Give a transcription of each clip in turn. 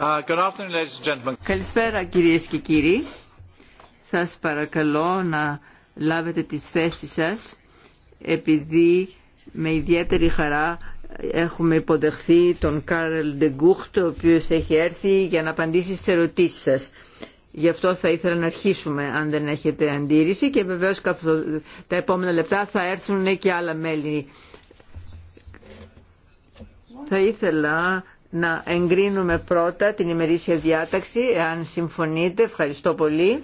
Uh, Καλησπέρα κυρίες και κύριοι. Θα Σας παρακαλώ να λάβετε τις θέσεις σας επειδή με ιδιαίτερη χαρά έχουμε υποδεχθεί τον Κάρελ Ντεγκούχτ ο οποίος έχει έρθει για να απαντήσει στις ερωτήσεις σας. Γι' αυτό θα ήθελα να αρχίσουμε αν δεν έχετε αντίρρηση και βεβαίως τα επόμενα λεπτά θα έρθουν και άλλα μέλη. Θα ήθελα να εγκρίνουμε πρώτα την ημερήσια διάταξη, εάν συμφωνείτε. Ευχαριστώ πολύ.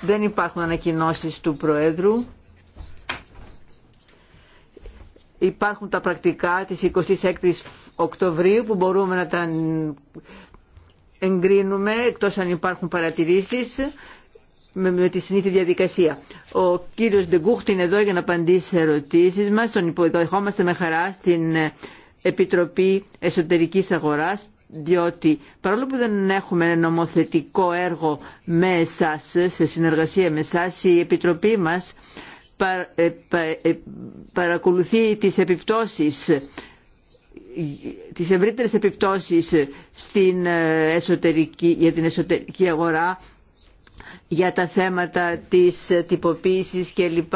Δεν υπάρχουν ανακοινώσεις του Προέδρου. Υπάρχουν τα πρακτικά της 26 Οκτωβρίου που μπορούμε να τα εγκρίνουμε εκτός αν υπάρχουν παρατηρήσεις με, τη συνήθεια διαδικασία. Ο κύριος Ντεγκούχτη είναι εδώ για να απαντήσει σε ερωτήσεις μας. Τον υποδεχόμαστε με χαρά στην Επιτροπή Εσωτερικής Αγοράς διότι παρόλο που δεν έχουμε νομοθετικό έργο με εσάς, σε συνεργασία με εσάς, η Επιτροπή μας ε, ε, παρακολουθεί τις επιπτώσεις τις ευρύτερες επιπτώσεις στην ε, εσωτερική, για την εσωτερική αγορά για τα θέματα της τυποποίησης κλπ.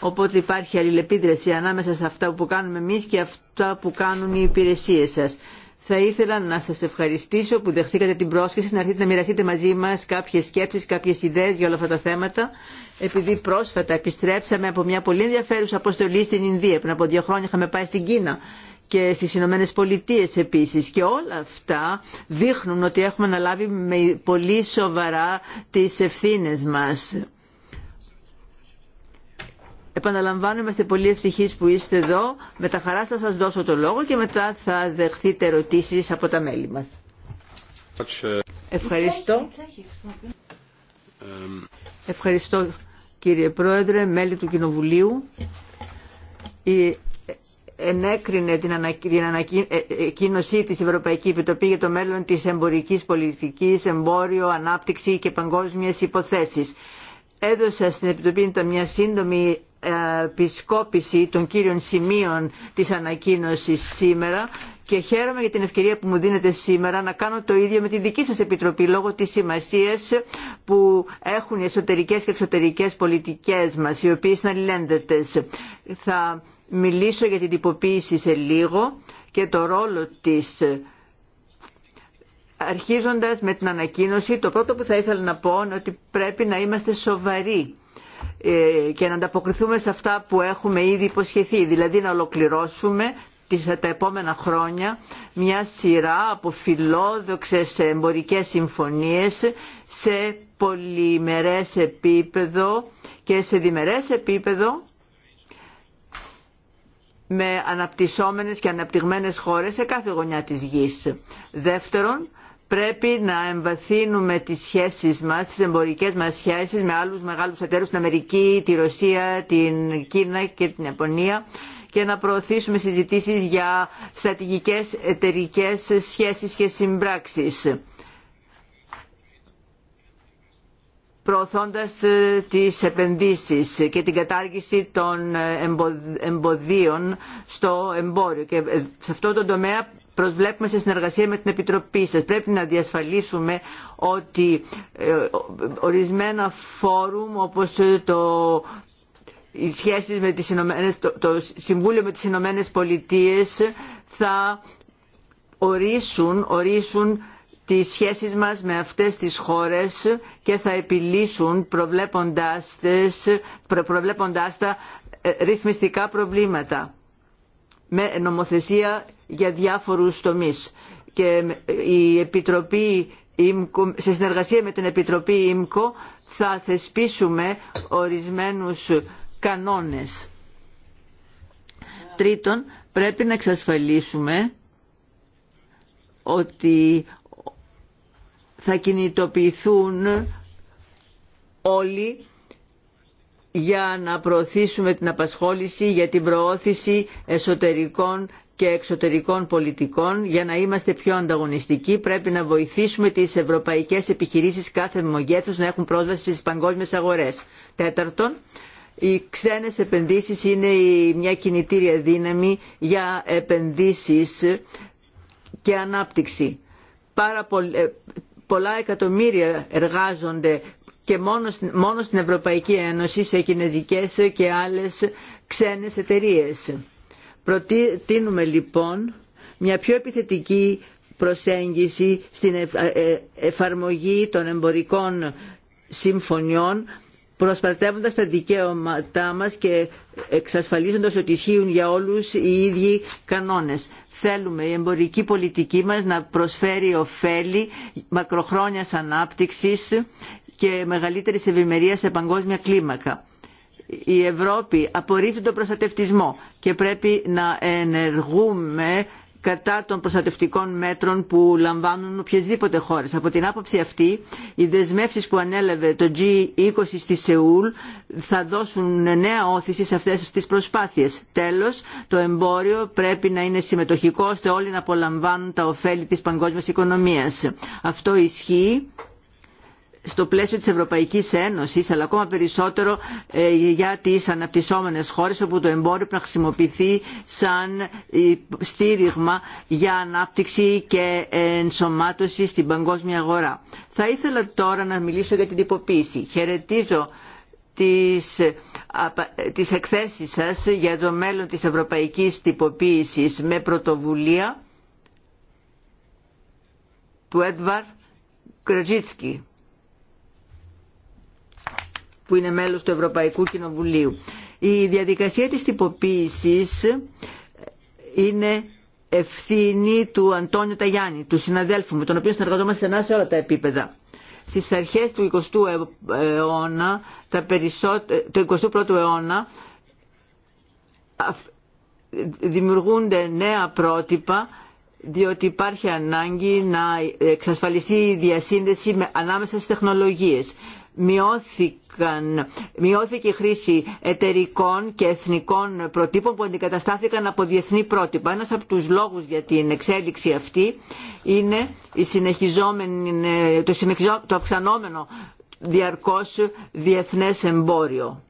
Οπότε υπάρχει αλληλεπίδραση ανάμεσα σε αυτά που κάνουμε εμείς και αυτά που κάνουν οι υπηρεσίες σας. Θα ήθελα να σας ευχαριστήσω που δεχθήκατε την πρόσκληση να έρθετε να μοιραστείτε μαζί μας κάποιες σκέψεις, κάποιες ιδέες για όλα αυτά τα θέματα. Επειδή πρόσφατα επιστρέψαμε από μια πολύ ενδιαφέρουσα αποστολή στην Ινδία, πριν από δύο χρόνια είχαμε πάει στην Κίνα και στις Ηνωμένε Πολιτείε επίσης και όλα αυτά δείχνουν ότι έχουμε αναλάβει με πολύ σοβαρά τις ευθύνες μας. Επαναλαμβάνω, είμαστε πολύ ευτυχείς που είστε εδώ. Με τα χαρά θα σας δώσω το λόγο και μετά θα δεχθείτε ερωτήσεις από τα μέλη μας. Ευχαριστώ. Ευχαριστώ κύριε Πρόεδρε, μέλη του Κοινοβουλίου ενέκρινε την, ανακοίνωσή ε, ε, της Ευρωπαϊκή Επιτροπή για το μέλλον της εμπορικής πολιτικής, εμπόριο, ανάπτυξη και παγκόσμιες υποθέσεις. Έδωσα στην Επιτροπή μια σύντομη ε, επισκόπηση των κύριων σημείων της ανακοίνωσης σήμερα και χαίρομαι για την ευκαιρία που μου δίνετε σήμερα να κάνω το ίδιο με τη δική σας Επιτροπή λόγω της σημασίας που έχουν οι εσωτερικές και εξωτερικές πολιτικές μας, οι οποίες είναι αλληλένδετες. Θα μιλήσω για την τυποποίηση σε λίγο και το ρόλο της ε, αρχίζοντας με την ανακοίνωση, το πρώτο που θα ήθελα να πω είναι ότι πρέπει να είμαστε σοβαροί ε, και να ανταποκριθούμε σε αυτά που έχουμε ήδη υποσχεθεί, δηλαδή να ολοκληρώσουμε τα επόμενα χρόνια μια σειρά από φιλόδοξες εμπορικές συμφωνίες σε πολυμερές επίπεδο και σε διμερές επίπεδο με αναπτυσσόμενες και αναπτυγμένες χώρες σε κάθε γωνιά της γης. Δεύτερον, πρέπει να εμβαθύνουμε τις σχέσεις μας, τις εμπορικές μας σχέσεις με άλλους μεγάλους εταίρους, την Αμερική, τη Ρωσία, την Κίνα και την Ιαπωνία και να προωθήσουμε συζητήσεις για στρατηγικές εταιρικές σχέσεις και συμπράξεις προωθώντας ε, τις επενδύσεις και την κατάργηση των ε, εμποδίων στο εμπόριο. Και ε, σε αυτό το τομέα προσβλέπουμε σε συνεργασία με την Επιτροπή σας. Πρέπει να διασφαλίσουμε ότι ορισμένα φόρουμ όπως το οι με τις Ηνωμένες, το, Συμβούλιο με τις Ηνωμένε Πολιτείες θα ορίσουν, ορίσουν τις σχέσεις μας με αυτές τις χώρες και θα επιλύσουν προβλέποντάς, τις, προβλέποντάς τα ε, ρυθμιστικά προβλήματα με νομοθεσία για διάφορους τομείς. Και ε, η Επιτροπή σε συνεργασία με την Επιτροπή ΙΜΚΟ θα θεσπίσουμε ορισμένους κανόνες. Τρίτον, πρέπει να εξασφαλίσουμε ότι θα κινητοποιηθούν όλοι για να προωθήσουμε την απασχόληση για την προώθηση εσωτερικών και εξωτερικών πολιτικών για να είμαστε πιο ανταγωνιστικοί πρέπει να βοηθήσουμε τις ευρωπαϊκές επιχειρήσεις κάθε μεγέθους να έχουν πρόσβαση στις παγκόσμιες αγορές. Τέταρτον, οι ξένες επενδύσεις είναι μια κινητήρια δύναμη για επενδύσεις και ανάπτυξη. Πάρα ε, πολλά εκατομμύρια εργάζονται και μόνο, στην Ευρωπαϊκή Ένωση σε κινέζικες και άλλες ξένες εταιρείες. Προτείνουμε λοιπόν μια πιο επιθετική προσέγγιση στην ε, ε, εφαρμογή των εμπορικών συμφωνιών προστατεύοντας τα δικαίωματά μας και εξασφαλίζοντας ότι ισχύουν για όλους οι ίδιοι κανόνες. Θέλουμε η εμπορική πολιτική μας να προσφέρει ωφέλη μακροχρόνιας ανάπτυξης και μεγαλύτερης ευημερίας σε παγκόσμια κλίμακα. Η Ευρώπη απορρίπτει τον προστατευτισμό και πρέπει να ενεργούμε κατά των προστατευτικών μέτρων που λαμβάνουν οποιασδήποτε χώρε. Από την άποψη αυτή, οι δεσμεύσει που ανέλαβε το G20 στη Σεούλ θα δώσουν νέα όθηση σε αυτές τις προσπάθειες. Τέλος, το εμπόριο πρέπει να είναι συμμετοχικό ώστε όλοι να απολαμβάνουν τα ωφέλη της παγκόσμιας οικονομίας. Αυτό ισχύει στο πλαίσιο της Ευρωπαϊκής Ένωσης αλλά ακόμα περισσότερο ε, για τις αναπτυσσόμενες χώρες όπου το εμπόριο να χρησιμοποιηθεί σαν ε, στήριγμα για ανάπτυξη και ενσωμάτωση στην παγκόσμια αγορά. Θα ήθελα τώρα να μιλήσω για την τυποποίηση. Χαιρετίζω τις, τις εκθέσεις σας για το μέλλον της ευρωπαϊκής τυποποίησης με πρωτοβουλία του Έντβαρ Κρατζίτσκι που είναι μέλος του Ευρωπαϊκού Κοινοβουλίου. Η διαδικασία της τυποποίησης είναι ευθύνη του Αντώνιου Ταγιάννη, του συναδέλφου με τον οποίο συνεργαζόμαστε σε σε όλα τα επίπεδα. Στις αρχές του 20ου ε, αιώνα, τα του 21ου αιώνα, δημιουργούνται νέα πρότυπα διότι υπάρχει ανάγκη να εξασφαλιστεί η διασύνδεση ανάμεσα στις τεχνολογίες μειώθηκαν, μειώθηκε η χρήση εταιρικών και εθνικών προτύπων που αντικαταστάθηκαν από διεθνή πρότυπα. Ένας από τους λόγους για την εξέλιξη αυτή είναι η συνεχιζόμενη, το, συνεχιζό, το αυξανόμενο διαρκώς διεθνές εμπόριο.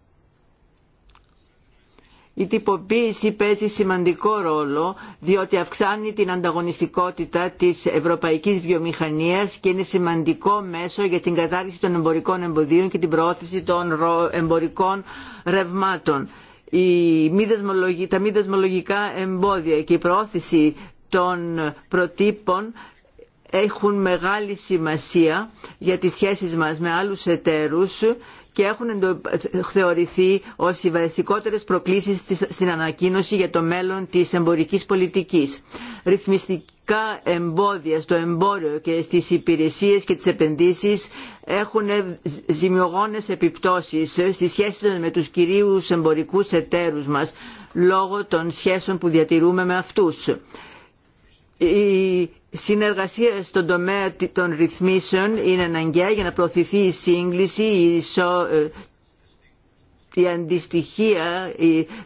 Η τυποποίηση παίζει σημαντικό ρόλο διότι αυξάνει την ανταγωνιστικότητα της ευρωπαϊκής βιομηχανίας και είναι σημαντικό μέσο για την κατάρτιση των εμπορικών εμποδίων και την προώθηση των εμπορικών ρευμάτων. Τα μη δεσμολογικά εμπόδια και η προώθηση των προτύπων έχουν μεγάλη σημασία για τις σχέσεις μας με άλλους εταίρους και έχουν θεωρηθεί ως οι βασικότερε προκλήσεις στην ανακοίνωση για το μέλλον της εμπορική πολιτικής. Ρυθμιστικά εμπόδια στο εμπόριο και στις υπηρεσίες και τι επενδύσει έχουν ζημιογόνε επιπτώσεις στις σχέσεις με τους κυρίους εμπορικούς εταίρους μας λόγω των σχέσεων που διατηρούμε με αυτούς συνεργασία στον τομέα των ρυθμίσεων είναι αναγκαία για να προωθηθεί η σύγκληση, η, ισο... Ε, η αντιστοιχία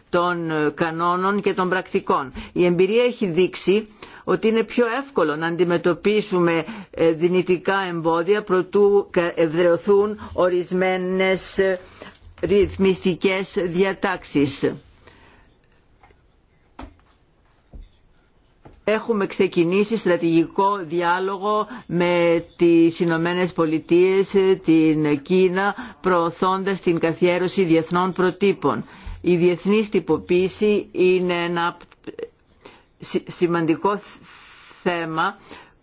των κανόνων και των πρακτικών. Η εμπειρία έχει δείξει ότι είναι πιο εύκολο να αντιμετωπίσουμε ε, δυνητικά εμπόδια προτού ευδρεωθούν ορισμένες ρυθμιστικές διατάξεις έχουμε ξεκινήσει στρατηγικό διάλογο με τις Ηνωμένε Πολιτείε, την Κίνα, προωθώντας την καθιέρωση διεθνών προτύπων. Η διεθνής τυποποίηση είναι ένα σημαντικό θέμα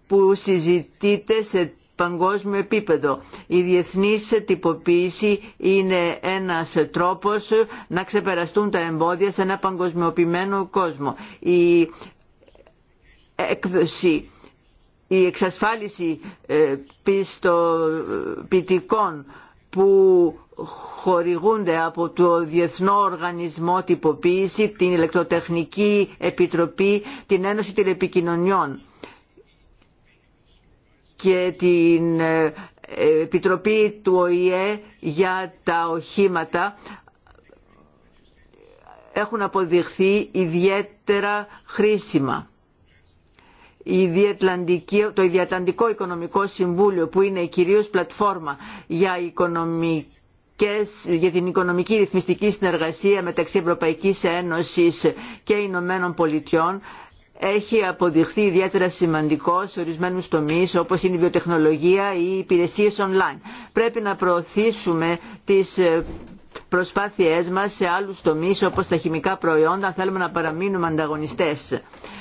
που συζητείται σε παγκόσμιο επίπεδο. Η διεθνής τυποποίηση είναι ένας τρόπος να ξεπεραστούν τα εμπόδια σε ένα παγκοσμιοποιημένο κόσμο. Η έκδοση η εξασφάλιση ε, πιστοποιητικών που χορηγούνται από το Διεθνό Οργανισμό Τυποποίηση, την Ηλεκτροτεχνική Επιτροπή, την Ένωση Τηλεπικοινωνιών και την ε, Επιτροπή του ΟΗΕ για τα οχήματα έχουν αποδειχθεί ιδιαίτερα χρήσιμα το Ιδιατλαντικό Οικονομικό Συμβούλιο που είναι η κυρίως πλατφόρμα για την οικονομική ρυθμιστική συνεργασία μεταξύ Ευρωπαϊκής Ένωσης και Ηνωμένων Πολιτειών έχει αποδειχθεί ιδιαίτερα σημαντικό σε ορισμένου τομεί όπω είναι η βιοτεχνολογία ή οι υπηρεσίε online. Πρέπει να προωθήσουμε τι ε, προσπάθειές μας σε άλλους τομείς όπως τα χημικά προϊόντα θέλουμε να παραμείνουμε ανταγωνιστές.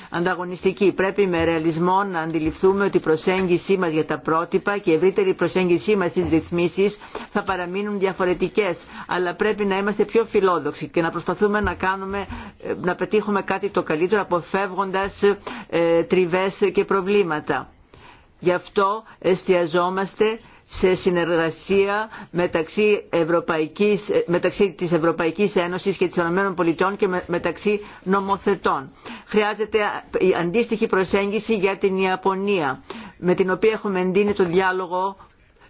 Ανταγωνιστικοί πρέπει με ρεαλισμό να αντιληφθούμε ότι η προσέγγιση μας για τα πρότυπα και η ευρύτερη προσέγγιση μας στις ρυθμίσεις θα παραμείνουν διαφορετικές αλλά πρέπει να είμαστε πιο φιλόδοξοι και να προσπαθούμε να, κάνουμε, να πετύχουμε κάτι το καλύτερο αποφεύγοντας ε, τριβές και προβλήματα. Γι' αυτό εστιαζόμαστε σε συνεργασία μεταξύ, Ευρωπαϊκής, μεταξύ της Ευρωπαϊκής Ένωσης και της ΗΠΑ και μεταξύ νομοθετών. Χρειάζεται η αντίστοιχη προσέγγιση για την Ιαπωνία, με την οποία έχουμε εντείνει το διάλογο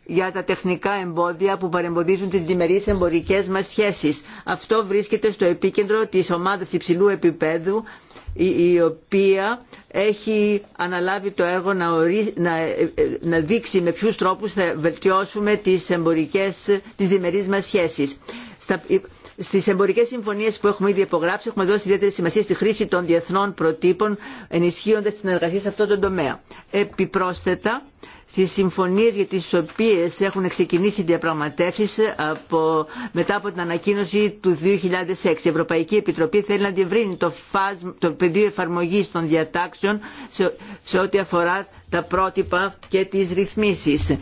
για τα τεχνικά εμπόδια που παρεμποδίζουν τις διμερείς εμπορικές μας σχέσεις. Αυτό βρίσκεται στο επίκεντρο της ομάδας υψηλού επίπεδου η οποία έχει αναλάβει το έργο να, να... Ε, ε, να δείξει με ποιους τρόπους θα βελτιώσουμε τις, εμπορικές, τις διμερείς μας σχέσεις. Στα... Ε, Στι εμπορικέ συμφωνίε που έχουμε ήδη υπογράψει, έχουμε δώσει ιδιαίτερη σημασία στη χρήση των διεθνών προτύπων, ενισχύοντα την εργασία σε αυτό το τομέα. Επιπρόσθετα, τις συμφωνίες για τις οποίες έχουν ξεκινήσει οι διαπραγματεύσεις από, μετά από την ανακοίνωση του 2006. Η Ευρωπαϊκή Επιτροπή θέλει να διευρύνει το, το πεδίο εφαρμογής των διατάξεων σε, σε ό,τι αφορά τα πρότυπα και τις ρυθμίσεις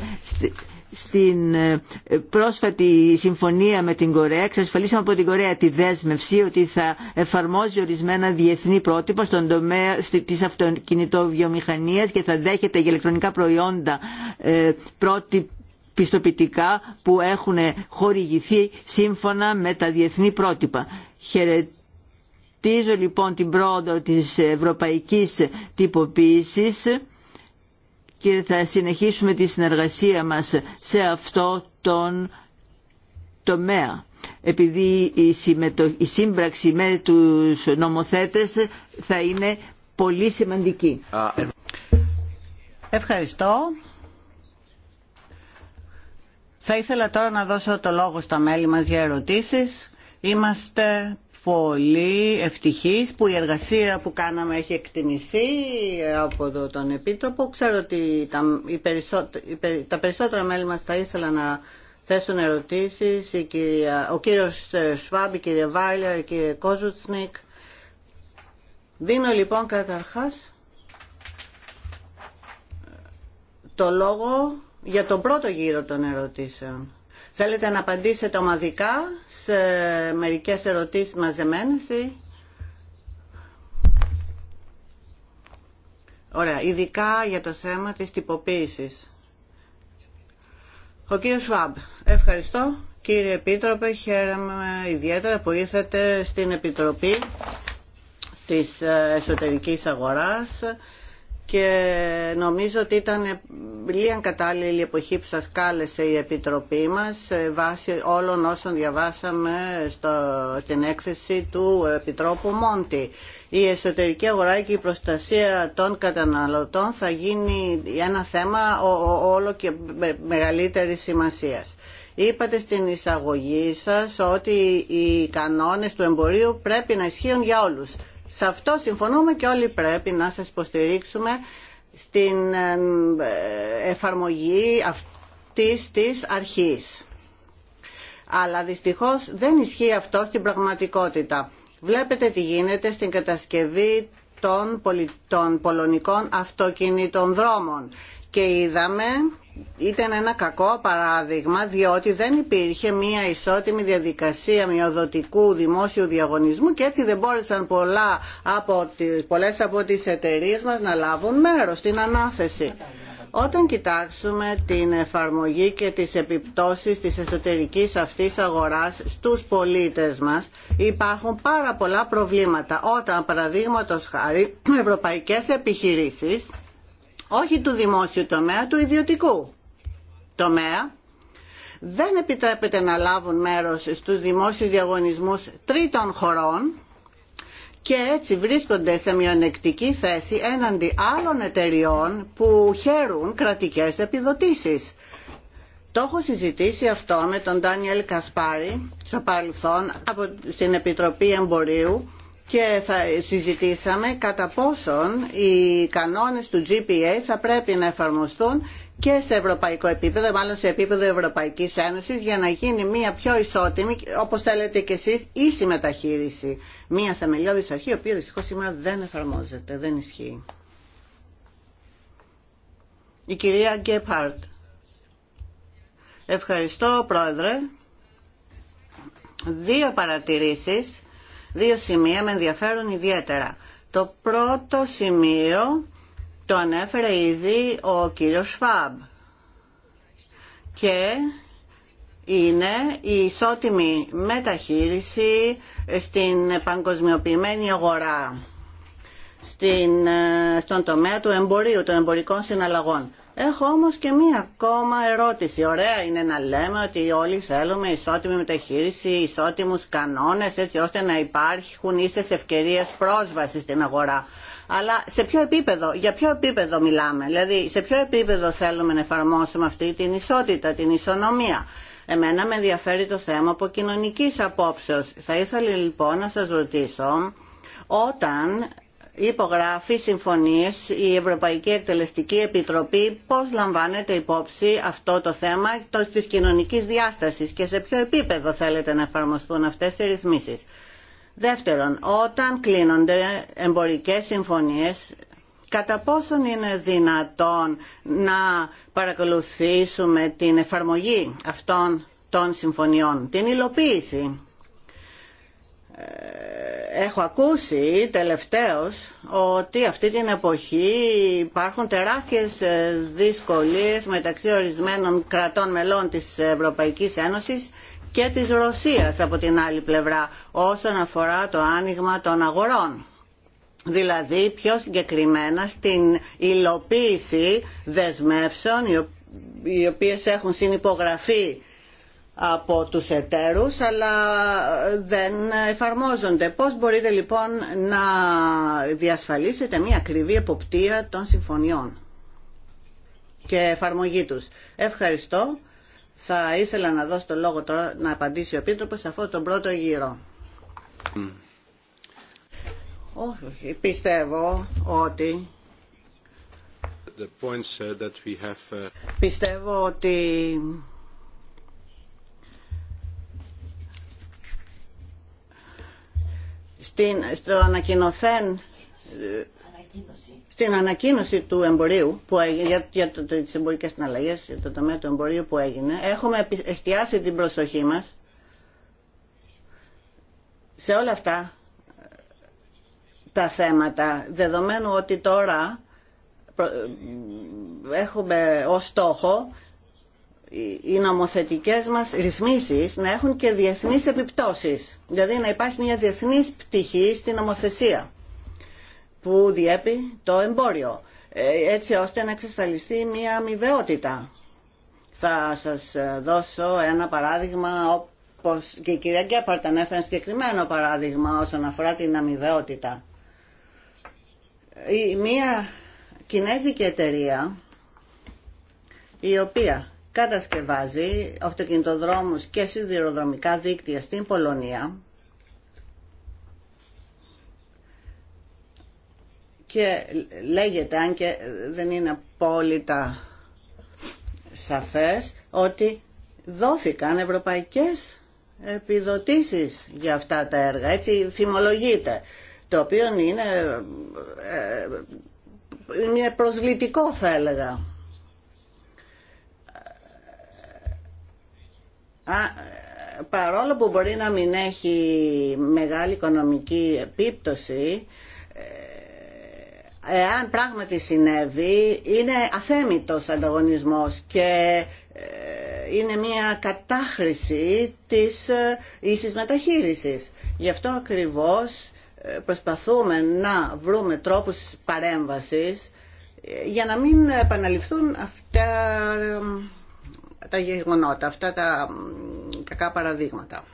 στην ε, πρόσφατη συμφωνία με την Κορέα εξασφαλίσαμε από την Κορέα τη δέσμευση ότι θα εφαρμόζει ορισμένα διεθνή πρότυπα στον τομέα της αυτοκινητοβιομηχανίας και θα δέχεται για ηλεκτρονικά προϊόντα ε, πρότυπα πιστοποιητικά που έχουν χορηγηθεί σύμφωνα με τα διεθνή πρότυπα. Χαιρετίζω λοιπόν την πρόοδο της ευρωπαϊκής τυποποίησης και θα συνεχίσουμε τη συνεργασία μας σε αυτό τον τομέα. Επειδή η σύμπραξη με τους νομοθέτες θα είναι πολύ σημαντική. Ευχαριστώ. Θα ήθελα τώρα να δώσω το λόγο στα μέλη μας για ερωτήσεις. Είμαστε πολύ ευτυχής που η εργασία που κάναμε έχει εκτιμηθεί από τον Επίτροπο. Ξέρω ότι τα, τα περισσότερα μέλη μας θα ήθελαν να θέσουν ερωτήσεις. Η κυρία, ο κύριος Σβάμπ, ε, η κυρία Βάιλερ, η κυρία Κόζουτσνικ. Δίνω λοιπόν καταρχάς ε, το λόγο για τον πρώτο γύρο των ερωτήσεων. Θέλετε να απαντήσετε ομαδικά σε μερικές ερωτήσεις μαζεμένες ή... Ωραία, ειδικά για το θέμα της τυποποίησης. Ο κύριος Σβάμπ, ευχαριστώ. Κύριε Επίτροπε, χαίρομαι ιδιαίτερα που ήρθατε στην Επιτροπή της Εσωτερικής Αγοράς και νομίζω ότι ήταν λίγαν κατάλληλη εποχή που σας κάλεσε η Επιτροπή μας βάσει όλων όσων διαβάσαμε στο, στην έκθεση του Επιτρόπου Μόντι. Η εσωτερική αγορά και η προστασία των καταναλωτών θα γίνει ένα θέμα όλο και μεγαλύτερης σημασίας. Είπατε στην εισαγωγή σας ότι οι κανόνες του εμπορίου πρέπει να ισχύουν για όλους. Σε αυτό συμφωνούμε και όλοι πρέπει να σας υποστηρίξουμε στην ε, ε, εφαρμογή αυτής της αρχής. Αλλά δυστυχώς δεν ισχύει αυτό στην πραγματικότητα. Βλέπετε τι γίνεται στην κατασκευή των, πολωνικών αυτοκινήτων δρόμων. Και είδαμε ήταν ένα κακό παράδειγμα διότι δεν υπήρχε μία ισότιμη διαδικασία μειοδοτικού δημόσιου διαγωνισμού και έτσι δεν μπόρεσαν πολλά από τις, πολλές από τις εταιρείες μας να λάβουν μέρος στην ανάθεση. Όταν κοιτάξουμε την εφαρμογή και τις επιπτώσεις της εσωτερικής αυτής αγοράς στους πολίτες μας, υπάρχουν πάρα πολλά προβλήματα. Όταν, παραδείγματος χάρη, ευρωπαϊκές επιχειρήσεις όχι του δημόσιου τομέα, του ιδιωτικού τομέα, δεν επιτρέπεται να λάβουν μέρος στους δημόσιους διαγωνισμούς τρίτων χωρών και έτσι βρίσκονται σε μειονεκτική θέση έναντι άλλων εταιριών που χαίρουν κρατικές επιδοτήσεις. Το έχω συζητήσει αυτό με τον Ντάνιελ Κασπάρη στο παρελθόν από, στην Επιτροπή Εμπορίου και θα συζητήσαμε κατά πόσον οι κανόνες του GPA θα πρέπει να εφαρμοστούν και σε ευρωπαϊκό επίπεδο, μάλλον σε επίπεδο Ευρωπαϊκής Ένωσης για να γίνει μια πιο ισότιμη, όπως θέλετε και εσείς, ίση μεταχείριση. Μια θεμελιώδης αρχή, η οποία δυστυχώς σήμερα δεν εφαρμόζεται, δεν ισχύει. Η κυρία Γκέπαρτ. Ευχαριστώ, Πρόεδρε. Δύο παρατηρήσεις Δύο σημεία με ενδιαφέρουν ιδιαίτερα. Το πρώτο σημείο το ανέφερε ήδη ο κύριος Σφάμπ και είναι η ισότιμη μεταχείριση στην παγκοσμιοποιημένη αγορά στην, ε, στον τομέα του εμπορίου, των εμπορικών συναλλαγών. Έχω όμως και μία ακόμα ερώτηση. Ωραία είναι να λέμε ότι όλοι θέλουμε ισότιμη μεταχείριση, ισότιμους κανόνες, έτσι ώστε να υπάρχουν ίσες ευκαιρίες πρόσβασης στην αγορά. Αλλά σε ποιο επίπεδο, για ποιο επίπεδο μιλάμε, δηλαδή σε ποιο επίπεδο θέλουμε να εφαρμόσουμε αυτή την ισότητα, την ισονομία. Εμένα με ενδιαφέρει το θέμα από κοινωνικής απόψεως. Θα ήθελα λοιπόν να σας ρωτήσω όταν υπογράφει συμφωνίες η Ευρωπαϊκή Εκτελεστική Επιτροπή πώς λαμβάνεται υπόψη αυτό το θέμα το, της κοινωνικής διάστασης και σε ποιο επίπεδο θέλετε να εφαρμοστούν αυτές οι ρυθμίσεις. Δεύτερον, όταν κλείνονται εμπορικές συμφωνίες κατά πόσον είναι δυνατόν να παρακολουθήσουμε την εφαρμογή αυτών των συμφωνιών, την υλοποίηση ε, έχω ακούσει τελευταίως ότι αυτή την εποχή υπάρχουν τεράστιες ε, δυσκολίες μεταξύ ορισμένων κρατών μελών της Ευρωπαϊκής Ένωσης και της Ρωσίας από την άλλη πλευρά όσον αφορά το άνοιγμα των αγορών. Δηλαδή πιο συγκεκριμένα στην υλοποίηση δεσμεύσεων οι οποίες έχουν συνυπογραφεί από τους εταίρους αλλά δεν εφαρμόζονται. Πώς μπορείτε λοιπόν να διασφαλίσετε μια ακριβή εποπτεία των συμφωνιών και εφαρμογή τους. Ευχαριστώ. Θα ήθελα να δώσω το λόγο τώρα να απαντήσει ο Επίτροπος σε αυτόν τον πρώτο γύρο. Όχι, πιστεύω ότι... The uh, Πιστεύω ότι στην, στο ανακοινωθέν στην ανακοίνωση του εμπορίου που έγινε, για, για το, τις εμπορικές συναλλαγές, για το τομέα του εμπορίου που έγινε, έχουμε εστιάσει την προσοχή μας σε όλα αυτά τα θέματα, δεδομένου ότι τώρα ε, έχουμε ως στόχο οι νομοθετικές μας ρυθμίσεις να έχουν και διεθνείς επιπτώσεις. Δηλαδή να υπάρχει μια διεθνής πτυχή στην νομοθεσία που διέπει το εμπόριο ε, έτσι ώστε να εξασφαλιστεί μια αμοιβαιότητα. Θα σας ε, δώσω ένα παράδειγμα όπως και η κυρία Γκέπαρτ ανέφερε συγκεκριμένο παράδειγμα όσον αφορά την αμοιβαιότητα. μια κινέζικη εταιρεία η οποία κατασκευάζει αυτοκινητοδρόμους και σιδηροδρομικά δίκτυα στην Πολωνία και λέγεται, αν και δεν είναι απόλυτα σαφές, ότι δόθηκαν ευρωπαϊκές επιδοτήσεις για αυτά τα έργα. Έτσι φημολογείται, το οποίο είναι, ε, ε, είναι προσβλητικό θα έλεγα. παρόλο που μπορεί να μην έχει μεγάλη οικονομική επίπτωση, ε, εάν πράγματι συνέβη, είναι αθέμητος ανταγωνισμός και ε, είναι μια κατάχρηση της ε, ίσης μεταχείρισης. Γι' αυτό ακριβώς προσπαθούμε να βρούμε τρόπους παρέμβασης για να μην επαναληφθούν αυτά τα γεγονότα, αυτά τα κακά παραδείγματα.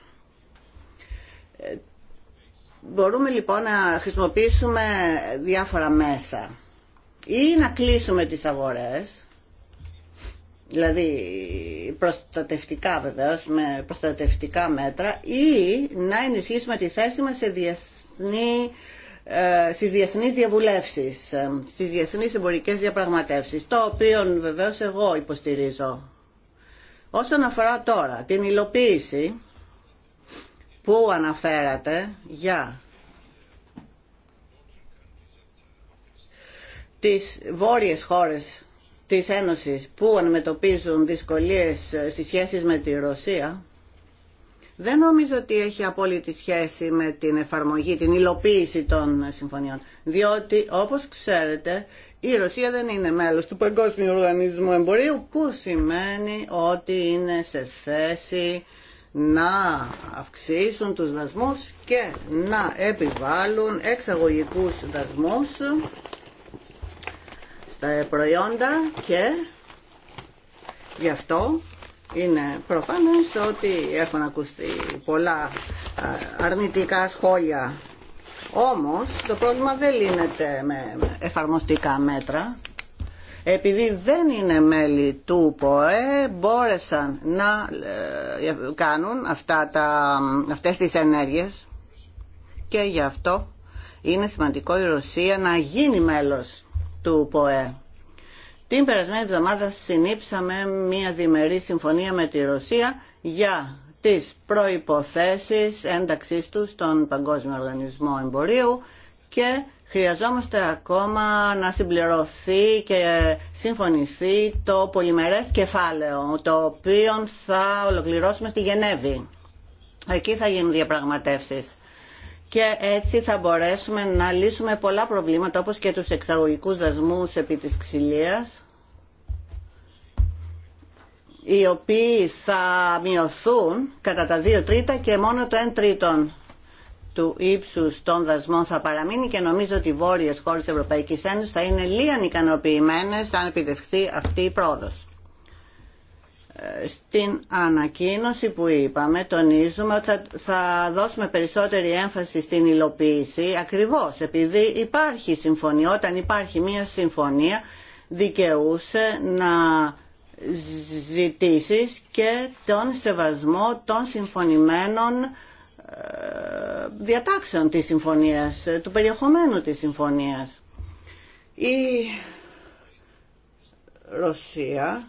Ε, μπορούμε λοιπόν να χρησιμοποιήσουμε διάφορα μέσα ή να κλείσουμε τις αγορές, δηλαδή προστατευτικά βεβαίως, με προστατευτικά μέτρα ή να ενισχύσουμε τη θέση μας σε διεθνή ε, στις διεθνείς διαβουλεύσεις, ε, στις διεθνείς εμπορικές διαπραγματεύσεις, το οποίο βεβαίως εγώ υποστηρίζω Όσον αφορά τώρα την υλοποίηση που αναφέρατε για τις βόρειες χώρες της Ένωσης που αντιμετωπίζουν δυσκολίες στις σχέσεις με τη Ρωσία δεν νομίζω ότι έχει απόλυτη σχέση με την εφαρμογή, την υλοποίηση των συμφωνιών. Διότι, όπως ξέρετε, η Ρωσία δεν είναι μέλος του Παγκόσμιου Οργανισμού Εμπορίου που σημαίνει ότι είναι σε θέση να αυξήσουν τους δασμούς και να επιβάλλουν εξαγωγικούς δασμούς στα προϊόντα και γι' αυτό είναι προφανές ότι έχουν ακουστεί πολλά αρνητικά σχόλια όμως το πρόβλημα δεν λύνεται με εφαρμοστικά μέτρα. Επειδή δεν είναι μέλη του ΠΟΕ, μπόρεσαν να ε, κάνουν αυτά τα, αυτές τις ενέργειες και γι' αυτό είναι σημαντικό η Ρωσία να γίνει μέλος του ΠΟΕ. Την περασμένη εβδομάδα συνήψαμε μια διμερή συμφωνία με τη Ρωσία για τις προϋποθέσεις ένταξής του στον Παγκόσμιο Οργανισμό Εμπορίου και χρειαζόμαστε ακόμα να συμπληρωθεί και συμφωνηθεί το πολυμερές κεφάλαιο το οποίο θα ολοκληρώσουμε στη Γενέβη. Εκεί θα γίνουν διαπραγματεύσεις και έτσι θα μπορέσουμε να λύσουμε πολλά προβλήματα όπως και τους εξαγωγικούς δασμούς επί της ξυλίας οι οποίοι θα μειωθούν κατά τα 2 τρίτα και μόνο το 1 τρίτον του ύψου των δασμών θα παραμείνει και νομίζω ότι οι βόρειες χώρε τη Ευρωπαϊκής Ένωσης θα είναι λίγαν ικανοποιημένες αν επιτευχθεί αυτή η πρόοδος. Ε, στην ανακοίνωση που είπαμε τονίζουμε ότι θα, θα δώσουμε περισσότερη έμφαση στην υλοποίηση ακριβώς επειδή υπάρχει συμφωνία. Όταν υπάρχει μία συμφωνία δικαιούσε να ζητήσεις και τον σεβασμό των συμφωνημένων ε, διατάξεων της συμφωνίας, ε, του περιεχομένου της συμφωνίας. Η Ρωσία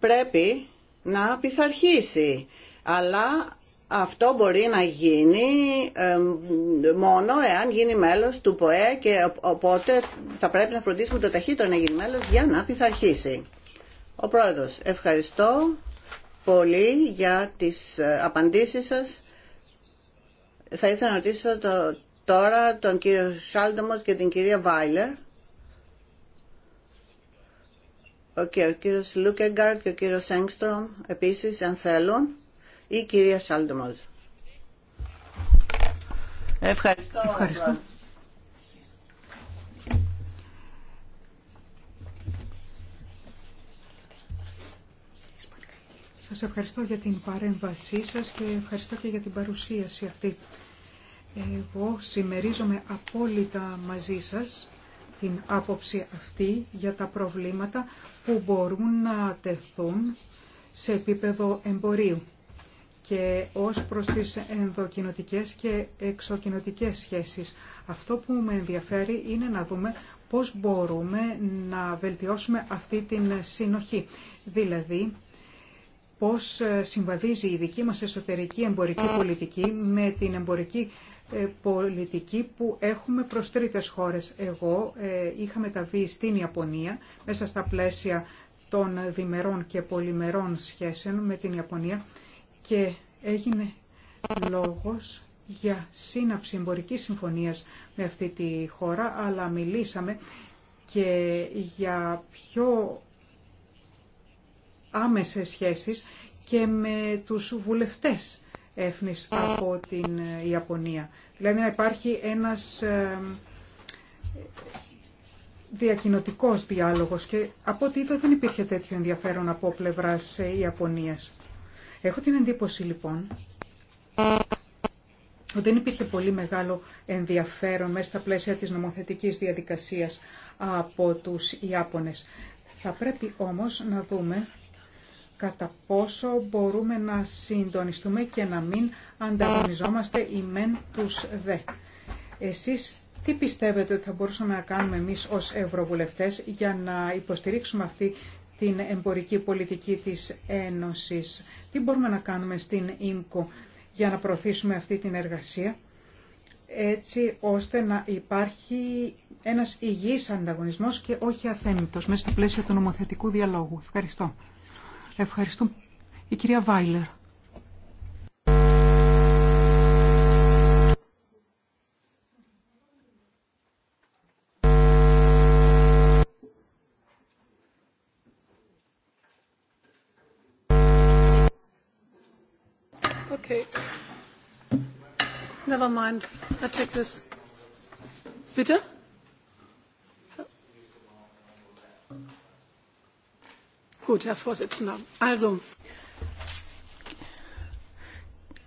πρέπει να πειθαρχήσει, αλλά αυτό μπορεί να γίνει μόνο εάν γίνει μέλος του ΠΟΕ και οπότε θα πρέπει να φροντίσουμε το ταχύτερο να γίνει μέλος για να πειθαρχήσει. Ο Πρόεδρος, ευχαριστώ πολύ για τις ε, απαντήσεις σας. Θα ήθελα να ρωτήσω το, τώρα τον κύριο Σάλντομος και την κυρία Βάιλερ. ο κύριος Λούκεγκαρτ και ο κύριος Έγκστρομ επίσης, αν θέλουν η κυρία Σάλντομαλ. Ευχαριστώ. Ευχαριστώ. Σας ευχαριστώ για την παρέμβασή σας και ευχαριστώ και για την παρουσίαση αυτή. Εγώ συμμερίζομαι απόλυτα μαζί σας την άποψη αυτή για τα προβλήματα που μπορούν να τεθούν σε επίπεδο εμπορίου και ως προς τις ενδοκινοτικές και εξοκινοτικές σχέσεις. Αυτό που με ενδιαφέρει είναι να δούμε πώς μπορούμε να βελτιώσουμε αυτή την συνοχή. Δηλαδή, πώς συμβαδίζει η δική μας εσωτερική εμπορική πολιτική με την εμπορική ε, πολιτική που έχουμε προς τρίτες χώρες. Εγώ ε, είχα μεταβεί στην Ιαπωνία μέσα στα πλαίσια των διμερών και πολυμερών σχέσεων με την Ιαπωνία και έγινε λόγος για σύναψη εμπορική συμφωνίας με αυτή τη χώρα, αλλά μιλήσαμε και για πιο άμεσες σχέσεις και με τους βουλευτές έφνης από την Ιαπωνία. Δηλαδή να υπάρχει ένας ε, διακοινωτικός διάλογος και από ό,τι είδα δεν υπήρχε τέτοιο ενδιαφέρον από πλευράς ε, Ιαπωνίας. Έχω την εντύπωση λοιπόν ότι δεν υπήρχε πολύ μεγάλο ενδιαφέρον μέσα στα πλαίσια της νομοθετικής διαδικασίας από τους Ιάπωνες. Θα πρέπει όμως να δούμε κατά πόσο μπορούμε να συντονιστούμε και να μην ανταγωνιζόμαστε οι μεν τους δε. Εσείς τι πιστεύετε ότι θα μπορούσαμε να κάνουμε εμείς ως Ευρωβουλευτές για να υποστηρίξουμε αυτή την εμπορική πολιτική της Ένωσης. Τι μπορούμε να κάνουμε στην ΙΜΚΟ για να προωθήσουμε αυτή την εργασία έτσι ώστε να υπάρχει ένας υγιής ανταγωνισμός και όχι αθέμητος μέσα στο πλαίσια του νομοθετικού διαλόγου. Ευχαριστώ. Ευχαριστώ. Η κυρία Βάιλερ.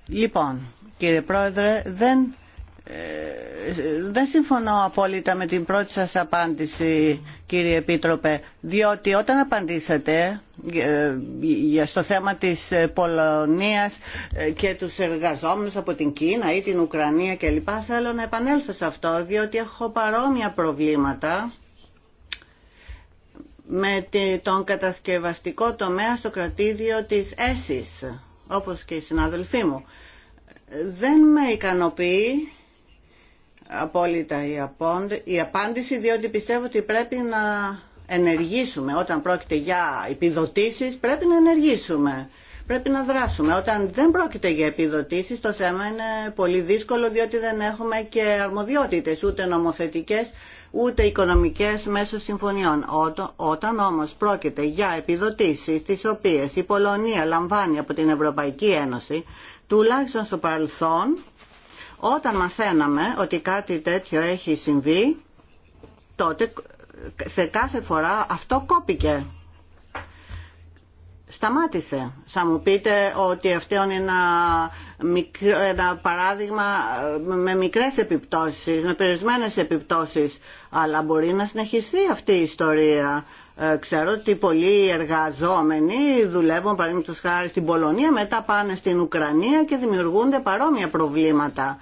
Λοιπόν, κύριε Πρόεδρε, δεν, ε, δεν συμφωνώ απόλυτα με την πρώτη σας απάντηση, κύριε Επίτροπε, διότι όταν απαντήσατε ε, για στο θέμα της ε, Πολωνίας ε, και τους εργαζόμενους από την Κίνα ή την Ουκρανία κλπ. Θέλω να επανέλθω σε αυτό, διότι έχω παρόμοια προβλήματα με τον κατασκευαστικό τομέα στο κρατήδιο της ΕΣΥΣ όπως και οι συνάδελφοί μου. Δεν με ικανοποιεί απόλυτα η απάντηση, διότι πιστεύω ότι πρέπει να ενεργήσουμε. Όταν πρόκειται για επιδοτήσεις πρέπει να ενεργήσουμε. Πρέπει να δράσουμε. Όταν δεν πρόκειται για επιδοτήσεις το θέμα είναι πολύ δύσκολο διότι δεν έχουμε και αρμοδιότητες ούτε νομοθετικές ούτε οικονομικές μέσω συμφωνιών. Όταν όμως πρόκειται για επιδοτήσεις τις οποίες η Πολωνία λαμβάνει από την Ευρωπαϊκή Ένωση τουλάχιστον στο παρελθόν όταν μαθαίναμε ότι κάτι τέτοιο έχει συμβεί τότε σε κάθε φορά αυτό κόπηκε. Σταμάτησε. Θα μου πείτε ότι αυτό είναι ένα, μικρό, ένα παράδειγμα ε, με μικρές επιπτώσεις, με περισμένες επιπτώσεις. Αλλά μπορεί να συνεχιστεί αυτή η ιστορία. Ε, ξέρω ότι πολλοί εργαζόμενοι δουλεύουν παραδείγματος χάρη στην Πολωνία, μετά πάνε στην Ουκρανία και δημιουργούνται παρόμοια προβλήματα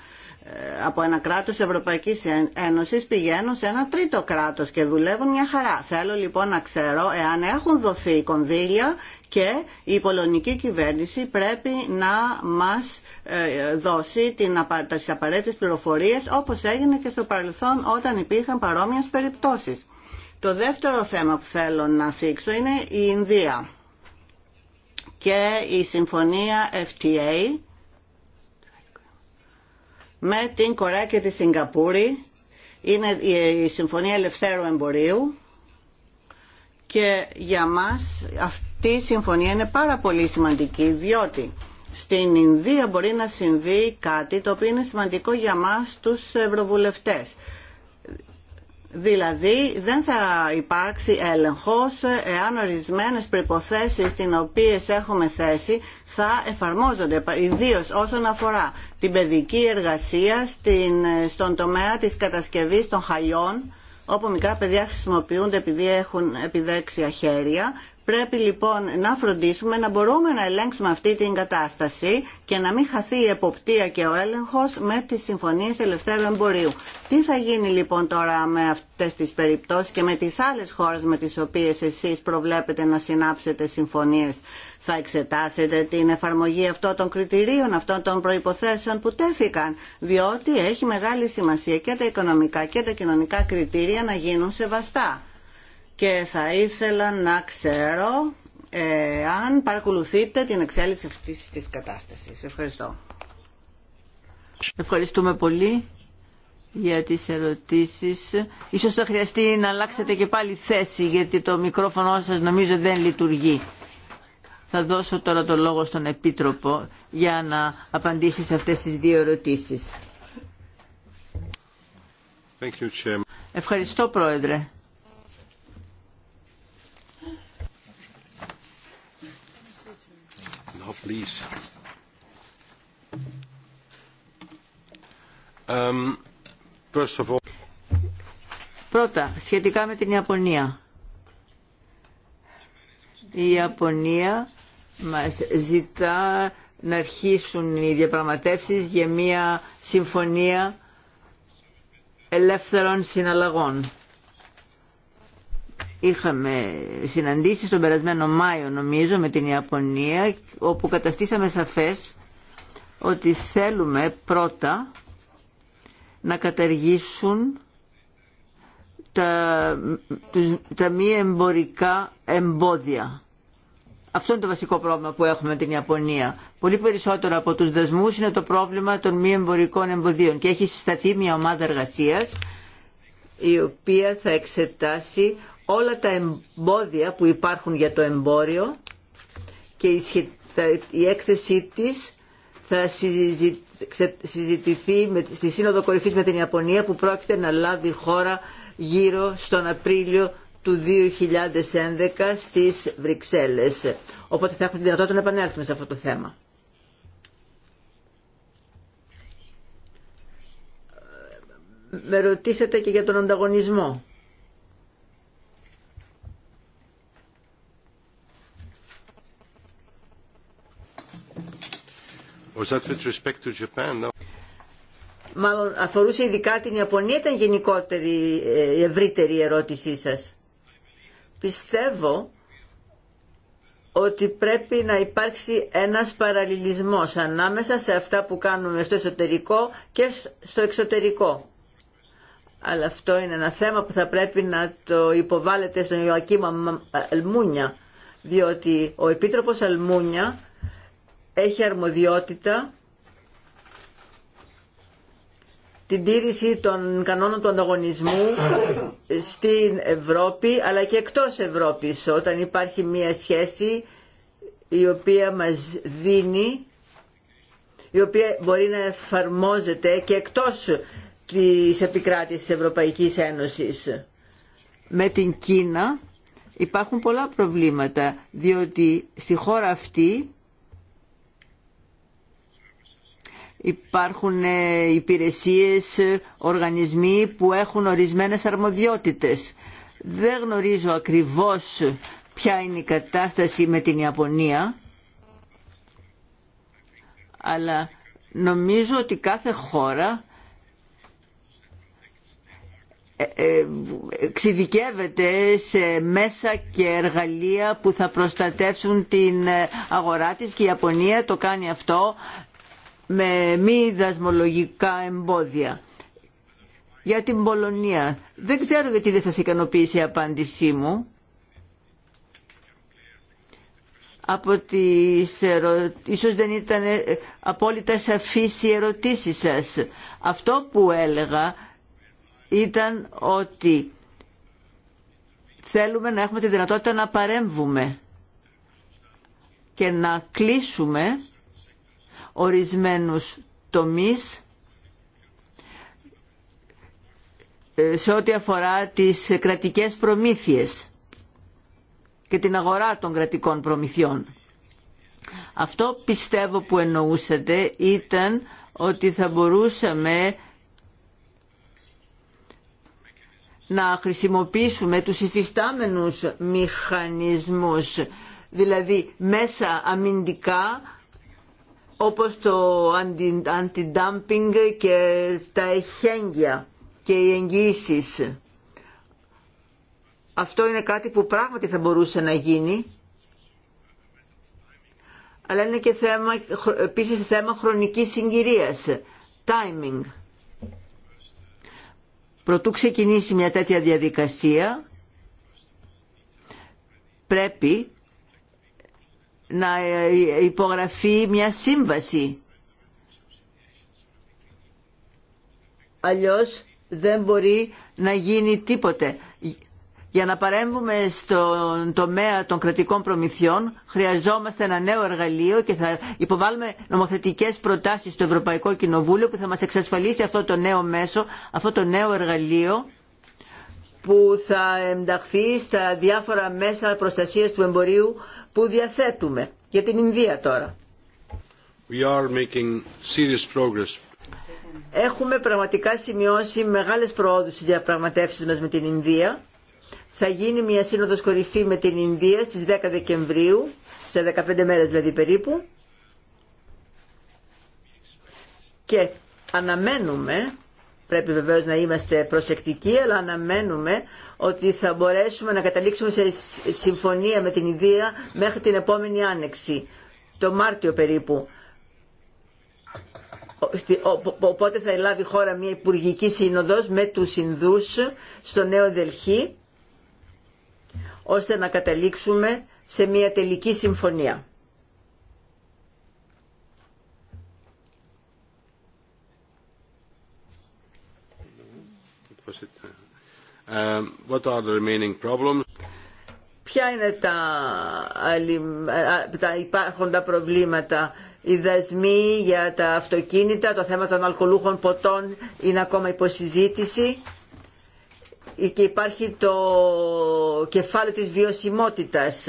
από ένα κράτος Ευρωπαϊκής Ένωσης πηγαίνουν σε ένα τρίτο κράτος και δουλεύουν μια χαρά. Θέλω λοιπόν να ξέρω εάν έχουν δοθεί κονδύλια και η πολωνική κυβέρνηση πρέπει να μας ε, δώσει τις απαραίτητες πληροφορίες όπως έγινε και στο παρελθόν όταν υπήρχαν παρόμοιες περιπτώσεις. Το δεύτερο θέμα που θέλω να σήξω είναι η Ινδία και η συμφωνία FTA με την Κορέα και τη Σιγκαπούρη. Είναι η Συμφωνία Ελευθέρου Εμπορίου και για μας αυτή η συμφωνία είναι πάρα πολύ σημαντική διότι στην Ινδία μπορεί να συμβεί κάτι το οποίο είναι σημαντικό για μας τους ευρωβουλευτές. Δηλαδή δεν θα υπάρξει έλεγχος εάν ορισμένες προϋποθέσεις τις οποίες έχουμε θέσει θα εφαρμόζονται ιδίως όσον αφορά την παιδική εργασία στον τομέα της κατασκευής των χαλιών όπου μικρά παιδιά χρησιμοποιούνται επειδή έχουν επιδέξια χέρια Πρέπει λοιπόν να φροντίσουμε να μπορούμε να ελέγξουμε αυτή την κατάσταση και να μην χαθεί η εποπτεία και ο έλεγχος με τις συμφωνίες ελευθέρου εμπορίου. Τι θα γίνει λοιπόν τώρα με αυτές τις περιπτώσεις και με τις άλλες χώρες με τις οποίες εσείς προβλέπετε να συνάψετε συμφωνίες. Θα εξετάσετε την εφαρμογή αυτών των κριτηρίων, αυτών των προϋποθέσεων που τέθηκαν, διότι έχει μεγάλη σημασία και τα οικονομικά και τα κοινωνικά κριτήρια να γίνουν σεβαστά και θα ήθελα να ξέρω ε, αν παρακολουθείτε την εξέλιξη αυτής της κατάστασης. Ευχαριστώ. Ευχαριστούμε πολύ για τις ερωτήσεις. Ίσως θα χρειαστεί να αλλάξετε και πάλι θέση γιατί το μικρόφωνο σας νομίζω δεν λειτουργεί. Θα δώσω τώρα το λόγο στον Επίτροπο για να απαντήσει σε αυτές τις δύο ερωτήσεις. Ευχαριστώ Πρόεδρε. Um, Πρώτα, σχετικά με την Ιαπωνία. Η Ιαπωνία μας ζητά να αρχίσουν οι διαπραγματεύσεις για μια συμφωνία ελεύθερων συναλλαγών είχαμε συναντήσει τον περασμένο Μάιο νομίζω με την Ιαπωνία όπου καταστήσαμε σαφές ότι θέλουμε πρώτα να καταργήσουν τα, τα μη εμπορικά εμπόδια. Αυτό είναι το βασικό πρόβλημα που έχουμε με την Ιαπωνία. Πολύ περισσότερο από τους δεσμούς είναι το πρόβλημα των μη εμπορικών εμποδίων και έχει συσταθεί μια ομάδα εργασίας η οποία θα εξετάσει όλα τα εμπόδια που υπάρχουν για το εμπόριο και η έκθεσή της θα συζητηθεί στη Σύνοδο Κορυφής με την Ιαπωνία που πρόκειται να λάβει χώρα γύρω στον Απρίλιο του 2011 στις Βρυξέλλες. Οπότε θα έχουμε τη δυνατότητα να επανέλθουμε σε αυτό το θέμα. Με ρωτήσατε και για τον ανταγωνισμό. Μάλλον αφορούσε ειδικά την Ιαπωνία, ήταν γενικότερη, ε, ευρύτερη ερώτησή σας. Πιστεύω ότι πρέπει να υπάρξει ένας παραλληλισμός ανάμεσα σε αυτά που κάνουμε στο εσωτερικό και στο εξωτερικό. Αλλά αυτό είναι ένα θέμα που θα πρέπει να το υποβάλλετε στον Ιωακή Αλμούνια, διότι ο Επίτροπος Αλμούνια έχει αρμοδιότητα την τήρηση των κανόνων του ανταγωνισμού στην Ευρώπη αλλά και εκτός Ευρώπης όταν υπάρχει μια σχέση η οποία μας δίνει η οποία μπορεί να εφαρμόζεται και εκτός της επικράτησης της Ευρωπαϊκής Ένωσης. Με την Κίνα υπάρχουν πολλά προβλήματα διότι στη χώρα αυτή υπάρχουν ε, υπηρεσίες, ε, οργανισμοί που έχουν ορισμένες αρμοδιότητες. Δεν γνωρίζω ακριβώς ποια είναι η κατάσταση με την Ιαπωνία, αλλά νομίζω ότι κάθε χώρα ε, εξειδικεύεται σε μέσα και εργαλεία που θα προστατεύσουν την αγορά της και η Ιαπωνία το κάνει αυτό με μη δασμολογικά εμπόδια. Για την Πολωνία. Δεν ξέρω γιατί δεν σας ικανοποίησε η απάντησή μου. Από τις ερω... Ίσως δεν ήταν ε, απόλυτα σαφής η ερωτήση σας. Αυτό που έλεγα ήταν ότι θέλουμε να έχουμε τη δυνατότητα να παρέμβουμε και να κλείσουμε ορισμένους τομείς ε, σε ό,τι αφορά τις κρατικές προμήθειες και την αγορά των κρατικών προμηθειών. Αυτό πιστεύω που εννοούσατε ήταν ότι θα μπορούσαμε να χρησιμοποιήσουμε τους υφιστάμενους μηχανισμούς, δηλαδή μέσα αμυντικά όπως το αντι και τα εχέγγυα και οι εγγύησει. Αυτό είναι κάτι που πράγματι θα μπορούσε να γίνει, αλλά είναι και θέμα, επίσης θέμα χρονικής συγκυρίας, timing. Προτού ξεκινήσει μια τέτοια διαδικασία, πρέπει να ε, υπογραφεί μια σύμβαση. Αλλιώς δεν μπορεί να γίνει τίποτε. Για να παρέμβουμε στον τομέα των κρατικών προμηθειών χρειαζόμαστε ένα νέο εργαλείο και θα υποβάλουμε νομοθετικές προτάσεις στο Ευρωπαϊκό Κοινοβούλιο που θα μας εξασφαλίσει αυτό το νέο μέσο, αυτό το νέο εργαλείο που θα ενταχθεί στα διάφορα μέσα προστασίας του εμπορίου που διαθέτουμε. Για την Ινδία τώρα. We are making serious progress. Έχουμε πραγματικά σημειώσει μεγάλες προόδους στις διαπραγματεύσεις μας με την Ινδία. Θα γίνει μια σύνοδος κορυφή με την Ινδία στις 10 Δεκεμβρίου, σε 15 μέρες δηλαδή περίπου. Και αναμένουμε Πρέπει βεβαίως να είμαστε προσεκτικοί, αλλά αναμένουμε ότι θα μπορέσουμε να καταλήξουμε σε συμφωνία με την Ιδία μέχρι την επόμενη άνοιξη, το Μάρτιο περίπου. Οπότε θα λάβει χώρα μια υπουργική σύνοδος με τους Ινδούς στο Νέο Δελχή, ώστε να καταλήξουμε σε μια τελική συμφωνία. Um, Ποια είναι τα, ε, τα υπάρχοντα προβλήματα. Οι δασμοί για τα αυτοκίνητα, το θέμα των αλκοολούχων ποτών είναι ακόμα υποσυζήτηση ε, και υπάρχει το κεφάλαιο της βιωσιμότητας,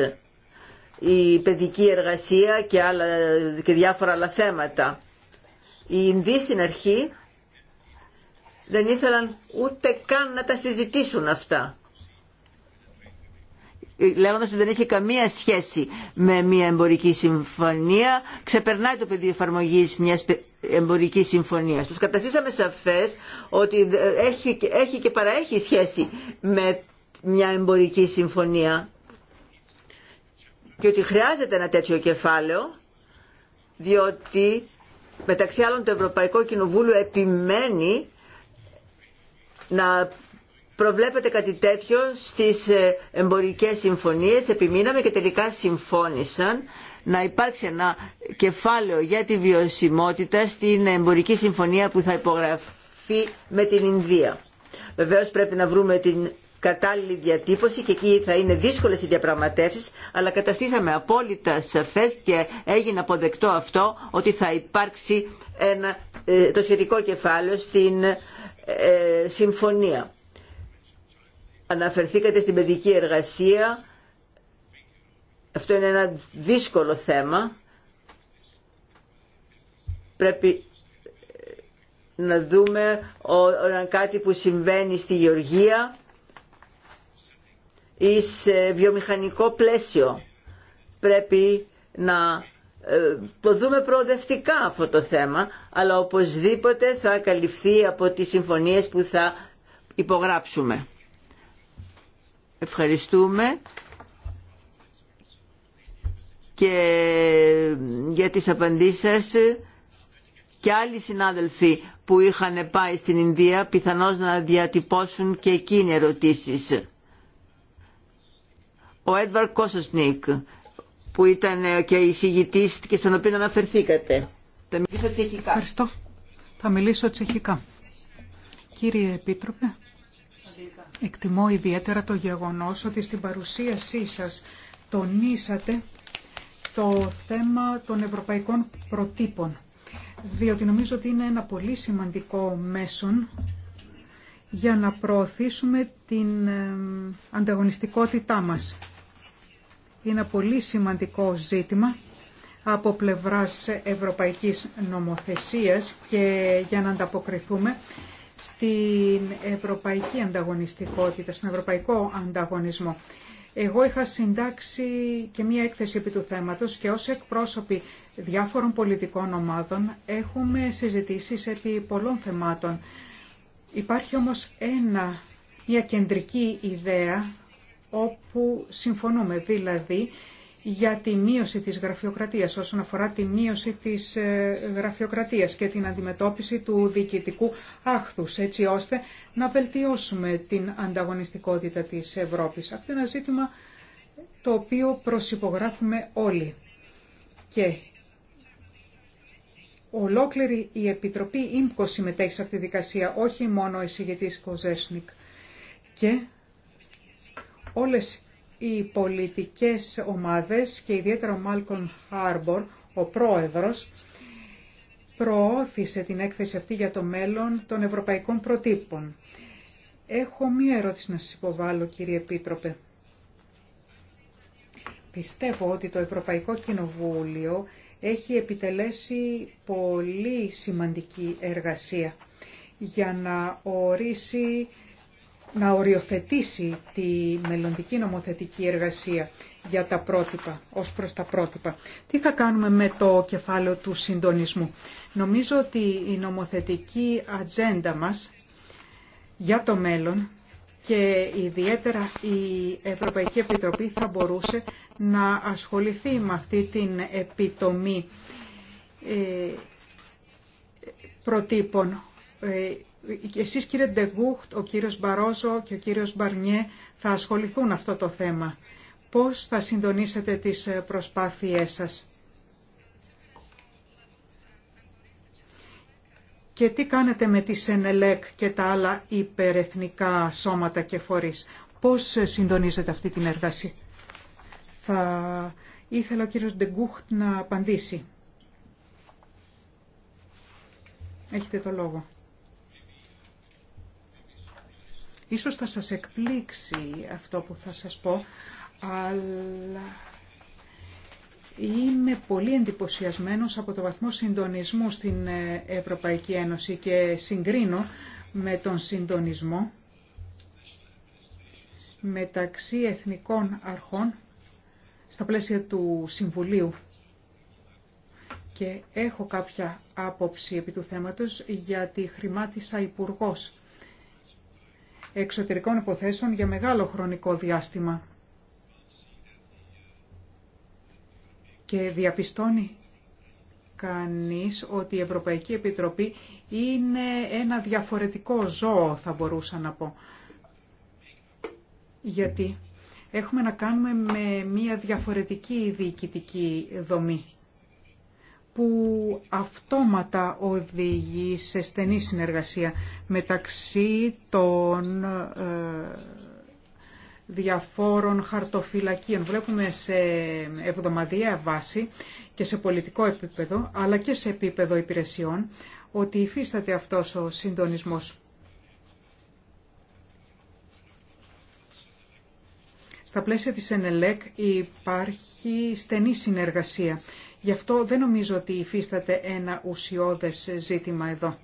η παιδική εργασία και, διάφορα άλλα θέματα. Η Ινδοί στην αρχή δεν ήθελαν ούτε καν να τα συζητήσουν αυτά λέγοντα ότι δεν έχει καμία σχέση με μια εμπορική συμφωνία, ξεπερνάει το πεδίο εφαρμογή μια εμπορική συμφωνία. Του καταστήσαμε σαφέ ότι έχει, έχει και παραέχει σχέση με μια εμπορική συμφωνία και ότι χρειάζεται ένα τέτοιο κεφάλαιο διότι μεταξύ άλλων το Ευρωπαϊκό Κοινοβούλιο επιμένει να προβλέπετε κάτι τέτοιο στις ε, εμπορικές συμφωνίες, επιμείναμε και τελικά συμφώνησαν να υπάρξει ένα κεφάλαιο για τη βιωσιμότητα στην εμπορική συμφωνία που θα υπογραφεί με την Ινδία. Βεβαίως πρέπει να βρούμε την κατάλληλη διατύπωση και εκεί θα είναι δύσκολες οι διαπραγματεύσεις, αλλά καταστήσαμε απόλυτα σαφές και έγινε αποδεκτό αυτό ότι θα υπάρξει ένα, ε, το σχετικό κεφάλαιο στην ε, συμφωνία. Αναφερθήκατε στην παιδική εργασία. Αυτό είναι ένα δύσκολο θέμα. Πρέπει ε, να δούμε ο κάτι που συμβαίνει στη Γεωργία ή σε βιομηχανικό πλαίσιο. Πρέπει να ε, το δούμε προοδευτικά αυτό το θέμα, αλλά οπωσδήποτε θα καλυφθεί από τις συμφωνίες που θα υπογράψουμε. Ευχαριστούμε και για τις απαντήσεις σας και άλλοι συνάδελφοι που είχαν πάει στην Ινδία πιθανώς να διατυπώσουν και εκείνοι ερωτήσεις. Ο Έντβαρ Κόσοσνίκ που ήταν ε, και η συγητή και στον οποίο αναφερθήκατε. Θα μιλήσω τσεχικά. Ευχαριστώ. Θα μιλήσω τσεχικά. Κύριε Επίτροπε, εκτιμώ ιδιαίτερα το γεγονός ότι στην παρουσίασή σας τονίσατε το θέμα των ευρωπαϊκών προτύπων, διότι νομίζω ότι είναι ένα πολύ σημαντικό μέσον για να προωθήσουμε την ε, ανταγωνιστικότητά μας. Είναι πολύ σημαντικό ζήτημα από πλευράς ευρωπαϊκής νομοθεσίας και για να ανταποκριθούμε στην ευρωπαϊκή ανταγωνιστικότητα, στον ευρωπαϊκό ανταγωνισμό. Εγώ είχα συντάξει και μία έκθεση επί του θέματος και ως εκπρόσωποι διάφορων πολιτικών ομάδων έχουμε συζητήσεις επί πολλών θεμάτων. Υπάρχει όμως ένα, μια κεντρική ιδέα όπου συμφωνούμε, δηλαδή για τη μείωση της γραφειοκρατίας όσον αφορά τη μείωση της ε, γραφειοκρατίας και την αντιμετώπιση του διοικητικού άχθους έτσι ώστε να βελτιώσουμε την ανταγωνιστικότητα της Ευρώπης. Αυτό είναι ένα ζήτημα το οποίο προσυπογράφουμε όλοι και ολόκληρη η Επιτροπή ΙΜΚΟ συμμετέχει σε αυτή τη δικασία, όχι μόνο η συγγετής Κοζέσνικ. Και Όλες οι πολιτικές ομάδες και ιδιαίτερα ο Μάλκον Χάρμπορ, ο πρόεδρος, προώθησε την έκθεση αυτή για το μέλλον των ευρωπαϊκών προτύπων. Έχω μία ερώτηση να σας υποβάλω, κύριε Επίτροπε. Πιστεύω ότι το Ευρωπαϊκό Κοινοβούλιο έχει επιτελέσει πολύ σημαντική εργασία για να ορίσει να οριοθετήσει τη μελλοντική νομοθετική εργασία για τα πρότυπα, ως προς τα πρότυπα. Τι θα κάνουμε με το κεφάλαιο του συντονισμού. Νομίζω ότι η νομοθετική ατζέντα μας για το μέλλον και ιδιαίτερα η Ευρωπαϊκή Επιτροπή θα μπορούσε να ασχοληθεί με αυτή την επιτομή ε, προτύπων ε, εσείς κύριε Ντεγούχτ, ο κύριος Μπαρόζο και ο κύριος Μπαρνιέ θα ασχοληθούν αυτό το θέμα. Πώς θα συντονίσετε τις ε, προσπάθειές σας. Και τι κάνετε με τη ΣΕΝΕΛΕΚ και τα άλλα υπερεθνικά σώματα και φορείς. Πώς ε, συντονίζετε αυτή την έργαση. Θα ήθελα ο κύριος Ντεγκούχτ να απαντήσει. Έχετε το λόγο. Ίσως θα σας εκπλήξει αυτό που θα σας πω, αλλά είμαι πολύ εντυπωσιασμένος από το βαθμό συντονισμού στην ε, Ευρωπαϊκή Ένωση και συγκρίνω με τον συντονισμό μεταξύ εθνικών αρχών στα πλαίσια του Συμβουλίου και έχω κάποια άποψη επί του θέματος γιατί χρημάτισα υπουργός εξωτερικών υποθέσεων για μεγάλο χρονικό διάστημα. Και διαπιστώνει κανείς ότι η Ευρωπαϊκή Επιτροπή είναι ένα διαφορετικό ζώο, θα μπορούσα να πω. Γιατί έχουμε να κάνουμε με μια διαφορετική διοικητική δομή που αυτόματα οδηγεί σε στενή συνεργασία μεταξύ των ε, διαφόρων χαρτοφυλακίων. Βλέπουμε σε εβδομαδιαία βάση και σε πολιτικό επίπεδο, αλλά και σε επίπεδο υπηρεσιών, ότι υφίσταται αυτός ο συντονισμός. Στα πλαίσια της ΕΝΕΛΕΚ υπάρχει στενή συνεργασία Γι' αυτό δεν νομίζω ότι υφίσταται ένα ουσιώδες ζήτημα εδώ.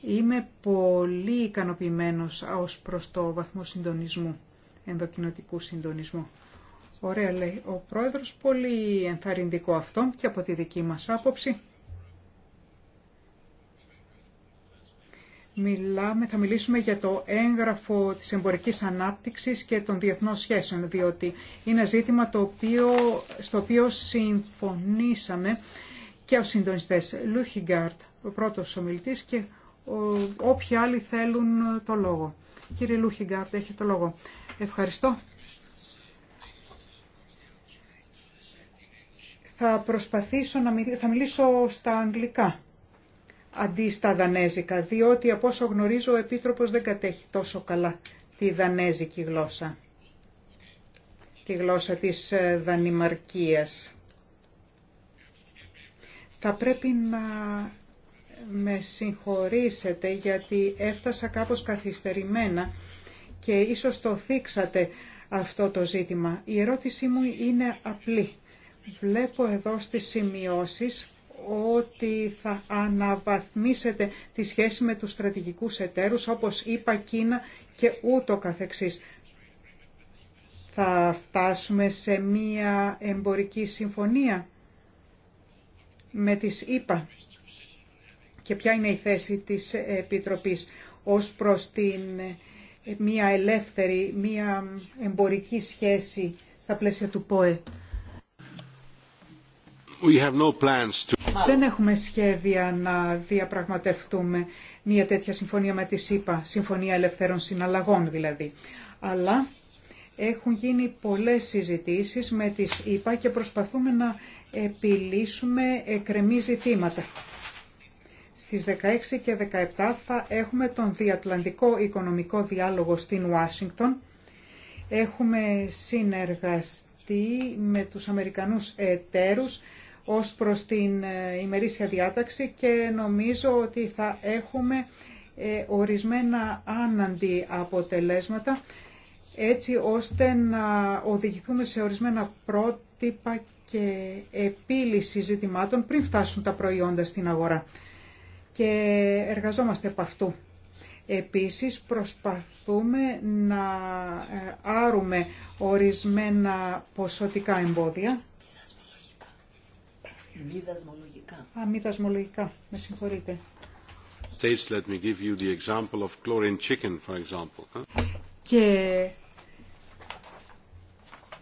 Είμαι πολύ ικανοποιημένος ως προς το βαθμό συντονισμού, ενδοκινοτικού συντονισμού. Ωραία λέει ο Πρόεδρος, πολύ ενθαρρυντικό αυτό και από τη δική μας άποψη. Μιλάμε, θα μιλήσουμε για το έγγραφο της εμπορικής ανάπτυξης και των διεθνών σχέσεων, διότι είναι ζήτημα το οποίο, στο οποίο συμφωνήσαμε και ο συντονιστές Λούχιγκάρτ, ο πρώτος ομιλητής και όποιοι άλλοι θέλουν το λόγο. Κύριε Λούχιγκάρτ, έχει το λόγο. Ευχαριστώ. Θα προσπαθήσω να θα μιλήσω στα αγγλικά αντί στα δανέζικα, διότι από όσο γνωρίζω ο Επίτροπος δεν κατέχει τόσο καλά τη δανέζικη γλώσσα, τη γλώσσα της ε, δανημαρκίας. Θα πρέπει να με συγχωρήσετε γιατί έφτασα κάπως καθυστερημένα και ίσως το θίξατε αυτό το ζήτημα. Η ερώτησή μου είναι απλή. Βλέπω εδώ στις σημειώσεις ότι θα αναβαθμίσετε τη σχέση με τους στρατηγικούς εταίρους, όπως είπα Κίνα και ούτω καθεξής. Θα φτάσουμε σε μία εμπορική συμφωνία με τις ΗΠΑ και ποια είναι η θέση της Επιτροπής ως προς την ε, μία ελεύθερη, μία εμπορική σχέση στα πλαίσια του ΠΟΕ. We have no δεν έχουμε σχέδια να διαπραγματευτούμε μια τέτοια συμφωνία με τη ΣΥΠΑ, Συμφωνία Ελευθέρων Συναλλαγών δηλαδή. Αλλά έχουν γίνει πολλές συζητήσεις με τη ΣΥΠΑ και προσπαθούμε να επιλύσουμε εκρεμή ζητήματα. Στις 16 και 17 θα έχουμε τον Διατλαντικό Οικονομικό Διάλογο στην Ουάσιγκτον. Έχουμε συνεργαστεί με τους Αμερικανούς εταίρους ως προς την ε, ημερήσια διάταξη και νομίζω ότι θα έχουμε ε, ορισμένα άναντι αποτελέσματα έτσι ώστε να οδηγηθούμε σε ορισμένα πρότυπα και επίλυση ζητημάτων πριν φτάσουν τα προϊόντα στην αγορά. Και εργαζόμαστε επ' αυτού. Επίσης προσπαθούμε να ε, άρουμε ορισμένα ποσοτικά εμπόδια μη Α, μη δασμολογικά. Με συγχωρείτε. let me give you the example of chlorine chicken, for example. Και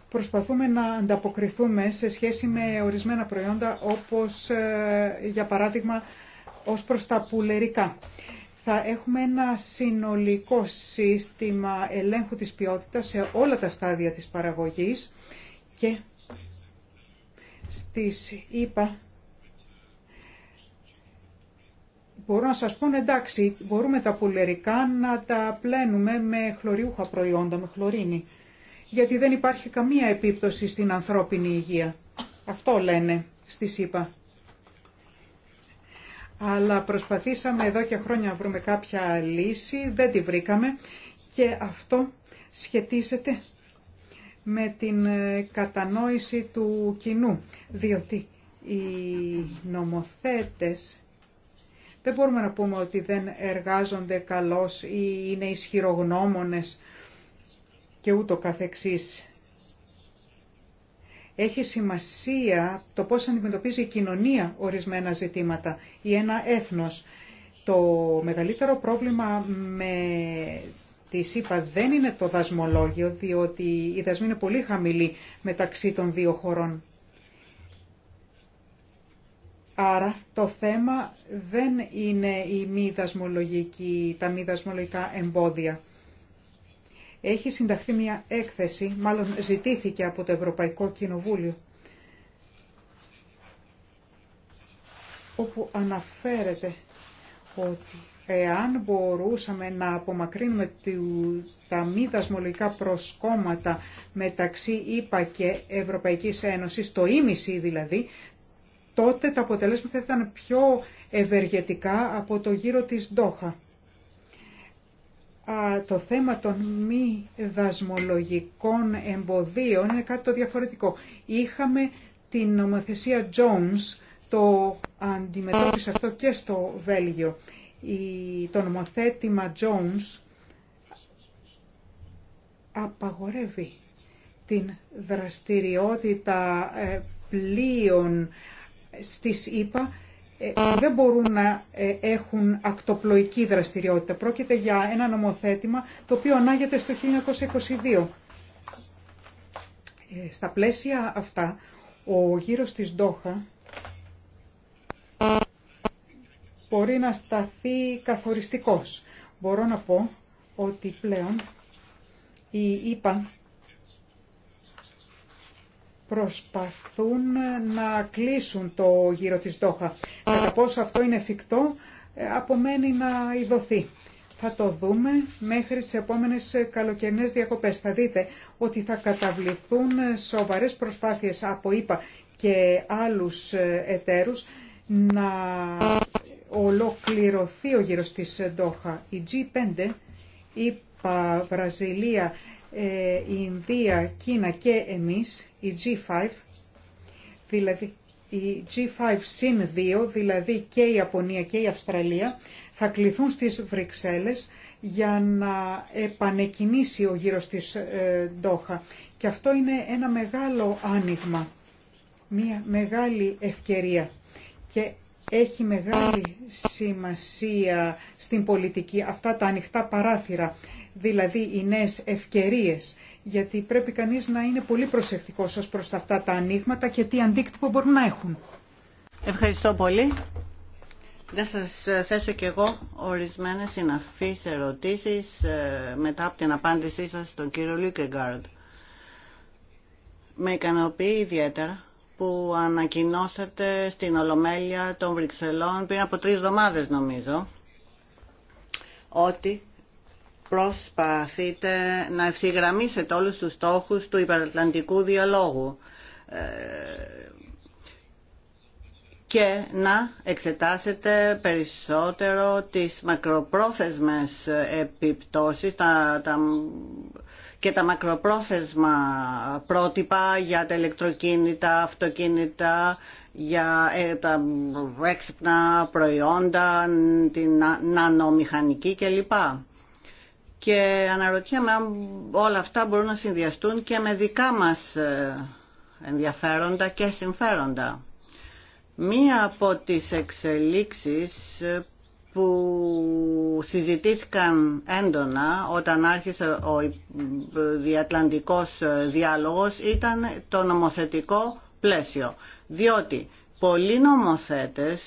προσπαθούμε να ανταποκριθούμε σε σχέση με ορισμένα προϊόντα, όπως ε, για παράδειγμα ως προς τα πουλερικά. Θα έχουμε ένα συνολικό σύστημα ελέγχου της ποιότητας σε όλα τα στάδια της παραγωγής και στις ΕΠΑ μπορώ να σας πω εντάξει, μπορούμε τα πουλερικά να τα πλένουμε με χλωριούχα προϊόντα, με χλωρίνη. Γιατί δεν υπάρχει καμία επίπτωση στην ανθρώπινη υγεία. Αυτό λένε στη ΣΥΠΑ. Αλλά προσπαθήσαμε εδώ και χρόνια να βρούμε κάποια λύση, δεν τη βρήκαμε και αυτό σχετίζεται με την ε, κατανόηση του κοινού, διότι οι νομοθέτες δεν μπορούμε να πούμε ότι δεν εργάζονται καλώς ή είναι ισχυρογνώμονες και ούτω καθεξής. Έχει σημασία το πώς αντιμετωπίζει η κοινωνία ορισμένα ζητήματα ή ένα έθνος. Το μεγαλύτερο πρόβλημα με Τη είπα δεν είναι το δασμολόγιο, διότι οι δασμοί είναι πολύ χαμηλοί μεταξύ των δύο χωρών. Άρα το θέμα δεν είναι η μη τα μη δασμολογικά εμπόδια. Έχει συνταχθεί μια έκθεση, μάλλον ζητήθηκε από το Ευρωπαϊκό Κοινοβούλιο, όπου αναφέρεται ότι Εάν μπορούσαμε να απομακρύνουμε τα μη δασμολογικά προσκόμματα μεταξύ ΙΠΑ και Ευρωπαϊκής Ένωσης, το ίμιση δηλαδή, τότε τα αποτελέσματα θα ήταν πιο ευεργετικά από το γύρο της Ντόχα. Το θέμα των μη δασμολογικών εμποδίων είναι κάτι το διαφορετικό. Είχαμε την νομοθεσία Jones, το αντιμετώπισε αυτό και στο Βέλγιο το νομοθέτημα Jones απαγορεύει την δραστηριότητα ε, πλοίων στις ΗΠΑ που ε, δεν μπορούν να ε, έχουν ακτοπλοϊκή δραστηριότητα. Πρόκειται για ένα νομοθέτημα το οποίο ανάγεται στο 1922. Στα πλαίσια αυτά, ο γύρος της Ντόχα μπορεί να σταθεί καθοριστικός. Μπορώ να πω ότι πλέον οι ΙΠΑ προσπαθούν να κλείσουν το γύρο της Δόχα. Κατά πόσο αυτό είναι εφικτό, ε, απομένει να ειδωθεί. Θα το δούμε μέχρι τις επόμενες ε, καλοκαιρινές διακοπές. Θα δείτε ότι θα καταβληθούν ε, σοβαρές προσπάθειες από ΙΠΑ και άλλους εταίρους να ολοκληρωθεί ο γύρος της Ντόχα. Η G5, η Βραζιλία, ε, η Ινδία, Κίνα και εμείς, η G5, δηλαδή η G5 συν 2, δηλαδή και η Ιαπωνία και η Αυστραλία, θα κληθούν στις Βρυξέλλες για να επανεκκινήσει ο γύρος της ε, Ντόχα. Και αυτό είναι ένα μεγάλο άνοιγμα, μια μεγάλη ευκαιρία. Και έχει μεγάλη σημασία στην πολιτική αυτά τα ανοιχτά παράθυρα, δηλαδή οι νέες ευκαιρίες, γιατί πρέπει κανείς να είναι πολύ προσεκτικός ως προς αυτά τα ανοίγματα και τι αντίκτυπο μπορούν να έχουν. Ευχαριστώ πολύ. Θα σας θέσω και εγώ ορισμένες συναφείς ερωτήσεις ε, μετά από την απάντησή σας στον κύριο Λίκεγκάρντ. Με ικανοποιεί ιδιαίτερα που ανακοινώσατε στην Ολομέλεια των Βρυξελών πριν από τρεις εβδομάδες νομίζω ότι προσπαθείτε να ευθυγραμμίσετε όλους τους στόχους του υπερατλαντικού διαλόγου ε, και να εξετάσετε περισσότερο τις μακροπρόθεσμες επιπτώσεις, τα, τα και τα μακροπρόθεσμα πρότυπα για τα ηλεκτροκίνητα, αυτοκίνητα, για ε, τα έξυπνα προϊόντα, την νανομηχανική κλπ. Και αναρωτιέμαι αν όλα αυτά μπορούν να συνδυαστούν και με δικά μας ε, ενδιαφέροντα και συμφέροντα. Μία από τις εξελίξεις που συζητήθηκαν έντονα όταν άρχισε ο διατλαντικός διάλογος ήταν το νομοθετικό πλαίσιο. Διότι πολλοί νομοθέτες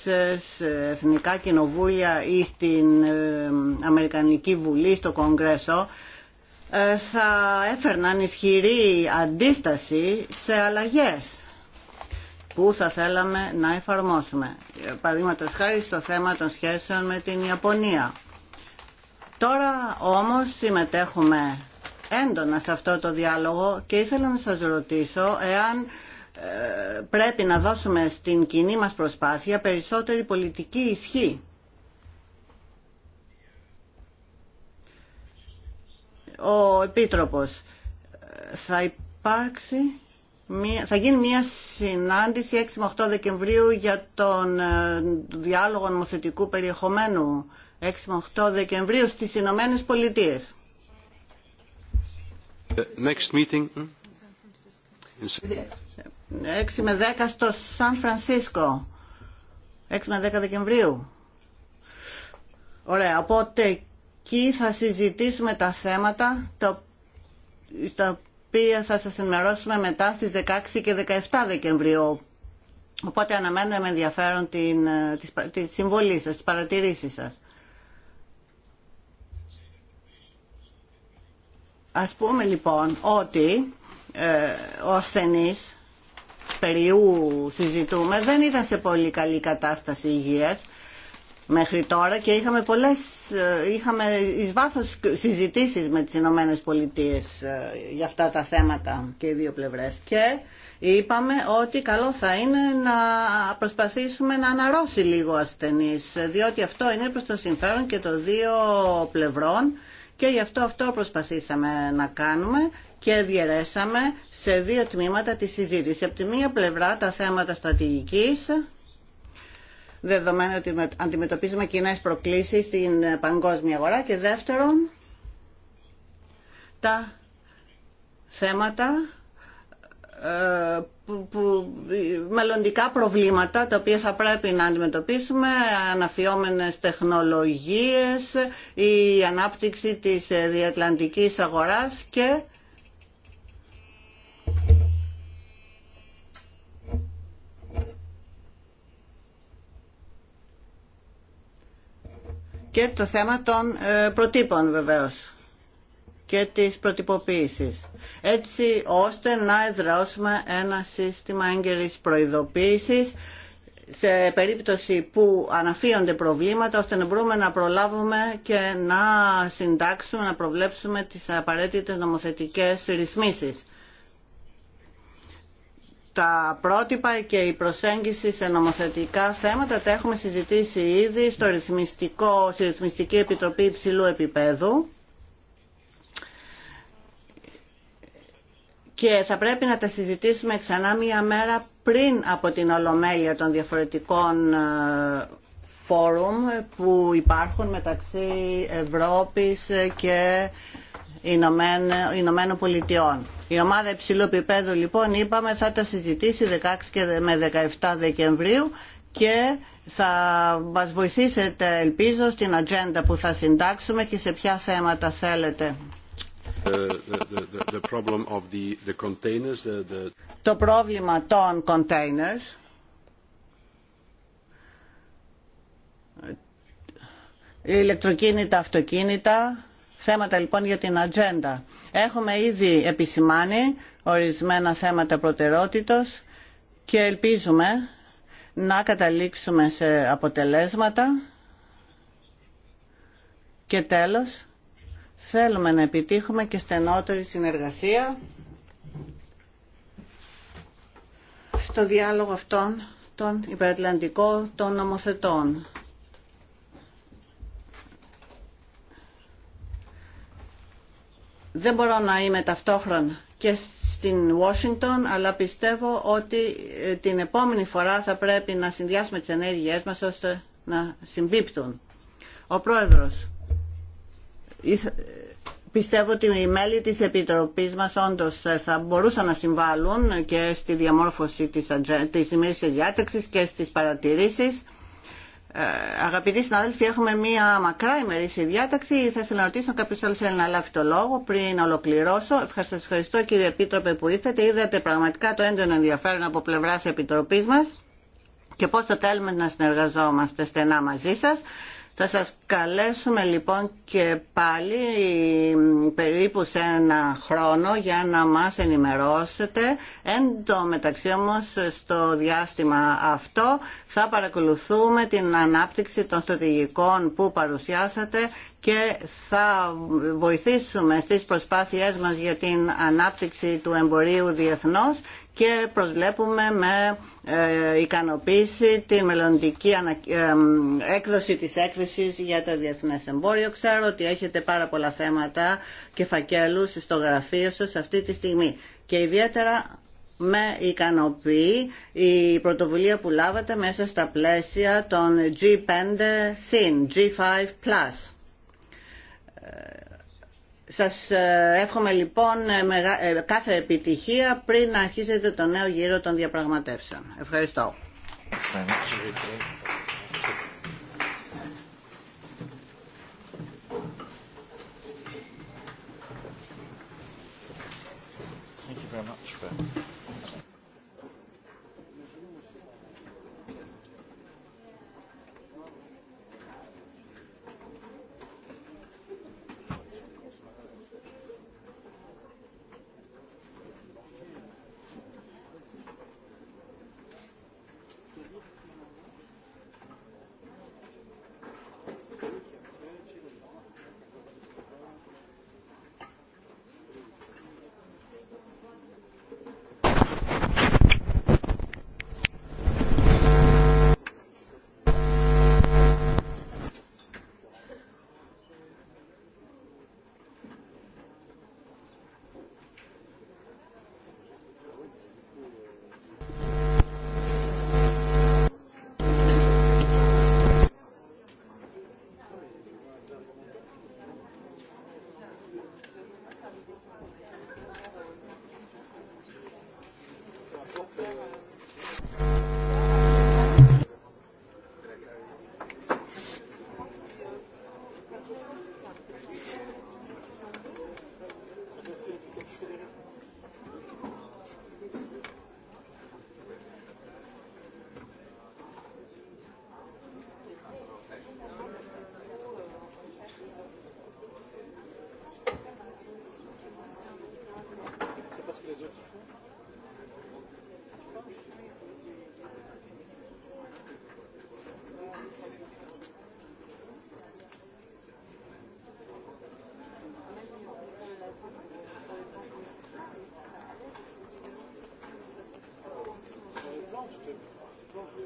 σε εθνικά κοινοβούλια ή στην ε, Αμερικανική Βουλή, στο Κογκρέσο, ε, θα έφερναν ισχυρή αντίσταση σε αλλαγές που θα θέλαμε να εφαρμόσουμε. Παραδείγματο χάρη στο θέμα των σχέσεων με την Ιαπωνία. Τώρα όμως συμμετέχουμε έντονα σε αυτό το διάλογο και ήθελα να σας ρωτήσω εάν ε, πρέπει να δώσουμε στην κοινή μας προσπάθεια περισσότερη πολιτική ισχύ. Ο Επίτροπος ε, θα υπάρξει θα γίνει μια συνάντηση 6 με 8 Δεκεμβρίου για τον ε, διάλογο νομοθετικού περιεχομένου 6 με 8 Δεκεμβρίου στις Ηνωμένε Πολιτείε. Next meeting. 6 mm, με 10 στο Σαν Φρανσίσκο. 6 με 10 Δεκεμβρίου. Ωραία, οπότε εκεί θα συζητήσουμε τα θέματα τα οποία θα σας ενημερώσουμε μετά στις 16 και 17 Δεκεμβρίου. Οπότε αναμένουμε με ενδιαφέρον την, ε, τη συμβολή σας, τις παρατηρήσεις σας. Ας πούμε λοιπόν ότι ε, ο ασθενή περιού συζητούμε, δεν ήταν σε πολύ καλή κατάσταση υγείας μέχρι τώρα και είχαμε πολλές, είχαμε εις συζητήσεις με τις Ηνωμένε Πολιτείες ε, για αυτά τα θέματα και οι δύο πλευρές και είπαμε ότι καλό θα είναι να προσπαθήσουμε να αναρρώσει λίγο ασθενείς διότι αυτό είναι προς το συμφέρον και των δύο πλευρών και γι' αυτό αυτό προσπαθήσαμε να κάνουμε και διαιρέσαμε σε δύο τμήματα τη συζήτηση. Από τη μία πλευρά τα θέματα στρατηγικής δεδομένου ότι αντιμετωπίζουμε κοινέ προκλήσεις στην παγκόσμια αγορά και δεύτερον τα θέματα ε, που, ε, μελλοντικά προβλήματα τα οποία θα πρέπει να αντιμετωπίσουμε αναφιόμενες τεχνολογίες η ανάπτυξη της ε, διατλαντικής αγοράς και και το θέμα των ε, προτύπων βεβαίως και της προτυποποίησης έτσι ώστε να εδραώσουμε ένα σύστημα έγκαιρης προειδοποίησης σε περίπτωση που αναφύονται προβλήματα ώστε να μπορούμε να προλάβουμε και να συντάξουμε, να προβλέψουμε τις απαραίτητες νομοθετικές ρυθμίσεις τα πρότυπα και η προσέγγιση σε νομοθετικά θέματα τα έχουμε συζητήσει ήδη στο ρυθμιστικό, στη Ρυθμιστική Επιτροπή Υψηλού Επιπέδου και θα πρέπει να τα συζητήσουμε ξανά μία μέρα πριν από την Ολομέλεια των διαφορετικών ε, φόρουμ που υπάρχουν μεταξύ Ευρώπης και Ηνωμένων Πολιτειών. Η ομάδα υψηλού επίπεδου λοιπόν είπαμε θα τα συζητήσει 16 και με 17 Δεκεμβρίου και θα μας βοηθήσετε ελπίζω στην ατζέντα που θα συντάξουμε και σε ποια θέματα θέλετε. Το πρόβλημα των containers ε, ηλεκτροκίνητα, αυτοκίνητα Θέματα λοιπόν για την ατζέντα. Έχουμε ήδη επισημάνει ορισμένα θέματα προτεραιότητος και ελπίζουμε να καταλήξουμε σε αποτελέσματα και τέλος θέλουμε να επιτύχουμε και στενότερη συνεργασία στο διάλογο αυτών των υπερατλαντικών των νομοθετών. δεν μπορώ να είμαι ταυτόχρονα και στην Washington, αλλά πιστεύω ότι ε, την επόμενη φορά θα πρέπει να συνδυάσουμε τις ενέργειές μας ώστε να συμπίπτουν. Ο Πρόεδρος, πιστεύω ότι οι μέλη της Επιτροπής μας όντως ε, θα μπορούσαν να συμβάλλουν και στη διαμόρφωση της, της διάταξης και στις παρατηρήσεις. Ε, αγαπητοί συνάδελφοι, έχουμε μία μακρά ημερήσια διάταξη. Θα ήθελα να ρωτήσω αν κάποιο άλλο θέλει να λάβει το λόγο πριν ολοκληρώσω. σα ευχαριστώ κύριε Επίτροπε που ήρθατε. Είδατε πραγματικά το έντονο ενδιαφέρον από πλευρά τη Επιτροπή μα και πώ θα θέλουμε να συνεργαζόμαστε στενά μαζί σα. Θα σας καλέσουμε λοιπόν και πάλι περίπου σε ένα χρόνο για να μας ενημερώσετε. Εν τω μεταξύ στο διάστημα αυτό θα παρακολουθούμε την ανάπτυξη των στρατηγικών που παρουσιάσατε και θα βοηθήσουμε στις προσπάθειές μας για την ανάπτυξη του εμπορίου διεθνώς και προσβλέπουμε με ε, ικανοποίηση τη μελλοντική ε, έκδοση της έκθεσης για το διεθνές εμπόριο. Ξέρω ότι έχετε πάρα πολλά θέματα και φακέλους στο γραφείο σας αυτή τη στιγμή και ιδιαίτερα με ικανοποιεί η πρωτοβουλία που λάβατε μέσα στα πλαίσια των G5 Thin, G5 plus. Ε, σας ε, εύχομαι λοιπόν ε, ε, κάθε επιτυχία πριν να αρχίσετε το νέο γύρο των διαπραγματεύσεων. Ευχαριστώ.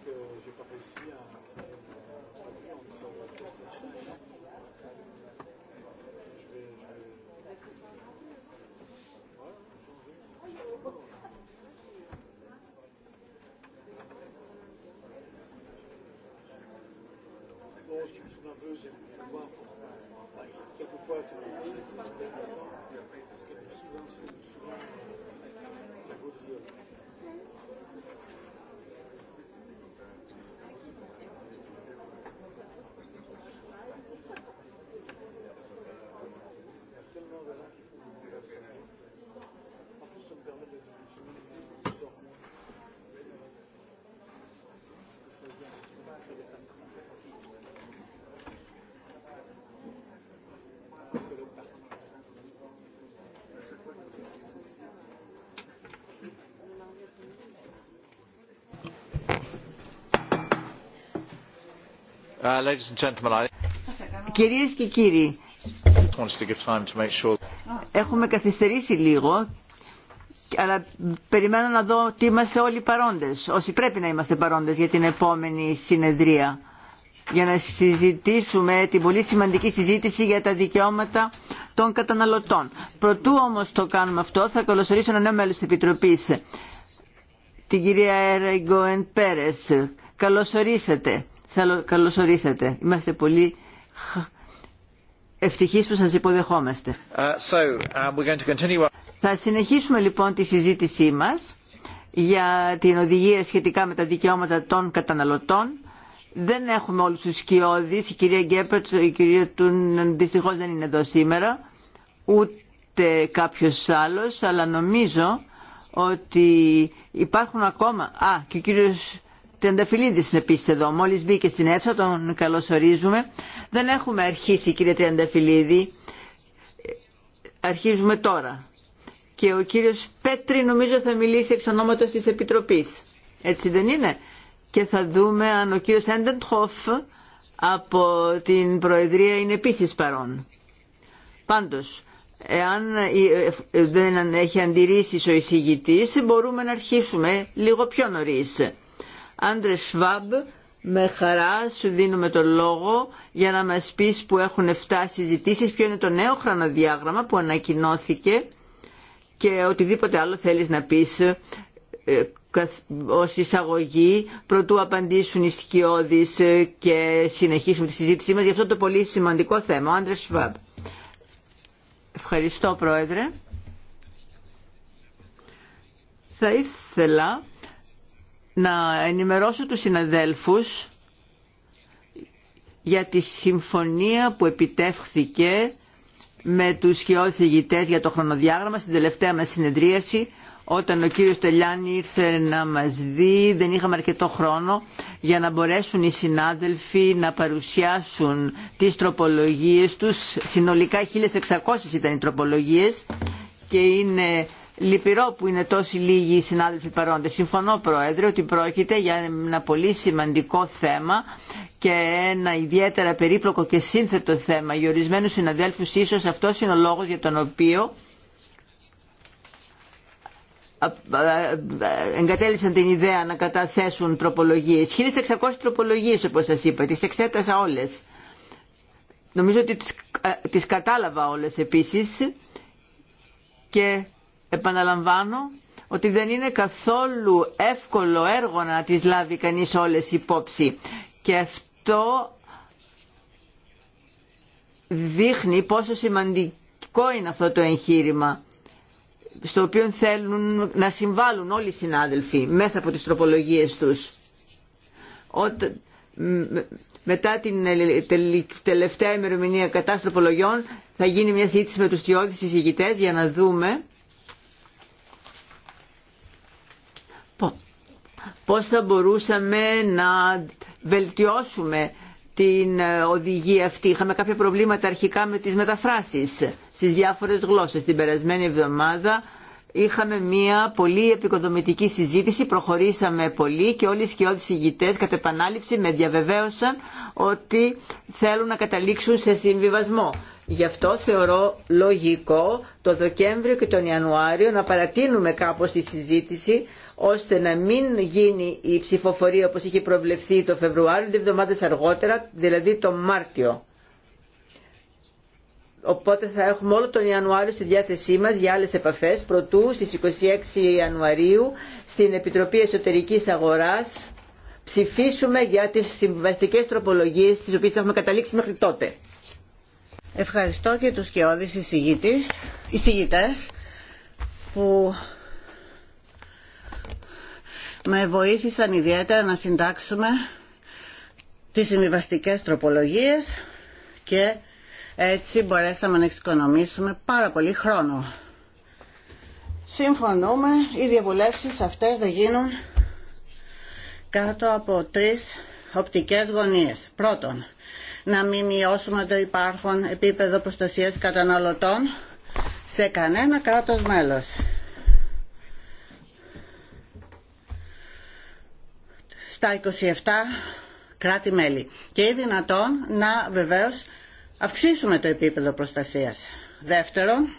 que j'ai pas réussi à entre et Je vais. Je vais... me souviens un peu, c'est voir pour. Quelquefois, c'est souvent, c'est souvent la Uh, Κυρίες και κύριοι, έχουμε καθυστερήσει λίγο, αλλά περιμένω να δω ότι είμαστε όλοι παρόντες, όσοι πρέπει να είμαστε παρόντες για την επόμενη συνεδρία, για να συζητήσουμε την πολύ σημαντική συζήτηση για τα δικαιώματα των καταναλωτών. Προτού όμως το κάνουμε αυτό, θα καλωσορίσω ένα νέο μέλος της Επιτροπής, την κυρία Ερεγκοεν Πέρες. Καλωσορίσατε ορίσατε. Είμαστε πολύ ευτυχείς που σας υποδεχόμαστε. Uh, so, uh, we're Θα συνεχίσουμε λοιπόν τη συζήτησή μας για την οδηγία σχετικά με τα δικαιώματα των καταναλωτών. Δεν έχουμε όλους τους σκιώδεις. Η κυρία Γκέπερτ, η κυρία Τούν δυστυχώς δεν είναι εδώ σήμερα. Ούτε κάποιος άλλος, αλλά νομίζω ότι υπάρχουν ακόμα... Α, και ο κύριος Τριανταφυλλίδης είναι επίσης εδώ. Μόλις μπήκε στην αίθουσα, τον καλωσορίζουμε. Δεν έχουμε αρχίσει, κύριε Τριανταφυλλίδη. Αρχίζουμε τώρα. Και ο κύριος Πέτρη νομίζω θα μιλήσει εξ ονόματος της Επιτροπής. Έτσι δεν είναι. Και θα δούμε αν ο κύριος Έντεντχοφ από την Προεδρία είναι επίση παρόν. Πάντως, εάν ε, ε, δεν έχει αντιρρήσει ο εισηγητή, μπορούμε να αρχίσουμε λίγο πιο νωρίς. Άντρε Σβάμπ, με χαρά σου δίνουμε το λόγο για να μας πεις που έχουν φτάσει συζητήσεις, ποιο είναι το νέο χρονοδιάγραμμα που ανακοινώθηκε και οτιδήποτε άλλο θέλεις να πεις ε, ως εισαγωγή προτού απαντήσουν οι σκιώδεις ε, και συνεχίσουμε τη συζήτησή μας για αυτό το πολύ σημαντικό θέμα. Ο Σβάμπ. Ευχαριστώ Πρόεδρε. Θα ήθελα να ενημερώσω τους συναδέλφους για τη συμφωνία που επιτεύχθηκε με τους σχεώδης για το χρονοδιάγραμμα στην τελευταία μας συνεδρίαση όταν ο κύριος Τελιάνη ήρθε να μας δει δεν είχαμε αρκετό χρόνο για να μπορέσουν οι συνάδελφοι να παρουσιάσουν τις τροπολογίες τους συνολικά 1600 ήταν οι τροπολογίες και είναι Λυπηρό που είναι τόσοι λίγοι οι συνάδελφοι παρόντες. Συμφωνώ, Πρόεδρε, ότι πρόκειται για ένα πολύ σημαντικό θέμα και ένα ιδιαίτερα περίπλοκο και σύνθετο θέμα. Για ορισμένου συναδέλφου ίσω αυτός είναι ο λόγος για τον οποίο εγκατέλειψαν την ιδέα να καταθέσουν τροπολογίες. 1600 τροπολογίες όπως σα είπα, τι εξέτασα όλε. Νομίζω ότι ε, τις, κατάλαβα όλες επίσης και επαναλαμβάνω ότι δεν είναι καθόλου εύκολο έργο να τις λάβει κανείς όλες υπόψη. Και αυτό δείχνει πόσο σημαντικό είναι αυτό το εγχείρημα στο οποίο θέλουν να συμβάλλουν όλοι οι συνάδελφοι μέσα από τις τροπολογίες τους. Μετά την τελευταία ημερομηνία κατάστροπολογιών θα γίνει μια σύντηση με τους τυώδεις για να δούμε πώς θα μπορούσαμε να βελτιώσουμε την ε, οδηγία αυτή. Είχαμε κάποια προβλήματα αρχικά με τις μεταφράσεις στις διάφορες γλώσσες. Την περασμένη εβδομάδα είχαμε μια πολύ επικοδομητική συζήτηση, προχωρήσαμε πολύ και όλοι οι σκιώδεις ηγητές κατ' επανάληψη με διαβεβαίωσαν ότι θέλουν να καταλήξουν σε συμβιβασμό. Γι' αυτό θεωρώ λογικό το Δεκέμβριο και τον Ιανουάριο να παρατείνουμε κάπως τη συζήτηση ώστε να μην γίνει η ψηφοφορία όπως είχε προβλεφθεί το Φεβρουάριο, δύο εβδομάδες αργότερα, δηλαδή το Μάρτιο. Οπότε θα έχουμε όλο τον Ιανουάριο στη διάθεσή μας για άλλες επαφές, Πρωτού, στις 26 Ιανουαρίου στην Επιτροπή Εσωτερικής Αγοράς ψηφίσουμε για τις συμβαστικές τροπολογίες τις οποίες θα έχουμε καταλήξει μέχρι τότε. Ευχαριστώ και τους κοιόδης εισηγητές που με βοήθησαν ιδιαίτερα να συντάξουμε τις συμβιβαστικές τροπολογίες και έτσι μπορέσαμε να εξοικονομήσουμε πάρα πολύ χρόνο. Συμφωνούμε, οι διαβουλεύσεις αυτές θα γίνουν κάτω από τρεις οπτικές γωνίες. Πρώτον, να μην μειώσουμε το υπάρχον επίπεδο προστασίας καταναλωτών σε κανένα κράτος μέλος. τα 27 κράτη-μέλη και είναι δυνατόν να βεβαίως αυξήσουμε το επίπεδο προστασίας. Δεύτερον,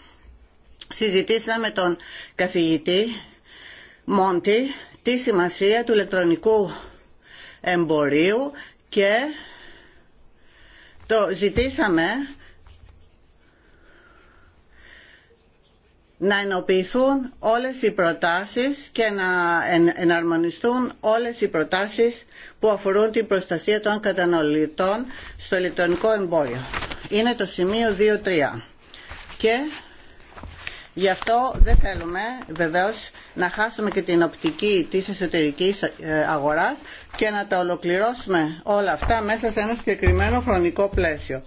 συζητήσαμε τον καθηγητή Μόντι τη σημασία του ηλεκτρονικού εμπορίου και το ζητήσαμε να ενοποιηθούν όλες οι προτάσεις και να εναρμονιστούν όλες οι προτάσεις που αφορούν την προστασία των καταναλωτών στο ηλεκτρονικό εμπόριο. Είναι το σημείο 2-3. Και γι' αυτό δεν θέλουμε βεβαίως να χάσουμε και την οπτική της εσωτερικής ε, αγοράς και να τα ολοκληρώσουμε όλα αυτά μέσα σε ένα συγκεκριμένο χρονικό πλαίσιο.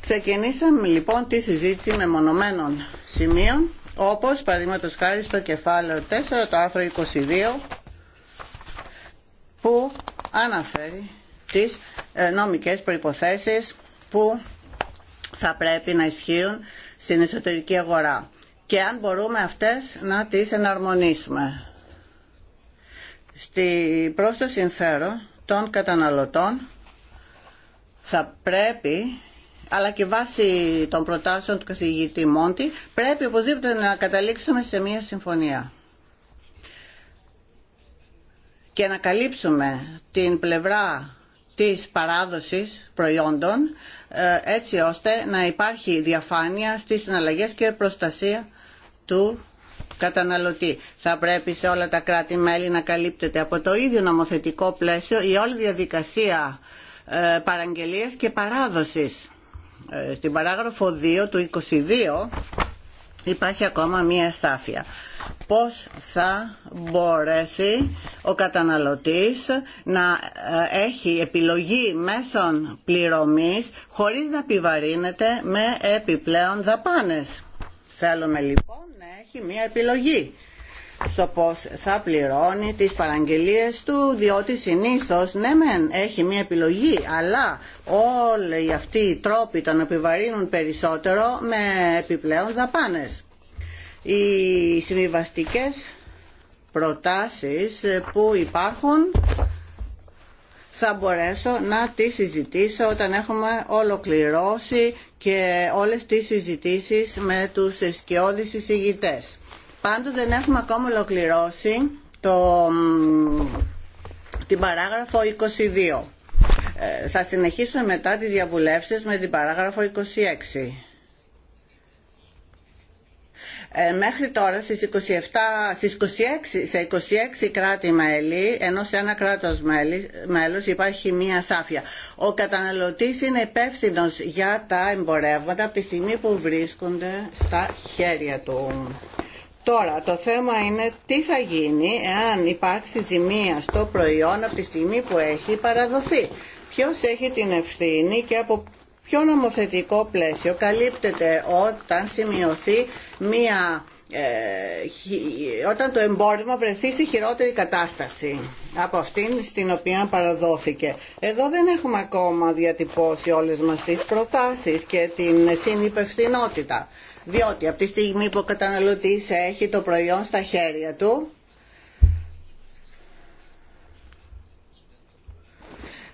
Ξεκινήσαμε λοιπόν τη συζήτηση με μονομένων σημείων, όπως παραδείγματο χάρη στο κεφάλαιο 4, το άρθρο 22, που αναφέρει τις ε, νομικές προϋποθέσεις που θα πρέπει να ισχύουν στην εσωτερική αγορά και αν μπορούμε αυτές να τις εναρμονίσουμε. Στη, προς το συμφέρον των καταναλωτών θα πρέπει αλλά και βάσει των προτάσεων του καθηγητή Μόντι, πρέπει οπωσδήποτε να καταλήξουμε σε μια συμφωνία και να καλύψουμε την πλευρά της παράδοσης προϊόντων ε, έτσι ώστε να υπάρχει διαφάνεια στις συναλλαγές και προστασία του καταναλωτή. Θα πρέπει σε όλα τα κράτη-μέλη να καλύπτεται από το ίδιο νομοθετικό πλαίσιο η όλη διαδικασία ε, παραγγελίας και παράδοσης. Ε, στην παράγραφο 2 του 22 υπάρχει ακόμα μία στάφια. Πώς θα μπορέσει ο καταναλωτής να ε, έχει επιλογή μέσων πληρωμής χωρίς να επιβαρύνεται με επιπλέον δαπάνες. Θέλουμε λοιπόν να έχει μία επιλογή στο πώς θα πληρώνει τις παραγγελίες του διότι συνήθως ναι μεν έχει μια επιλογή αλλά όλοι αυτοί οι τρόποι τον επιβαρύνουν περισσότερο με επιπλέον δαπάνες. Οι συμβιβαστικέ προτάσεις που υπάρχουν θα μπορέσω να τις συζητήσω όταν έχουμε ολοκληρώσει και όλες τις συζητήσεις με τους εσκιώδεις εισηγητές. Πάντως δεν έχουμε ακόμα ολοκληρώσει το, την παράγραφο 22. Ε, θα συνεχίσουμε μετά τις διαβουλεύσεις με την παράγραφο 26. Ε, μέχρι τώρα στις, 27, στις 26, σε 26 κράτη μέλη, ενώ σε ένα κράτος μέλη, μέλος υπάρχει μία σάφια. Ο καταναλωτής είναι υπεύθυνο για τα εμπορεύματα από τη στιγμή που βρίσκονται στα χέρια του. Τώρα, το θέμα είναι τι θα γίνει εάν υπάρξει ζημία στο προϊόν από τη στιγμή που έχει παραδοθεί. Ποιος έχει την ευθύνη και από ποιο νομοθετικό πλαίσιο καλύπτεται όταν σημειωθεί μία... Ε, όταν το εμπόρευμα βρεθεί σε χειρότερη κατάσταση από αυτήν στην οποία παραδόθηκε. Εδώ δεν έχουμε ακόμα διατυπώσει όλες μας τις προτάσεις και την συνυπευθυνότητα. Διότι από τη στιγμή που ο καταναλωτής έχει το προϊόν στα χέρια του,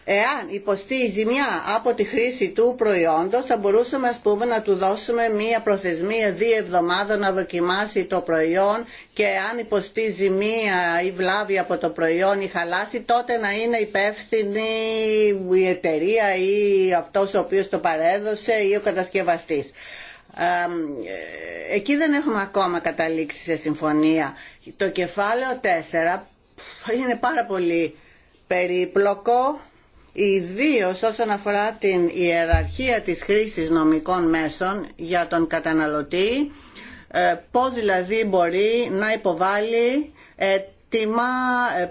εάν υποστεί ζημιά από τη χρήση του προϊόντος θα μπορούσαμε ας πούμε να του δώσουμε μία προθεσμία δύο εβδομάδων να δοκιμάσει το προϊόν και αν υποστεί ζημία ή βλάβη από το προϊόν ή χαλάσει τότε να είναι υπεύθυνη η εταιρεία ή αυτός ο οποίος το παρέδωσε ή ο κατασκευαστής εκεί δεν έχουμε ακόμα καταλήξει σε συμφωνία. Το κεφάλαιο 4 είναι πάρα πολύ περίπλοκο, ιδίω όσον αφορά την ιεραρχία της χρήσης νομικών μέσων για τον καταναλωτή, ε, πώς δηλαδή μπορεί να υποβάλει ε, ζήτημα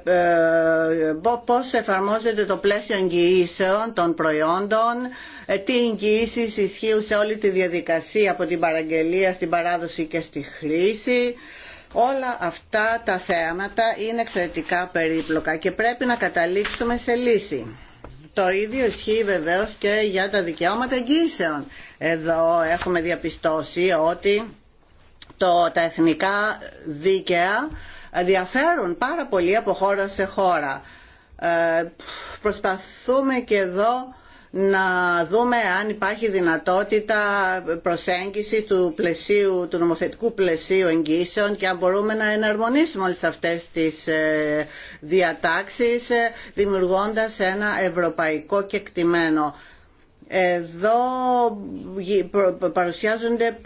ε, ε, ε, πώς εφαρμόζεται το πλαίσιο εγγυήσεων των προϊόντων, τι εγγυήσει ισχύουν σε όλη τη διαδικασία από την παραγγελία στην παράδοση και στη χρήση. Όλα αυτά τα θέματα είναι εξαιρετικά περίπλοκα και πρέπει να καταλήξουμε σε λύση. Το ίδιο ισχύει βεβαίως και για τα δικαιώματα εγγύησεων. Εδώ έχουμε διαπιστώσει ότι το, τα εθνικά δίκαια διαφέρουν πάρα πολύ από χώρα σε χώρα. Ε, προσπαθούμε και εδώ να δούμε αν υπάρχει δυνατότητα προσέγγισης του, πλαισίου, του νομοθετικού πλαισίου εγγύσεων και αν μπορούμε να εναρμονίσουμε όλες αυτές τις ε, διατάξεις ε, δημιουργώντας ένα ευρωπαϊκό κεκτημένο. Εδώ παρουσιάζονται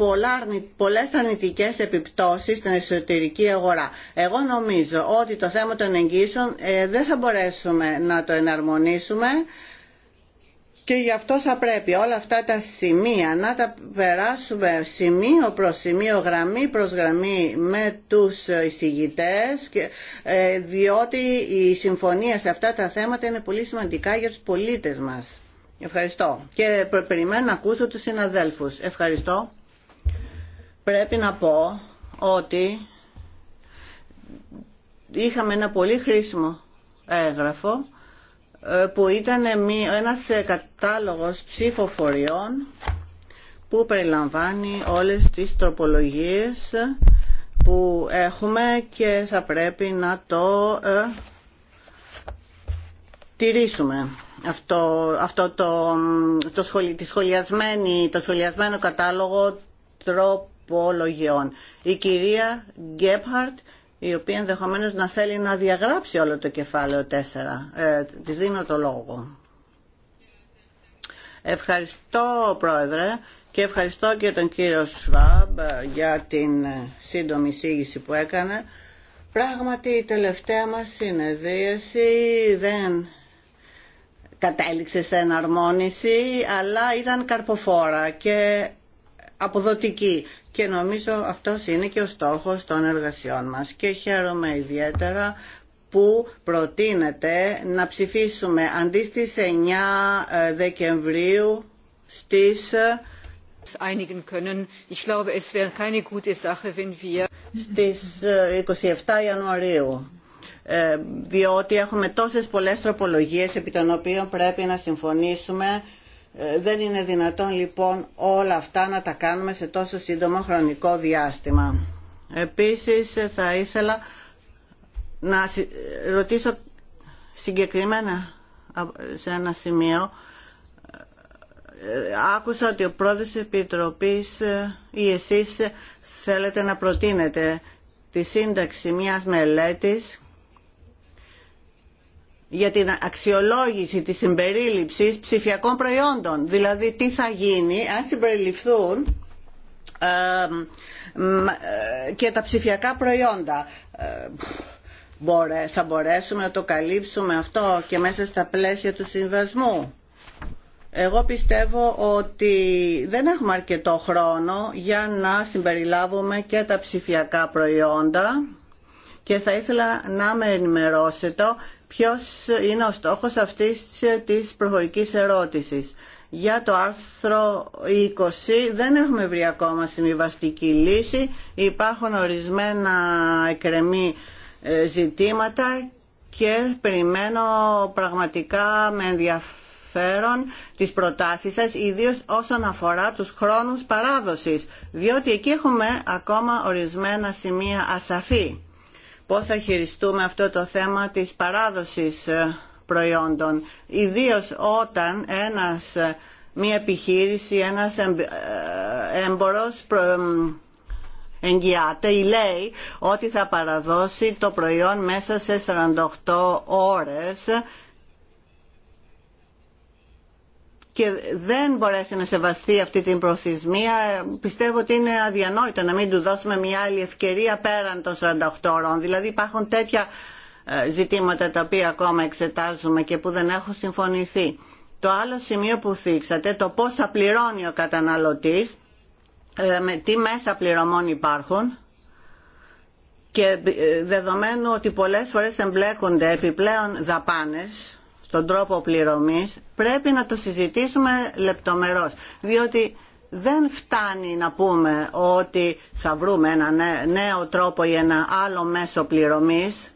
πολλές αρνητικές επιπτώσεις στην εσωτερική αγορά. Εγώ νομίζω ότι το θέμα των εγγύσεων ε, δεν θα μπορέσουμε να το εναρμονίσουμε και γι' αυτό θα πρέπει όλα αυτά τα σημεία να τα περάσουμε σημείο προς σημείο, γραμμή προς γραμμή με τους εισηγητές ε, διότι η συμφωνία σε αυτά τα θέματα είναι πολύ σημαντικά για τους πολίτες μας. Ευχαριστώ. Και περιμένω να ακούσω τους συναδέλφους. Ευχαριστώ. Πρέπει να πω ότι είχαμε ένα πολύ χρήσιμο έγγραφο ε, που ήταν ένας ε, κατάλογος ψηφοφοριών που περιλαμβάνει όλες τις τροπολογίες που έχουμε και θα πρέπει να το ε, τηρήσουμε αυτό, αυτό το, το, σχολι, το σχολιασμένο κατάλογο τροπολογιών. Η κυρία Γκέπχαρτ, η οποία ενδεχομένω να θέλει να διαγράψει όλο το κεφάλαιο 4. Ε, της δίνω το λόγο. Ευχαριστώ, Πρόεδρε, και ευχαριστώ και τον κύριο Σβάμπ για την σύντομη εισήγηση που έκανε. Πράγματι, η τελευταία μας συνεδρίαση δεν κατέληξε σε εναρμόνιση, αλλά ήταν καρποφόρα και αποδοτική. Και νομίζω αυτός είναι και ο στόχος των εργασιών μας. Και χαίρομαι ιδιαίτερα που προτείνεται να ψηφίσουμε αντί στις 9 ε, Δεκεμβρίου στις ε, einigen können. Ich glaube, es wäre keine gute Sache, wenn wir... στις 27 ε, Ιανουαρίου ε, διότι έχουμε τόσες πολλές τροπολογίες επί των οποίων πρέπει να συμφωνήσουμε. Ε, δεν είναι δυνατόν λοιπόν όλα αυτά να τα κάνουμε σε τόσο σύντομο χρονικό διάστημα. Επίσης ε, θα ήθελα να ρωτήσω συγκεκριμένα σε ένα σημείο. Άκουσα ότι ο πρόεδρος της Επιτροπής ή εσείς θέλετε να προτείνετε τη σύνταξη μιας μελέτης για την αξιολόγηση της συμπερίληψης ψηφιακών προϊόντων. Δηλαδή τι θα γίνει αν συμπεριληφθούν ε, και τα ψηφιακά προϊόντα. Ε, θα μπορέσουμε να το καλύψουμε αυτό και μέσα στα πλαίσια του συμβασμού. Εγώ πιστεύω ότι δεν έχουμε αρκετό χρόνο για να συμπεριλάβουμε και τα ψηφιακά προϊόντα και θα ήθελα να με ενημερώσετε ποιος είναι ο στόχος αυτής της προφορικής ερώτησης. Για το άρθρο 20 δεν έχουμε βρει ακόμα συμβιβαστική λύση. Υπάρχουν ορισμένα εκρεμή ε, ζητήματα και περιμένω πραγματικά με ενδιαφέρον τις προτάσεις σας, ιδίως όσον αφορά τους χρόνους παράδοσης, διότι εκεί έχουμε ακόμα ορισμένα σημεία ασαφή πώς θα χειριστούμε αυτό το θέμα της παράδοσης ε, προϊόντων. Ιδίως όταν ένας, ε, μια επιχείρηση, ένας ε, έμπορος εγγυάται ή λέει ότι θα παραδώσει το προϊόν μέσα σε 48 ώρες και δεν μπορέσει να σεβαστεί αυτή την προθυσμία, πιστεύω ότι είναι αδιανόητο να μην του δώσουμε μια άλλη ευκαιρία πέραν των 48 ώρων. Δηλαδή υπάρχουν τέτοια ε, ζητήματα τα οποία ακόμα εξετάζουμε και που δεν έχουν συμφωνηθεί. Το άλλο σημείο που θίξατε, το πώς θα πληρώνει ο καταναλωτής, ε, με τι μέσα πληρωμών υπάρχουν και ε, δεδομένου ότι πολλές φορές εμπλέκονται επιπλέον δαπάνες τον τρόπο πληρωμής πρέπει να το συζητήσουμε λεπτομερώς διότι δεν φτάνει να πούμε ότι θα βρούμε ένα νέο τρόπο ή ένα άλλο μέσο πληρωμής.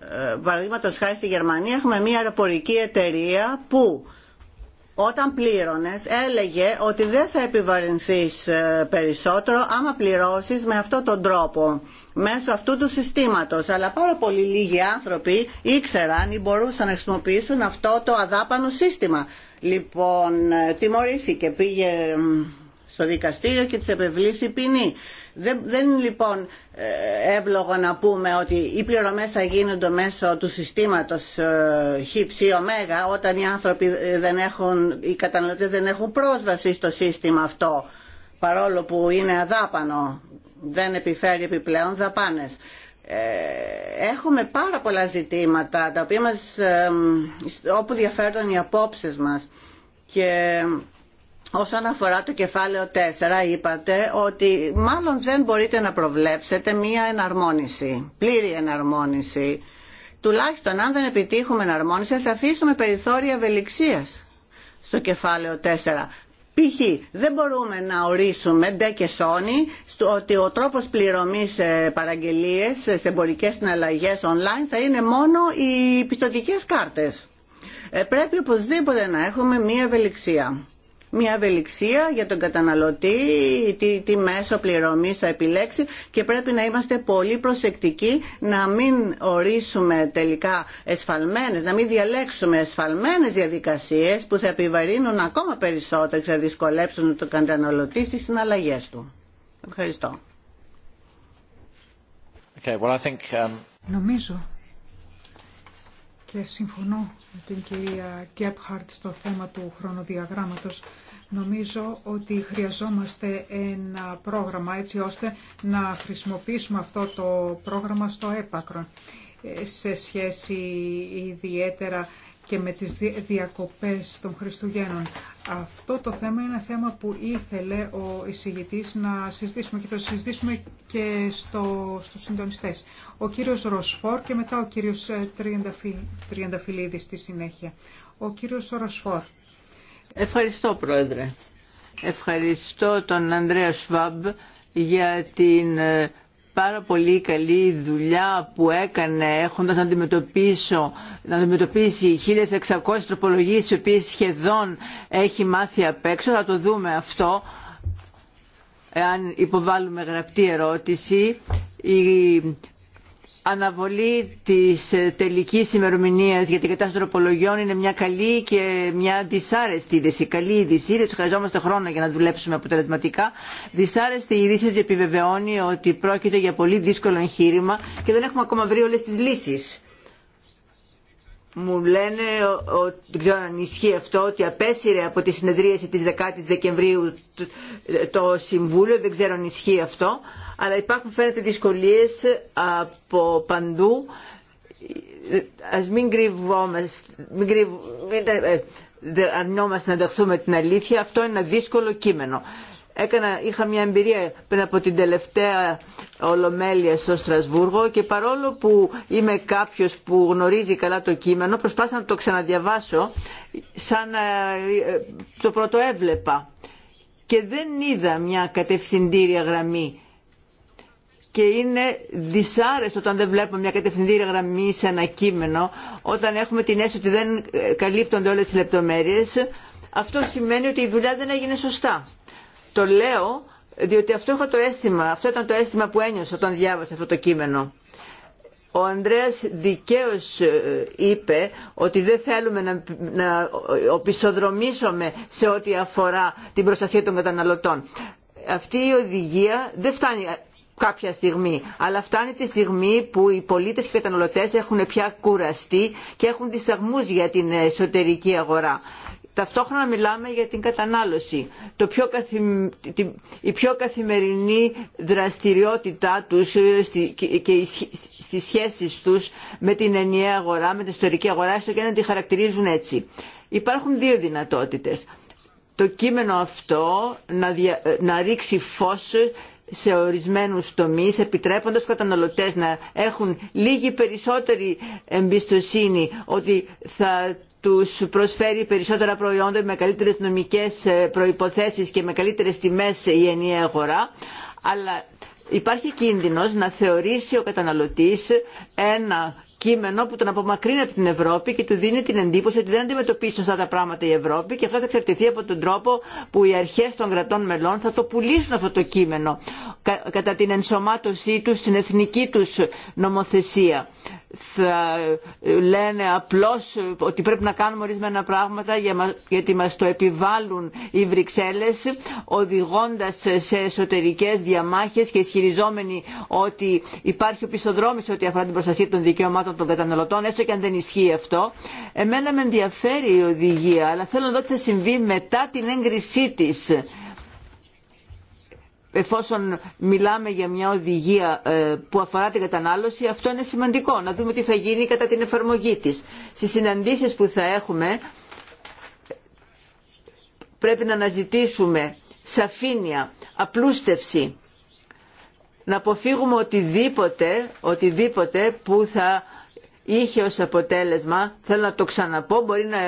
Ε, Παραδείγματο χάρη στη Γερμανία έχουμε μια αεροπορική εταιρεία που όταν πλήρωνες έλεγε ότι δεν θα επιβαρυνθείς ε, περισσότερο άμα πληρώσεις με αυτόν τον τρόπο μέσω αυτού του συστήματος αλλά πάρα πολύ λίγοι άνθρωποι ήξεραν ή μπορούσαν να χρησιμοποιήσουν αυτό το αδάπανο σύστημα λοιπόν ε, τιμωρήθηκε πήγε στο δικαστήριο και της επευλήσει ποινή. Δεν, είναι λοιπόν ε, εύλογο να πούμε ότι οι πληρωμές θα γίνονται μέσω του συστήματος ε, ΩΜΕΓΑ όταν οι άνθρωποι δεν έχουν, οι καταναλωτές δεν έχουν πρόσβαση στο σύστημα αυτό παρόλο που είναι αδάπανο, δεν επιφέρει επιπλέον δαπάνες. Ε, έχουμε πάρα πολλά ζητήματα τα οποία μας, όπου διαφέρουν οι απόψεις μας και Όσον αφορά το κεφάλαιο 4, είπατε ότι μάλλον δεν μπορείτε να προβλέψετε μία εναρμόνιση, πλήρη εναρμόνιση. Τουλάχιστον αν δεν επιτύχουμε εναρμόνιση, θα αφήσουμε περιθώρια ευελιξίας στο κεφάλαιο 4. Π.χ. δεν μπορούμε να ορίσουμε ντε και σόνι ότι ο τρόπος πληρωμής σε παραγγελίες, σε εμπορικές συναλλαγές online θα είναι μόνο οι πιστοτικές κάρτες. Ε, πρέπει οπωσδήποτε να έχουμε μία ευελιξία μια ευελιξία για τον καταναλωτή, τι, μέσο πληρωμής θα επιλέξει και πρέπει να είμαστε πολύ προσεκτικοί να μην ορίσουμε τελικά εσφαλμένες, να μην διαλέξουμε εσφαλμένες διαδικασίες που θα επιβαρύνουν ακόμα περισσότερο και θα δυσκολέψουν τον καταναλωτή στις συναλλαγές του. Ευχαριστώ. Okay, well, I think, um, Νομίζω και συμφωνώ με την κυρία Γκέπχαρτ στο θέμα του χρονοδιαγράμματος Νομίζω ότι χρειαζόμαστε ένα πρόγραμμα έτσι ώστε να χρησιμοποιήσουμε αυτό το πρόγραμμα στο έπακρο ε, σε σχέση ιδιαίτερα και με τις διακοπές των Χριστουγέννων. Αυτό το θέμα είναι ένα θέμα που ήθελε ο εισηγητής να συζητήσουμε και το συζητήσουμε και στο, στους συντονιστές. Ο κύριος Ροσφόρ και μετά ο κύριος ε, Τριανταφυλλίδης στη συνέχεια. Ο κύριος Ροσφόρ. Ευχαριστώ Πρόεδρε. Ευχαριστώ τον Ανδρέα Σβάμπ για την ε, πάρα πολύ καλή δουλειά που έκανε έχοντας να, αντιμετωπίσω, να αντιμετωπίσει 1600 τροπολογίες οι οποίες σχεδόν έχει μάθει απ' έξω. Θα το δούμε αυτό εάν υποβάλουμε γραπτή ερώτηση. Η αναβολή της ε, τελικής ημερομηνία για την κατάσταση των τροπολογιών είναι μια καλή και μια δυσάρεστη είδηση. Καλή είδηση, δεν χρειαζόμαστε χρόνο για να δουλέψουμε αποτελεσματικά. Δυσάρεστη είδηση ότι επιβεβαιώνει ότι πρόκειται για πολύ δύσκολο εγχείρημα και δεν έχουμε ακόμα βρει όλες τις λύσεις. Μου λένε, δεν ξέρω αν ισχύει αυτό, ότι απέσυρε από τη συνεδρίαση της 10 η Δεκεμβρίου ε, το Συμβούλιο, δεν ξέρω αν ισχύει αυτό αλλά υπάρχουν φαίνεται δυσκολίες από παντού. Ας μην κρυβόμαστε, μην, κρυβ, μην ε, ε, αρνιόμαστε να δεχθούμε την αλήθεια. Αυτό είναι ένα δύσκολο κείμενο. Έκανα, είχα μια εμπειρία πριν από την τελευταία ολομέλεια στο Στρασβούργο και παρόλο που είμαι κάποιος που γνωρίζει καλά το κείμενο προσπάθησα να το ξαναδιαβάσω σαν να ε, το έβλεπα. και δεν είδα μια κατευθυντήρια γραμμή και είναι δυσάρεστο όταν δεν βλέπουμε μια κατευθυντήρια γραμμή σε ένα κείμενο, όταν έχουμε την αίσθηση ότι δεν ε, καλύπτονται όλες τις λεπτομέρειες, αυτό σημαίνει ότι η δουλειά δεν έγινε σωστά. Το λέω διότι αυτό έχω το αίσθημα, αυτό ήταν το αίσθημα που ένιωσα όταν διάβασα αυτό το κείμενο. Ο Ανδρέας δικαίως ε, είπε ότι δεν θέλουμε να, να οπισθοδρομήσουμε σε ό,τι αφορά την προστασία των καταναλωτών. Αυτή η οδηγία δεν φτάνει κάποια στιγμή. Αλλά φτάνει τη στιγμή που οι πολίτες και οι καταναλωτές έχουν πια κουραστεί και έχουν δισταγμούς για την εσωτερική αγορά. Ταυτόχρονα μιλάμε για την κατανάλωση. Το πιο Η πιο καθημερινή δραστηριότητά τους ε, και στις σχέσεις τους με την ενιαία αγορά, με την ιστορική αγορά, έστω και να τη χαρακτηρίζουν έτσι. Υπάρχουν δύο δυνατότητες. Το κείμενο αυτό να, ε, να ρίξει φως σε ορισμένους τομείς επιτρέποντας καταναλωτές να έχουν λίγη περισσότερη εμπιστοσύνη ότι θα τους προσφέρει περισσότερα προϊόντα με καλύτερες νομικές ε, προϋποθέσεις και με καλύτερες τιμές η ενιαία αγορά αλλά υπάρχει κίνδυνος να θεωρήσει ο καταναλωτής ένα κείμενο που τον απομακρύνει από την Ευρώπη και του δίνει την εντύπωση ότι δεν αντιμετωπίζει σωστά τα πράγματα η Ευρώπη και αυτό θα εξαρτηθεί από τον τρόπο που οι αρχέ των κρατών μελών θα το πουλήσουν αυτό το κείμενο κατά την ενσωμάτωσή του στην εθνική του νομοθεσία. Θα λένε απλώ ότι πρέπει να κάνουμε ορισμένα πράγματα γιατί μα το επιβάλλουν οι Βρυξέλλε οδηγώντα σε εσωτερικέ διαμάχε και ισχυριζόμενοι ότι υπάρχει οπισθοδρόμηση ό,τι αφορά την προστασία των δικαιωμάτων δικαιωμάτων των καταναλωτών, έστω και αν δεν ισχύει αυτό. Εμένα με ενδιαφέρει η οδηγία, αλλά θέλω να δω τι θα συμβεί μετά την έγκρισή τη Εφόσον μιλάμε για μια οδηγία ε, που αφορά την κατανάλωση, αυτό είναι σημαντικό, να δούμε τι θα γίνει κατά την εφαρμογή της. Στις συναντήσεις που θα έχουμε, πρέπει να αναζητήσουμε σαφήνεια, απλούστευση, να αποφύγουμε οτιδήποτε που θα είχε ως αποτέλεσμα, θέλω να το ξαναπώ, μπορεί να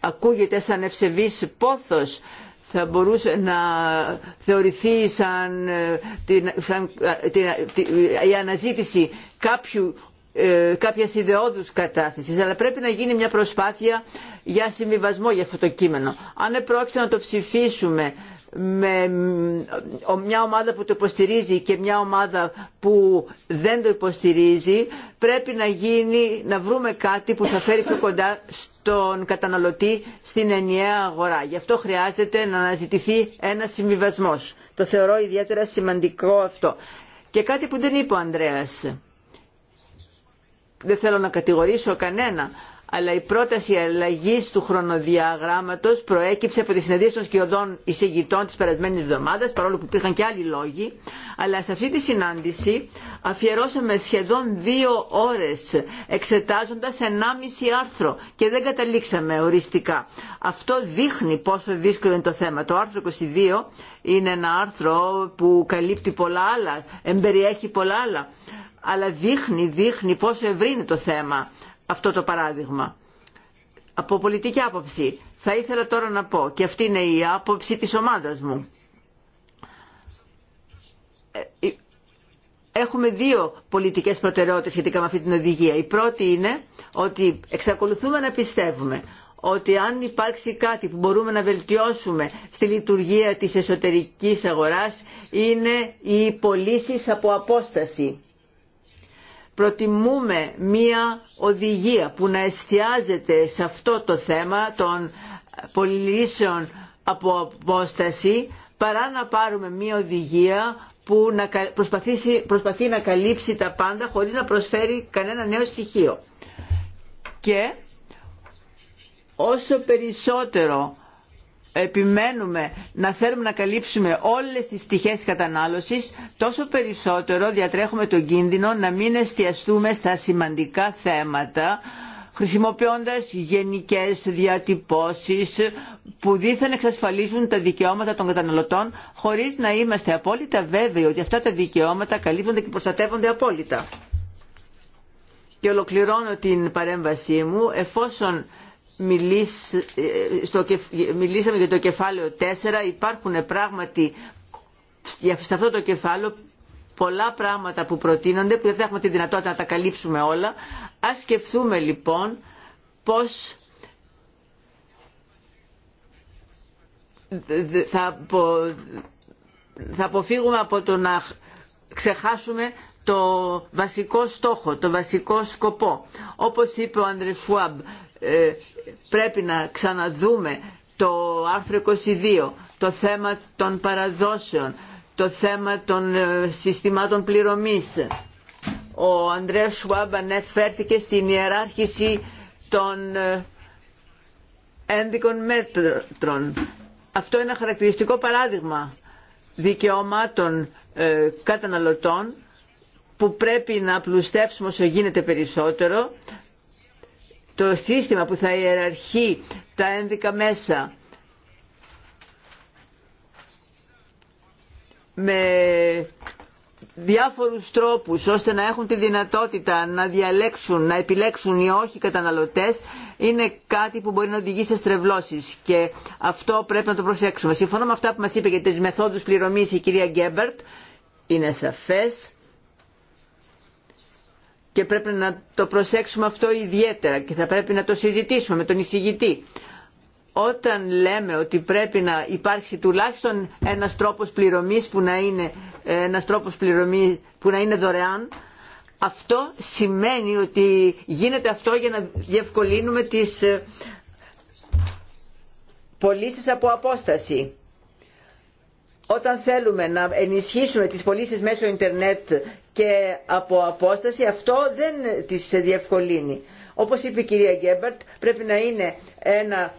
ακούγεται σαν ευσεβής πόθος, θα μπορούσε να θεωρηθεί σαν, ε, την, σαν ε, την, ε, η αναζήτηση κάποιου ε, κάποια ιδεώδους κατάστασης αλλά πρέπει να γίνει μια προσπάθεια για συμβιβασμό για αυτό το κείμενο αν επρόκειτο να το ψηφίσουμε με μια ομάδα που το υποστηρίζει και μια ομάδα που δεν το υποστηρίζει πρέπει να γίνει να βρούμε κάτι που θα φέρει πιο κοντά στον καταναλωτή στην ενιαία αγορά. Γι' αυτό χρειάζεται να αναζητηθεί ένα συμβιβασμό. Το θεωρώ ιδιαίτερα σημαντικό αυτό. Και κάτι που δεν είπε ο Ανδρέας. Δεν θέλω να κατηγορήσω κανένα, αλλά η πρόταση αλλαγή του χρονοδιαγράμματο προέκυψε από τη συνεδρίαση των σκιωδών εισηγητών τη περασμένη εβδομάδα, παρόλο που υπήρχαν και άλλοι λόγοι, αλλά σε αυτή τη συνάντηση αφιερώσαμε σχεδόν δύο ώρες εξετάζοντας 1,5 άρθρο και δεν καταλήξαμε οριστικά. Αυτό δείχνει πόσο δύσκολο είναι το θέμα. Το άρθρο 22 είναι ένα άρθρο που καλύπτει πολλά άλλα, εμπεριέχει πολλά άλλα αλλά δείχνει, δείχνει πόσο ευρύ είναι το θέμα αυτό το παράδειγμα. Από πολιτική άποψη θα ήθελα τώρα να πω και αυτή είναι η άποψη της ομάδας μου. Ε, έχουμε δύο πολιτικές προτεραιότητες σχετικά με αυτή την οδηγία. Η πρώτη είναι ότι εξακολουθούμε να πιστεύουμε ότι αν υπάρξει κάτι που μπορούμε να βελτιώσουμε στη λειτουργία της εσωτερικής αγοράς είναι οι πωλήσει από απόσταση προτιμούμε μία οδηγία που να εστιάζεται σε αυτό το θέμα των πολυλήσεων από απόσταση παρά να πάρουμε μία οδηγία που να προσπαθήσει, προσπαθεί να καλύψει τα πάντα χωρίς να προσφέρει κανένα νέο στοιχείο. Και όσο περισσότερο επιμένουμε να θέλουμε να καλύψουμε όλες τις πτυχές κατανάλωσης, τόσο περισσότερο διατρέχουμε τον κίνδυνο να μην εστιαστούμε στα σημαντικά θέματα, χρησιμοποιώντας γενικές διατυπώσεις που δίθεν εξασφαλίζουν τα δικαιώματα των καταναλωτών, χωρίς να είμαστε απόλυτα βέβαιοι ότι αυτά τα δικαιώματα καλύπτονται και προστατεύονται απόλυτα. Και ολοκληρώνω την παρέμβασή μου, εφόσον ε, μιλήσαμε για το κεφάλαιο 4 υπάρχουν πράγματι σε αυτό το κεφάλαιο πολλά πράγματα που προτείνονται που δεν θα έχουμε τη δυνατότητα να τα καλύψουμε όλα ας σκεφτούμε λοιπόν πως θα, αποφύγουμε από το να ξεχάσουμε το βασικό στόχο, το βασικό σκοπό. Όπως είπε ο Άντρε Φουάμπ ε, πρέπει να ξαναδούμε το άρθρο 22, το θέμα των παραδόσεων, το θέμα των ε, συστημάτων πληρωμής. Ο Ανδρέα Σουάμπ ανέφερθηκε ναι, στην ιεράρχηση των ε, ένδικων μέτρων. Αυτό είναι ένα χαρακτηριστικό παράδειγμα δικαιωμάτων καταναλωτών που πρέπει να πλουστεύσουμε όσο γίνεται περισσότερο το σύστημα που θα ιεραρχεί τα ένδικα μέσα με διάφορους τρόπους ώστε να έχουν τη δυνατότητα να διαλέξουν, να επιλέξουν ή όχι καταναλωτές είναι κάτι που μπορεί να οδηγεί σε στρεβλώσεις και αυτό πρέπει να το προσέξουμε. Συμφωνώ με αυτά που μας είπε για τις μεθόδους πληρωμής η κυρία Γκέμπερτ. Είναι σαφές και πρέπει να το προσέξουμε αυτό ιδιαίτερα και θα πρέπει να το συζητήσουμε με τον εισηγητή. Όταν λέμε ότι πρέπει να υπάρξει τουλάχιστον ένας τρόπος πληρωμής που να είναι, ένας τρόπος πληρωμής που να είναι δωρεάν, αυτό σημαίνει ότι γίνεται αυτό για να διευκολύνουμε τις ε, πωλήσει από απόσταση. Όταν θέλουμε να ενισχύσουμε τις πωλήσει μέσω ίντερνετ και από απόσταση αυτό δεν τις διευκολύνει. Όπως είπε η κυρία Γκέμπερτ πρέπει να είναι ένα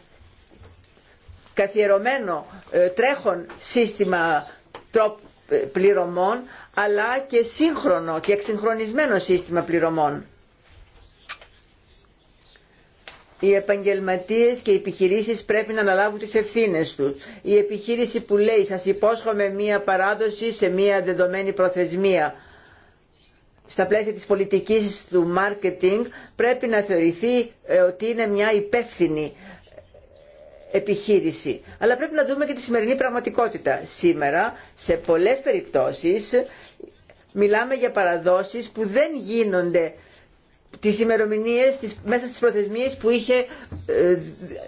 καθιερωμένο ε, τρέχον σύστημα ε, πληρωμών αλλά και σύγχρονο και εξυγχρονισμένο σύστημα πληρωμών. Οι επαγγελματίες και οι επιχειρήσεις πρέπει να αναλάβουν τις ευθύνες τους. Η επιχείρηση που λέει σας υπόσχομαι μία παράδοση σε μία δεδομένη προθεσμία στα πλαίσια της πολιτικής του marketing πρέπει να θεωρηθεί ε, ότι είναι μια υπεύθυνη επιχείρηση. Αλλά πρέπει να δούμε και τη σημερινή πραγματικότητα. Σήμερα, σε πολλές περιπτώσεις, μιλάμε για παραδόσεις που δεν γίνονται τις ημερομηνίε μέσα στις προθεσμίες που είχε ε,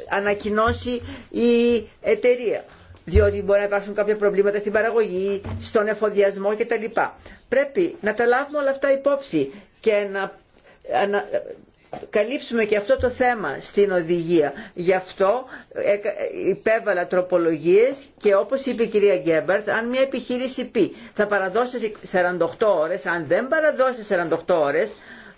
ανακοινώσει η εταιρεία διότι μπορεί να υπάρξουν κάποια προβλήματα στην παραγωγή, στον εφοδιασμό κτλ. Πρέπει να τα λάβουμε όλα αυτά υπόψη και να καλύψουμε και αυτό το θέμα στην οδηγία. Γι' αυτό ε, ε, υπέβαλα τροπολογίες και όπως είπε η κυρία Γκέμπαρτ, αν μια επιχείρηση πει θα παραδώσει 48 ώρες, αν δεν παραδώσει 48 ώρες,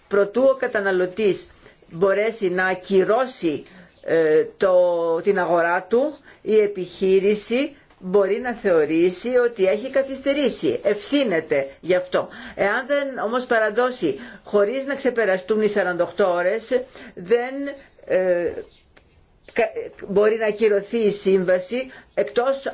προτού ο καταναλωτής μπορέσει να ακυρώσει ε, το, την αγορά του η επιχείρηση μπορεί να θεωρήσει ότι έχει καθυστερήσει, ευθύνεται γι' αυτό. Εάν δεν όμως παραδώσει χωρίς να ξεπεραστούν οι 48 ώρες, δεν ε, μπορεί να ακυρωθεί η σύμβαση εκτός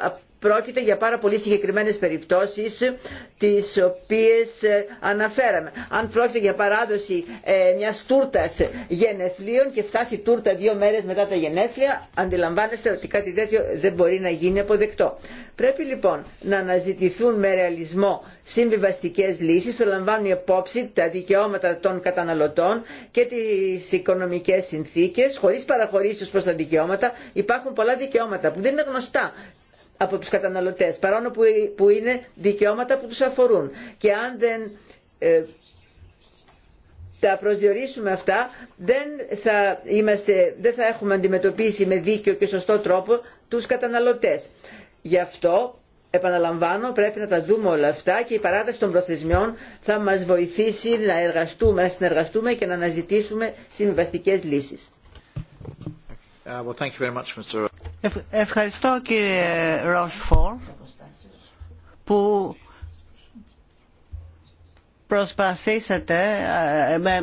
Πρόκειται για πάρα πολύ συγκεκριμένες περιπτώσεις τις οποίες ε, αναφέραμε. Αν πρόκειται για παράδοση ε, μια τουρτα γενεθλίων και φτάσει η τούρτα δύο μέρες μετά τα γενέθλια, αντιλαμβάνεστε ότι κάτι τέτοιο δεν μπορεί να γίνει αποδεκτό. Πρέπει λοιπόν να αναζητηθούν με ρεαλισμό συμβιβαστικές λύσεις που λαμβάνουν υπόψη τα δικαιώματα των καταναλωτών και τις οικονομικές συνθήκες, χωρίς παραχωρήσεις προς τα δικαιώματα. Υπάρχουν πολλά δικαιώματα που δεν είναι γνωστά από τους καταναλωτές, παρόλο που είναι δικαιώματα που τους αφορούν. Και αν δεν ε, τα προσδιορίσουμε αυτά, δεν θα, είμαστε, δεν θα έχουμε αντιμετωπίσει με δίκιο και σωστό τρόπο τους καταναλωτές. Γι' αυτό, επαναλαμβάνω, πρέπει να τα δούμε όλα αυτά και η παράταση των προθεσμιών θα μας βοηθήσει να, εργαστούμε, να συνεργαστούμε και να αναζητήσουμε συμβαστικές λύσεις. Uh, ευχαριστώ κύριε Ροσφόρ που προσπαθήσατε ε, με,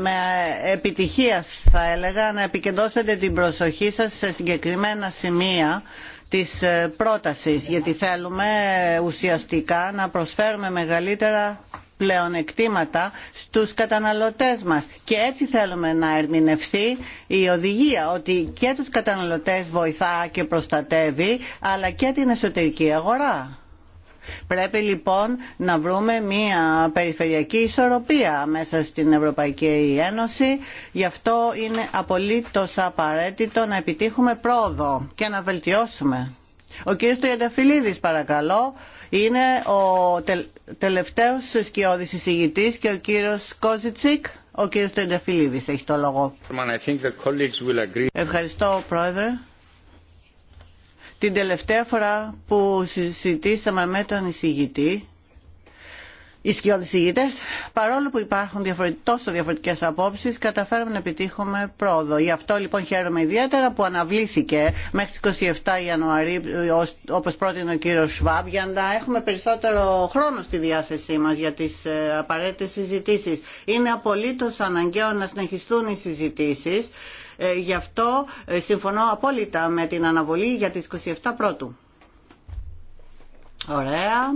επιτυχία θα έλεγα να επικεντρώσετε την προσοχή σας σε συγκεκριμένα σημεία της ε, πρότασης γιατί θέλουμε ε, ουσιαστικά να προσφέρουμε μεγαλύτερα πλεονεκτήματα στους καταναλωτές μας. Και έτσι θέλουμε να ερμηνευθεί η οδηγία ότι και τους καταναλωτές βοηθά και προστατεύει αλλά και την εσωτερική αγορά. Πρέπει λοιπόν να βρούμε μια περιφερειακή ισορροπία μέσα στην Ευρωπαϊκή Ένωση. Γι' αυτό είναι απολύτως απαραίτητο να επιτύχουμε πρόοδο και να βελτιώσουμε ο κύριος Τριανταφυλλίδης παρακαλώ είναι ο τελευταίος σκιώδης εισηγητής και ο κύριος Κόζιτσικ. Ο κύριος Τριανταφυλλίδης έχει το λόγο. Ευχαριστώ Πρόεδρε. Την τελευταία φορά που συζητήσαμε με τον εισηγητή οι σκιοδησηγητές, παρόλο που υπάρχουν τόσο διαφορετικές απόψεις, καταφέρουμε να επιτύχουμε πρόοδο. Γι' αυτό λοιπόν χαίρομαι ιδιαίτερα που αναβλήθηκε μέχρι τις 27 Ιανουαρίου, όπως πρότεινε ο κύριος Σβάμπ, για να έχουμε περισσότερο χρόνο στη διάθεσή μας για τις ε, απαραίτητες συζητήσεις. Είναι απολύτως αναγκαίο να συνεχιστούν οι συζητήσεις. Ε, γι' αυτό ε, συμφωνώ απόλυτα με την αναβολή για τις 27 πρώτου. Ωραία.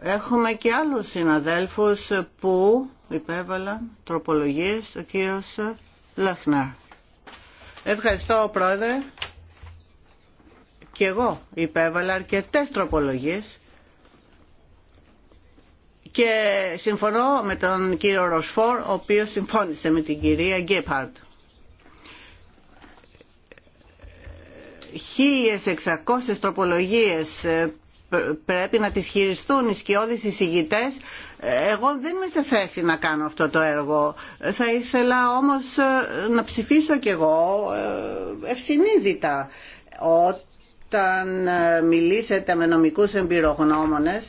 Έχουμε και άλλους συναδέλφους που υπέβαλαν τροπολογίες, ο κύριος Λαχνά. Ευχαριστώ πρόεδρε. Και εγώ υπέβαλα αρκετές τροπολογίες και συμφωνώ με τον κύριο Ροσφόρ, ο οποίος συμφώνησε με την κυρία Γκέπαρτ. 1600 τροπολογίες πρέπει να τις χειριστούν οι σκιώδεις εισηγητές. Εγώ δεν είμαι σε θέση να κάνω αυτό το έργο. Θα ήθελα όμως ε, να ψηφίσω κι εγώ ε, ευσυνείδητα. Όταν ε, μιλήσετε με νομικούς εμπειρογνώμονες,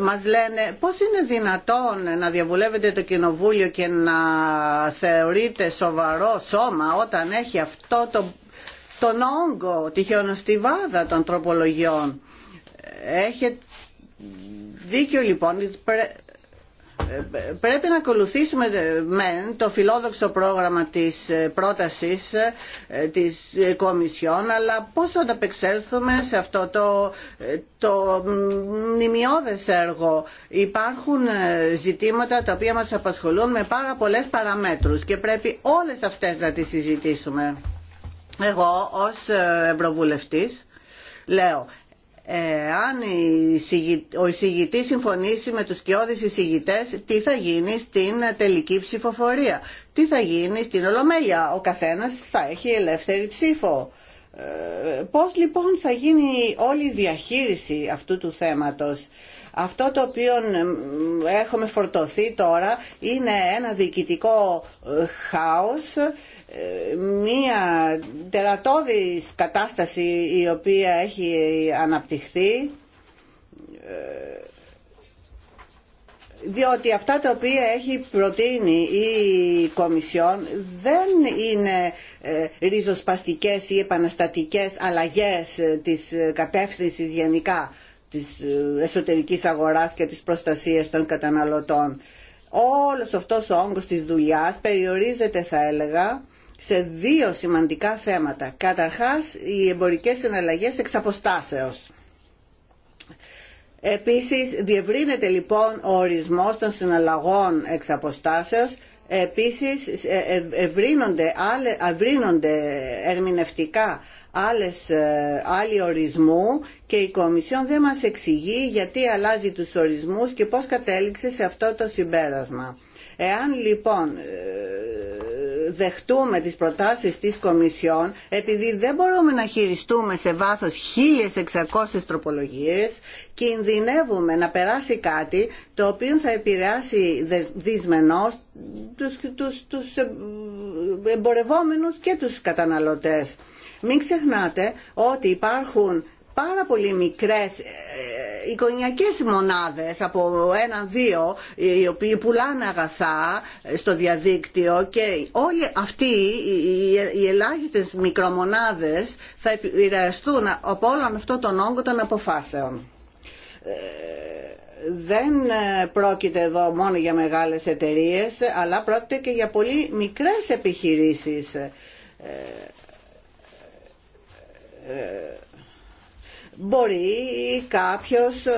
μας λένε πώς είναι δυνατόν να διαβουλεύετε το κοινοβούλιο και να θεωρείτε σοβαρό σώμα όταν έχει αυτό το, τον όγκο, τη χιονοστιβάδα των τροπολογιών έχετε δίκιο λοιπόν πρέπει να ακολουθήσουμε ε, μεν το φιλόδοξο πρόγραμμα της ε, πρότασης ε, της Κομισιόν αλλά πώς θα ανταπεξέλθουμε σε αυτό το, το μνημειώδες έργο. Υπάρχουν ζητήματα τα οποία μας απασχολούν με πάρα πολλές παραμέτρους και πρέπει όλες αυτές να τις συζητήσουμε. Εγώ ως Ευρωβουλευτής λέω ε, αν ο εισηγητής συμφωνήσει με τους κοιόδης εισηγητές, τι θα γίνει στην τελική ψηφοφορία, τι θα γίνει στην Ολομέλεια. Ο καθένας θα έχει ελεύθερη ψήφο. Ε, πώς λοιπόν θα γίνει όλη η διαχείριση αυτού του θέματος. Αυτό το οποίο ε, έχουμε φορτωθεί τώρα είναι ένα διοικητικό χάος μία τερατώδης κατάσταση η οποία έχει αναπτυχθεί ε, διότι αυτά τα οποία έχει προτείνει η Κομισιόν δεν είναι ε, ριζοσπαστικές ή επαναστατικές αλλαγές της κατεύθυνσης γενικά της ε, εσωτερικής αγοράς και της προστασίας των καταναλωτών. Όλος αυτός ο όγκος της δουλειάς περιορίζεται θα έλεγα σε δύο σημαντικά θέματα. Καταρχάς, οι εμπορικές συναλλαγές εξ αποστάσεως. Επίσης, διευρύνεται λοιπόν ο ορισμός των συναλλαγών εξ αποστάσεως. Επίσης, ε, ε, ευρύνονται, ευρύνονται ερμηνευτικά άλλες, ε, άλλοι ορισμού και η Κομισιόν δεν μας εξηγεί γιατί αλλάζει τους ορισμούς και πώς κατέληξε σε αυτό το συμπέρασμα. Εάν λοιπόν δεχτούμε τις προτάσεις της Κομισιόν επειδή δεν μπορούμε να χειριστούμε σε βάθος 1600 τροπολογίες κινδυνεύουμε να περάσει κάτι το οποίο θα επηρεάσει δυσμενώς τους, τους, τους εμπορευόμενους και τους καταναλωτές. Μην ξεχνάτε ότι υπάρχουν πάρα πολύ μικρές οικογενειακές ε, μονάδες από έναν-δύο οι οποίοι πουλάνε αγαθά ε, στο διαδίκτυο και όλοι αυτοί οι ελάχιστες μικρομονάδες θα επηρεαστούν από όλον αυτό τον όγκο των αποφάσεων ε, δεν πρόκειται εδώ μόνο για μεγάλες εταιρείες αλλά πρόκειται και για πολύ μικρές επιχειρήσεις μπορεί κάποιος ε,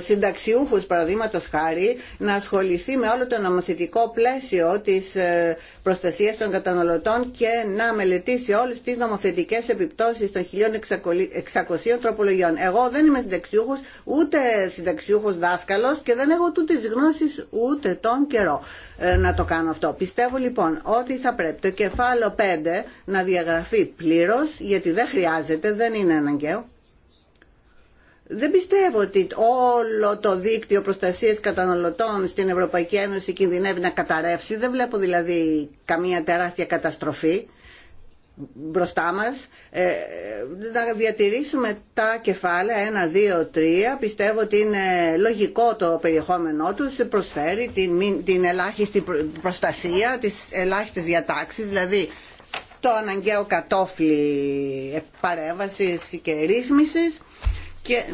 συνταξιούχος παραδείγματο χάρη να ασχοληθεί με όλο το νομοθετικό πλαίσιο της ε, προστασίας των καταναλωτών και να μελετήσει όλες τις νομοθετικές επιπτώσεις των 1600 τροπολογιών. Εγώ δεν είμαι συνταξιούχος, ούτε συνταξιούχος δάσκαλος και δεν έχω ούτε τις γνώσεις ούτε τον καιρό ε, να το κάνω αυτό. Πιστεύω λοιπόν ότι θα πρέπει το κεφάλαιο 5 να διαγραφεί πλήρως γιατί δεν χρειάζεται, δεν είναι αναγκαίο δεν πιστεύω ότι όλο το δίκτυο προστασίας καταναλωτών στην Ευρωπαϊκή Ένωση κινδυνεύει να καταρρεύσει. Δεν βλέπω δηλαδή καμία τεράστια καταστροφή μπροστά μας. Ε, να διατηρήσουμε τα κεφάλαια 1, 2, 3. Πιστεύω ότι είναι λογικό το περιεχόμενό τους. Προσφέρει την, την ελάχιστη προστασία, τις ελάχιστες διατάξεις. Δηλαδή το αναγκαίο κατόφλι παρέμβασης και ρύθμισης και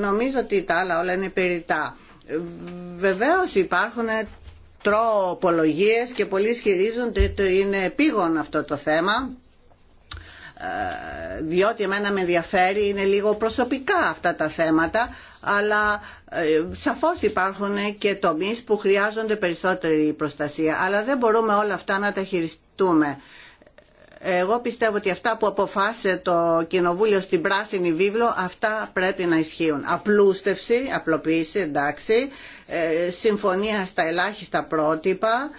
νομίζω ότι τα άλλα όλα είναι περιτά. Βεβαίως υπάρχουν τροπολογίες και πολλοί ισχυρίζονται ότι είναι επίγον αυτό το θέμα ε, διότι εμένα με ενδιαφέρει, είναι λίγο προσωπικά αυτά τα θέματα, αλλά ε, σαφώς υπάρχουν και τομείς που χρειάζονται περισσότερη προστασία, αλλά δεν μπορούμε όλα αυτά να τα χειριστούμε. Εγώ πιστεύω ότι αυτά που αποφάσισε το Κοινοβούλιο στην Πράσινη Βίβλο, αυτά πρέπει να ισχύουν. Απλούστευση, απλοποίηση, εντάξει, ε, συμφωνία στα ελάχιστα πρότυπα,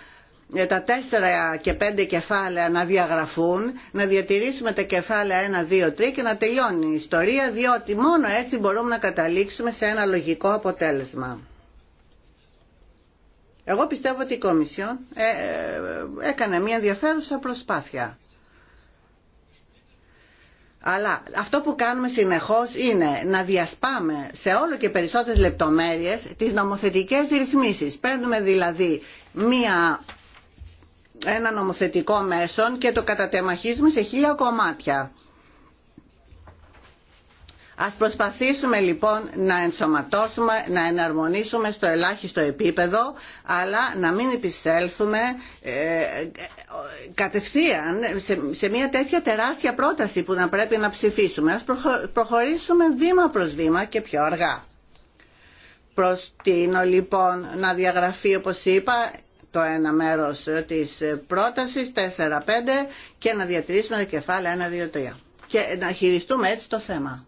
ε, τα τέσσερα και πέντε κεφάλαια να διαγραφούν, να διατηρήσουμε τα κεφάλαια 1, 2, 3 και να τελειώνει η ιστορία, διότι μόνο έτσι μπορούμε να καταλήξουμε σε ένα λογικό αποτέλεσμα. Εγώ πιστεύω ότι η Κομισιόν ε, έκανε μια ενδιαφέρουσα προσπάθεια. Αλλά αυτό που κάνουμε συνεχώς είναι να διασπάμε σε όλο και περισσότερες λεπτομέρειες τις νομοθετικές ρυθμίσεις. Παίρνουμε δηλαδή μία, ένα νομοθετικό μέσον και το κατατεμαχίζουμε σε χίλια κομμάτια. Ας προσπαθήσουμε λοιπόν να ενσωματώσουμε, να εναρμονίσουμε στο ελάχιστο επίπεδο, αλλά να μην επισέλθουμε ε, κατευθείαν σε, σε μια τέτοια τεράστια πρόταση που να πρέπει να ψηφίσουμε. Ας προχωρήσουμε βήμα προς βήμα και πιο αργά. Προστείνω λοιπόν να διαγραφεί όπως είπα το ένα μέρος της πρότασης 4-5 και να διατηρήσουμε το κεφάλαιο 1-2-3 και να χειριστούμε έτσι το θέμα.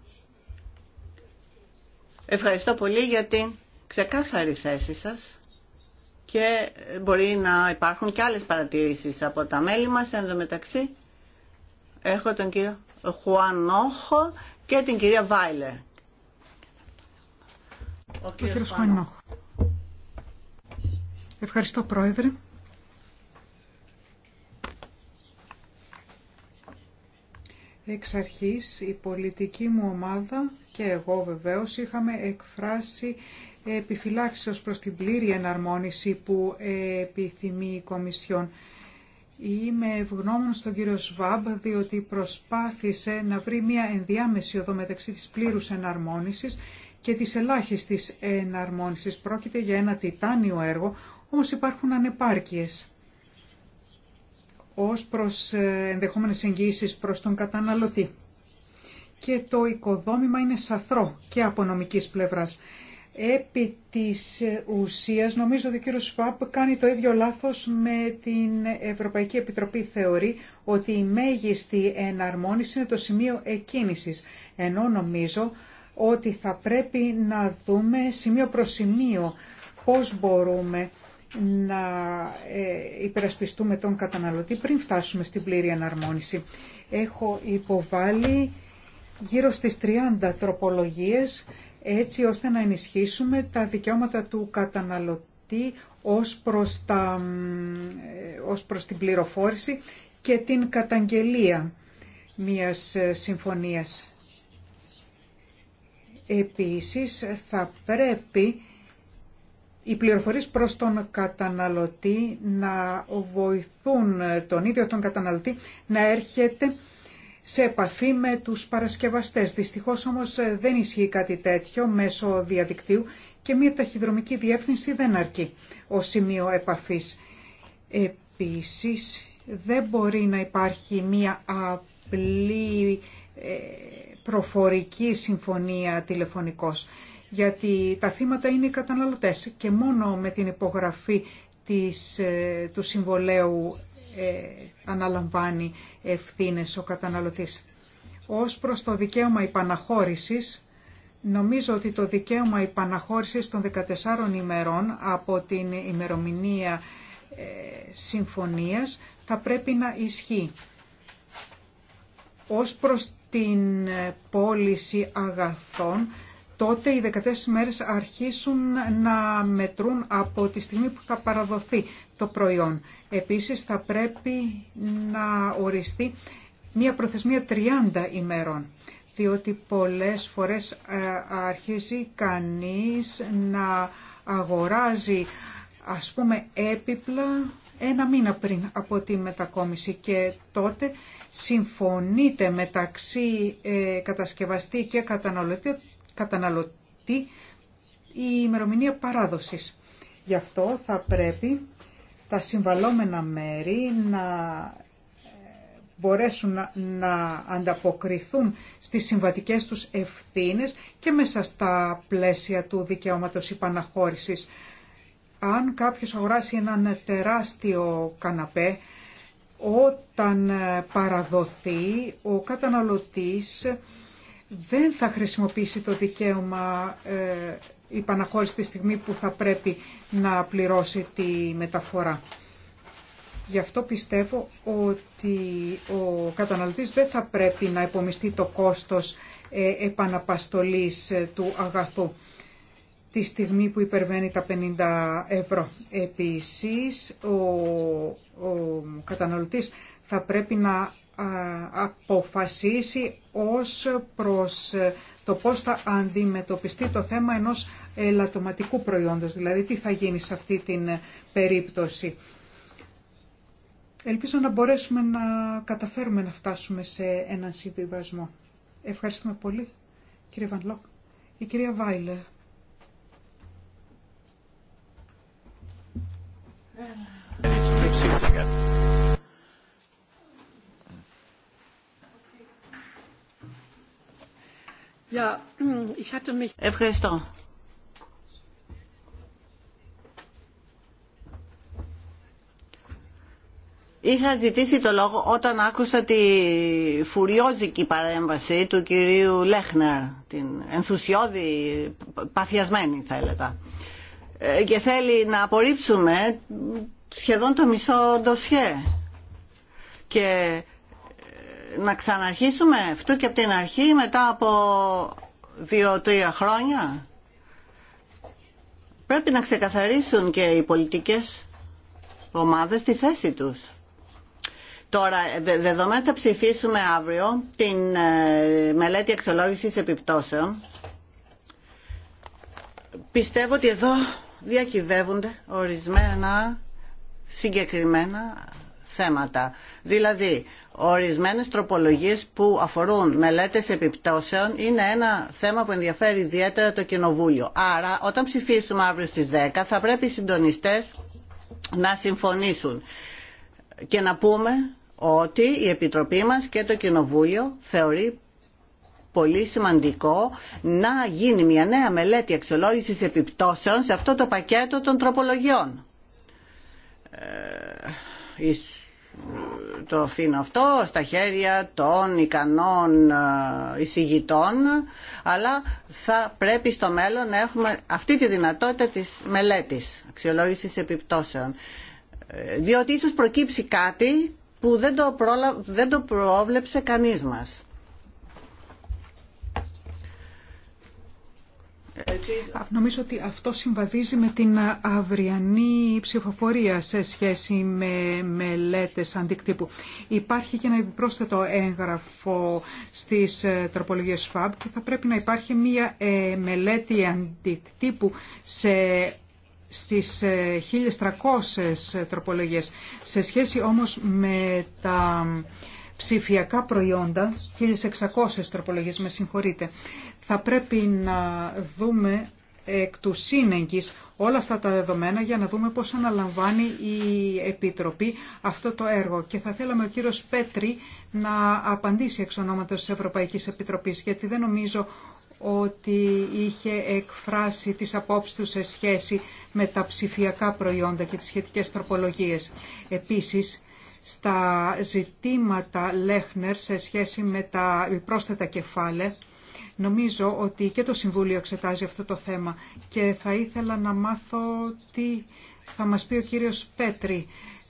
Ευχαριστώ πολύ για την ξεκάθαρη θέση σας και μπορεί να υπάρχουν και άλλες παρατηρήσεις από τα μέλη μας. Εν τω μεταξύ έχω τον κύριο Χουανόχο και την κυρία Βάιλερ. Ο κύριος Χουανόχο. Ευχαριστώ Πρόεδρε. Εξ αρχής η πολιτική μου ομάδα και εγώ βεβαίως είχαμε εκφράσει επιφυλάξεις ως προς την πλήρη εναρμόνιση που επιθυμεί η Κομισιόν. Είμαι ευγνώμων στον κύριο Σβάμπ διότι προσπάθησε να βρει μια ενδιάμεση οδό μεταξύ της πλήρους εναρμόνισης και της ελάχιστης εναρμόνισης. Πρόκειται για ένα τιτάνιο έργο, όμως υπάρχουν ανεπάρκειες ως προς ε, ενδεχόμενες εγγύησεις προς τον καταναλωτή. Και το οικοδόμημα είναι σαθρό και από νομικής πλευράς. Επί της ε, ουσίας νομίζω ότι ο κύριος Σφάπ κάνει το ίδιο λάθος με την Ευρωπαϊκή Επιτροπή θεωρεί ότι η μέγιστη εναρμόνιση είναι το σημείο εκκίνησης. Ενώ νομίζω ότι θα πρέπει να δούμε σημείο προς σημείο πώς μπορούμε να ε, υπερασπιστούμε τον καταναλωτή πριν φτάσουμε στην πλήρη εναρμόνιση. Έχω υποβάλει γύρω στις 30 τροπολογίες έτσι ώστε να ενισχύσουμε τα δικαιώματα του καταναλωτή ως προς, τα, ε, ως προς την πληροφόρηση και την καταγγελία μιας ε, συμφωνίας. Επίσης θα πρέπει οι πληροφορίες προς τον καταναλωτή να βοηθούν τον ίδιο τον καταναλωτή να έρχεται σε επαφή με τους παρασκευαστές. Δυστυχώς όμως δεν ισχύει κάτι τέτοιο μέσω διαδικτύου και μια ταχυδρομική διεύθυνση δεν αρκεί ως σημείο επαφής. Επίσης δεν μπορεί να υπάρχει μια απλή ε, προφορική συμφωνία τηλεφωνικός γιατί τα θύματα είναι οι καταναλωτές και μόνο με την υπογραφή της, ε, του συμβολέου ε, αναλαμβάνει ευθύνες ο καταναλωτής. Ως προς το δικαίωμα υπαναχώρησης, νομίζω ότι το δικαίωμα υπαναχώρησης των 14 ημερών από την ημερομηνία ε, συμφωνίας θα πρέπει να ισχύει. Ως προς την πώληση αγαθών τότε οι 14 μέρες αρχίσουν να μετρούν από τη στιγμή που θα παραδοθεί το προϊόν. Επίσης θα πρέπει να οριστεί μία προθεσμία 30 ημερών, διότι πολλές φορές ε, αρχίζει κανείς να αγοράζει ας πούμε έπιπλα ένα μήνα πριν από τη μετακόμιση και τότε συμφωνείται μεταξύ ε, κατασκευαστή και καταναλωτή καταναλωτή η ημερομηνία παράδοσης. Γι' αυτό θα πρέπει τα συμβαλόμενα μέρη να ε, μπορέσουν να ανταποκριθούν στις συμβατικές τους ευθύνες και μέσα στα πλαίσια του δικαιώματος υπαναχώρησης. Αν κάποιος αγοράσει έναν τεράστιο καναπέ, όταν παραδοθεί ο καταναλωτής δεν θα χρησιμοποιήσει το δικαίωμα ε, η τη στιγμή που θα πρέπει να πληρώσει τη μεταφορά. Γι' αυτό πιστεύω ότι ο καταναλωτής δεν θα πρέπει να υπομειστεί το κόστος ε, επαναπαστολής ε, του αγαθού τη στιγμή που υπερβαίνει τα 50 ευρώ. Επίσης, ο, ο καταναλωτής θα πρέπει να αποφασίσει ως προς ε, το πώς θα αντιμετωπιστεί το θέμα ενός ελαττωματικού προϊόντος, δηλαδή τι θα γίνει σε αυτή την ε, περίπτωση. Ελπίζω να μπορέσουμε να καταφέρουμε να φτάσουμε σε έναν συμβιβασμό. Ευχαριστούμε πολύ, κύριε Βανλόκ. Η κυρία Βάιλερ. Ευχαριστώ. Είχα ζητήσει το λόγο όταν άκουσα τη φουριόζικη παρέμβαση του κυρίου Λέχνερ, την ενθουσιώδη, παθιασμένη θα έλεγα, ε, και θέλει να απορρίψουμε σχεδόν το μισό ντοσιέ. Και να ξαναρχίσουμε αυτού και από την αρχή μετά από δύο-τρία χρόνια. Πρέπει να ξεκαθαρίσουν και οι πολιτικές ομάδες τη θέση τους. Τώρα, δεδομένου θα ψηφίσουμε αύριο την ε, μελέτη αξιολόγησης επιπτώσεων, πιστεύω ότι εδώ διακυβεύονται ορισμένα συγκεκριμένα θέματα. Δηλαδή, Ορισμένες τροπολογίες που αφορούν μελέτες επιπτώσεων είναι ένα θέμα που ενδιαφέρει ιδιαίτερα το Κοινοβούλιο. Άρα όταν ψηφίσουμε αύριο στις 10 θα πρέπει οι συντονιστές να συμφωνήσουν και να πούμε ότι η Επιτροπή μας και το Κοινοβούλιο θεωρεί πολύ σημαντικό να γίνει μια νέα μελέτη αξιολόγηση επιπτώσεων σε αυτό το πακέτο των τροπολογιών. Ε, το αφήνω αυτό στα χέρια των ικανών ε, εισηγητών, αλλά θα πρέπει στο μέλλον να έχουμε αυτή τη δυνατότητα της μελέτης, αξιολόγησης επιπτώσεων. Ε, διότι ίσως προκύψει κάτι που δεν το, πρόλα... δεν το πρόβλεψε κανείς μας. Νομίζω ότι αυτό συμβαδίζει με την αυριανή ψηφοφορία σε σχέση με μελέτες αντικτύπου. Υπάρχει και ένα επιπρόσθετο έγγραφο στις ε, τροπολογίες FAB και θα πρέπει να υπάρχει μία ε, μελέτη αντικτύπου σε στις 1.300 ε, τροπολογίες. Σε σχέση όμως με τα ψηφιακά προϊόντα, 1.600 τροπολογίες, με συγχωρείτε, θα πρέπει να δούμε εκ του σύνεγγυς όλα αυτά τα δεδομένα για να δούμε πώς αναλαμβάνει η Επιτροπή αυτό το έργο. Και θα θέλαμε ο κύριος Πέτρη να απαντήσει εξ ονόματος της Ευρωπαϊκής Επιτροπής, γιατί δεν νομίζω ότι είχε εκφράσει τις απόψεις του σε σχέση με τα ψηφιακά προϊόντα και τις σχετικές τροπολογίες. Επίσης, στα ζητήματα Λέχνερ σε σχέση με τα πρόσθετα κεφάλαια, Νομίζω ότι και το Συμβούλιο εξετάζει αυτό το θέμα και θα ήθελα να μάθω τι θα μας πει ο κύριος Πέτρη.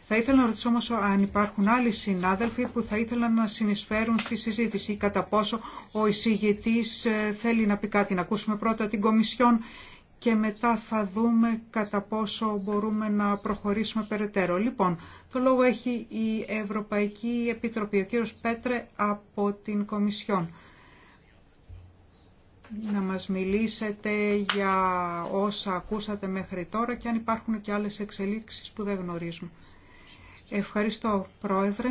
Θα ήθελα να ρωτήσω όμως αν υπάρχουν άλλοι συνάδελφοι που θα ήθελαν να συνεισφέρουν στη συζήτηση κατά πόσο ο εισηγητής ε, θέλει να πει κάτι. Να ακούσουμε πρώτα την Κομισιόν και μετά θα δούμε κατά πόσο μπορούμε να προχωρήσουμε περαιτέρω. Λοιπόν, το λόγο έχει η Ευρωπαϊκή Επιτροπή, ο κύριος Πέτρε από την Κομισιόν να μας μιλήσετε για όσα ακούσατε μέχρι τώρα και αν υπάρχουν και άλλες εξελίξεις που δεν γνωρίζουμε. Ευχαριστώ, Πρόεδρε.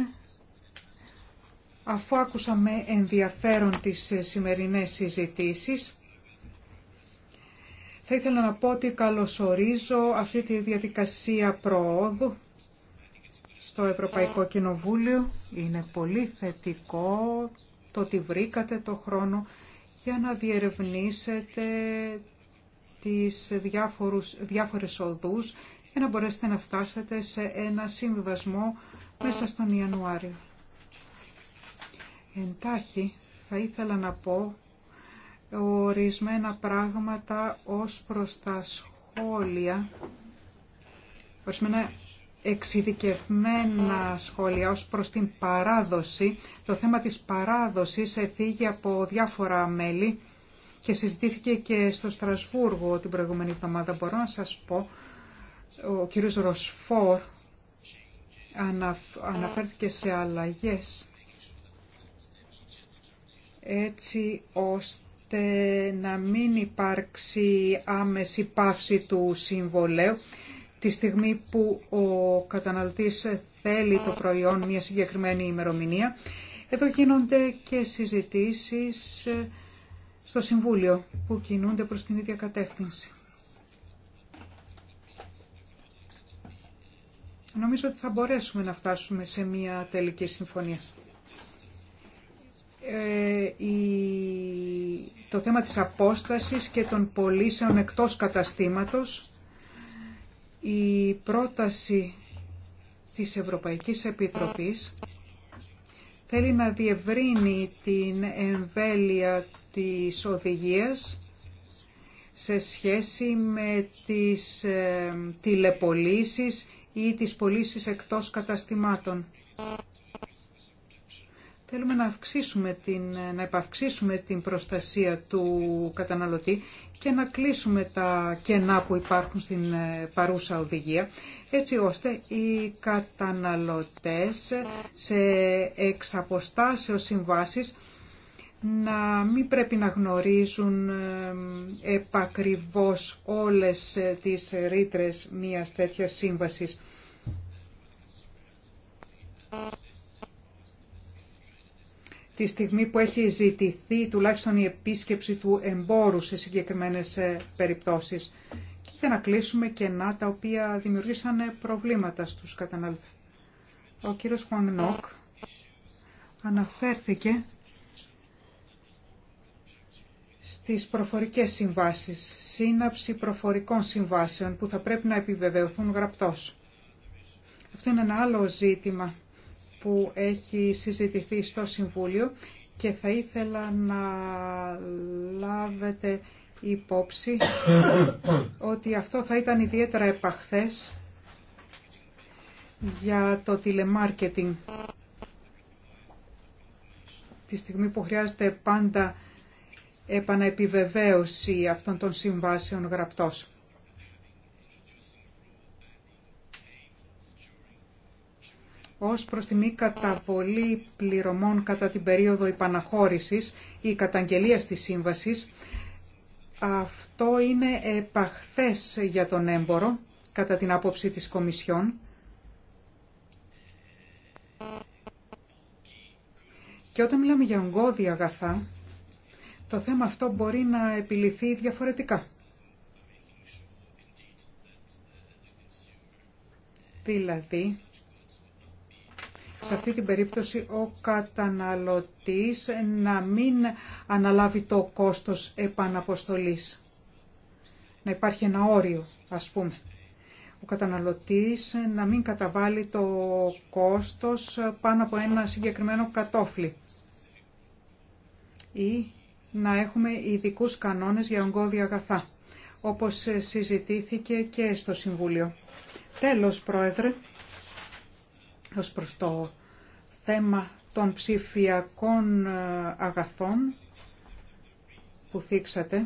Αφού άκουσαμε με ενδιαφέρον τις σημερινές συζητήσεις, θα ήθελα να πω ότι καλωσορίζω αυτή τη διαδικασία προόδου στο Ευρωπαϊκό Κοινοβούλιο. Είναι πολύ θετικό το ότι βρήκατε το χρόνο για να διερευνήσετε τις διάφορους, διάφορες οδούς για να μπορέσετε να φτάσετε σε ένα συμβιβασμό μέσα στον Ιανουάριο. Εντάχει, θα ήθελα να πω ορισμένα πράγματα ως προς τα σχόλια, ορισμένα εξειδικευμένα σχόλια ως προς την παράδοση. Το θέμα της παράδοσης εθίγει από διάφορα μέλη και συζητήθηκε και στο Στρασβούργο την προηγούμενη εβδομάδα. Μπορώ να σας πω, ο κύριος Ροσφόρ αναφέρθηκε σε αλλαγές έτσι ώστε να μην υπάρξει άμεση πάυση του συμβολέου τη στιγμή που ο καταναλωτής θέλει το προϊόν μια συγκεκριμένη ημερομηνία. Εδώ γίνονται και συζητήσεις στο Συμβούλιο που κινούνται προς την ίδια κατεύθυνση. Νομίζω ότι θα μπορέσουμε να φτάσουμε σε μια τελική συμφωνία. Ε, η, το θέμα της απόστασης και των πωλήσεων εκτός καταστήματος η πρόταση της Ευρωπαϊκής Επιτροπής θέλει να διευρύνει την εμβέλεια της οδηγίας σε σχέση με τις ε, τηλεπολίσεις ή τις πωλήσει εκτός καταστημάτων. Θέλουμε να, αυξήσουμε την, να επαυξήσουμε την προστασία του καταναλωτή και να κλείσουμε τα κενά που υπάρχουν στην ε, παρούσα οδηγία, έτσι ώστε οι καταναλωτές σε εξαποστάσεως συμβάσεις να μην πρέπει να γνωρίζουν ε, επακριβώς όλες ε, τις ρήτρες μιας τέτοιας σύμβασης τη στιγμή που έχει ζητηθεί τουλάχιστον η επίσκεψη του εμπόρου σε συγκεκριμένες ε, περιπτώσεις και για να κλείσουμε κενά τα οποία δημιουργήσαν ε, προβλήματα στους καταναλωτές. Ο κύριος Χουαγνόκ αναφέρθηκε στις προφορικές συμβάσεις, σύναψη προφορικών συμβάσεων που θα πρέπει να επιβεβαιωθούν γραπτός. Αυτό είναι ένα άλλο ζήτημα που έχει συζητηθεί στο Συμβούλιο και θα ήθελα να λάβετε υπόψη ότι αυτό θα ήταν ιδιαίτερα επαχθές για το τηλεμάρκετινγκ. Τη στιγμή που χρειάζεται πάντα επαναεπιβεβαίωση αυτών των συμβάσεων γραπτός. ως προς τη μη καταβολή πληρωμών κατά την περίοδο υπαναχώρησης ή καταγγελίας της σύμβασης. Αυτό είναι επαχθές για τον έμπορο, κατά την άποψη της Κομισιόν. Και όταν μιλάμε για ογκώδη αγαθά, το θέμα αυτό μπορεί να επιληθεί διαφορετικά. Δηλαδή, σε αυτή την περίπτωση ο καταναλωτής να μην αναλάβει το κόστος επαναποστολής. Να υπάρχει ένα όριο, ας πούμε. Ο καταναλωτής να μην καταβάλει το κόστος πάνω από ένα συγκεκριμένο κατόφλι. Ή να έχουμε ειδικού κανόνες για ογκώδια αγαθά, όπως συζητήθηκε και στο Συμβούλιο. Τέλος, Πρόεδρε, ως προς το θέμα των ψηφιακών ε, αγαθών που θίξατε.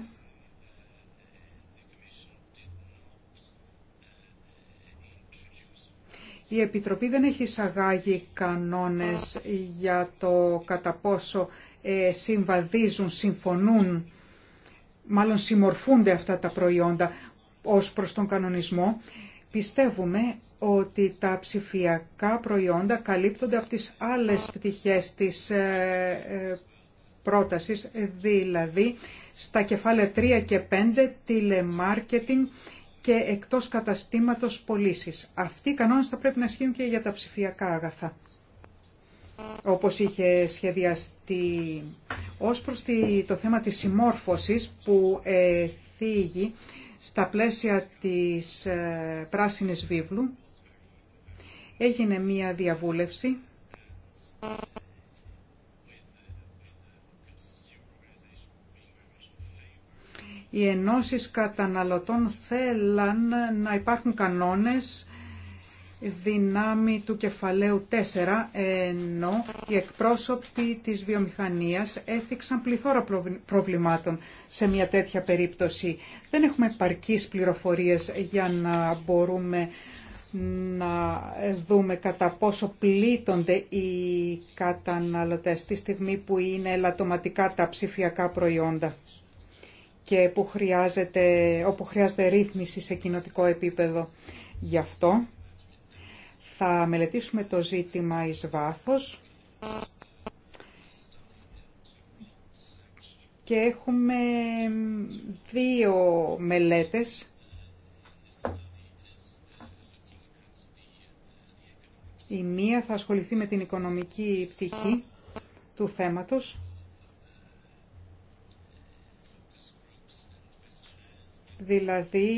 Η Επιτροπή δεν έχει εισαγάγει κανόνες για το κατά πόσο ε, συμβαδίζουν, συμφωνούν, μάλλον συμμορφούνται αυτά τα προϊόντα ως προς τον κανονισμό Πιστεύουμε ότι τα ψηφιακά προϊόντα καλύπτονται από τις άλλες πτυχές της ε, ε, πρότασης, δηλαδή στα κεφάλαια 3 και 5, τηλεμάρκετινγκ και εκτός καταστήματος πωλήσει. Αυτοί οι κανόνες θα πρέπει να ισχύουν και για τα ψηφιακά αγαθά, όπως είχε σχεδιαστεί. Ως προς το θέμα της συμμόρφωσης που ε, θίγει στα πλαίσια της ε, Πράσινης Βίβλου έγινε μία διαβούλευση οι ενώσεις καταναλωτών θέλαν να υπάρχουν κανόνες δυνάμει του κεφαλαίου 4, ενώ οι εκπρόσωποι της βιομηχανίας έθιξαν πληθώρα προβλημάτων σε μια τέτοια περίπτωση. Δεν έχουμε επαρκείς πληροφορίες για να μπορούμε να δούμε κατά πόσο πλήττονται οι καταναλωτές τη στιγμή που είναι ελαττωματικά τα ψηφιακά προϊόντα και που χρειάζεται, όπου χρειάζεται ρύθμιση σε κοινοτικό επίπεδο. Γι' αυτό θα μελετήσουμε το ζήτημα εις βάθος και έχουμε δύο μελέτες Η μία θα ασχοληθεί με την οικονομική πτυχή του θέματος. Δηλαδή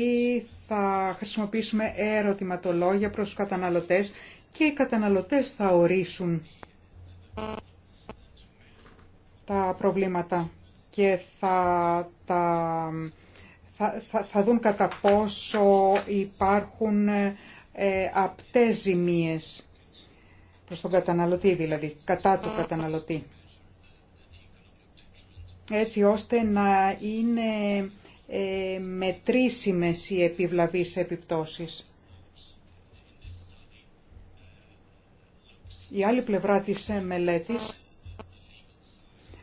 θα χρησιμοποιήσουμε ερωτηματολόγια προς τους καταναλωτές και οι καταναλωτές θα ορίσουν τα προβλήματα και θα, τα, θα, θα, θα δουν κατά πόσο υπάρχουν ε, απτές ζημίες προς τον καταναλωτή δηλαδή, κατά του καταναλωτή. Έτσι ώστε να είναι ε, μετρήσιμες οι επιβλαβείς επιπτώσεις. Η άλλη πλευρά της μελέτης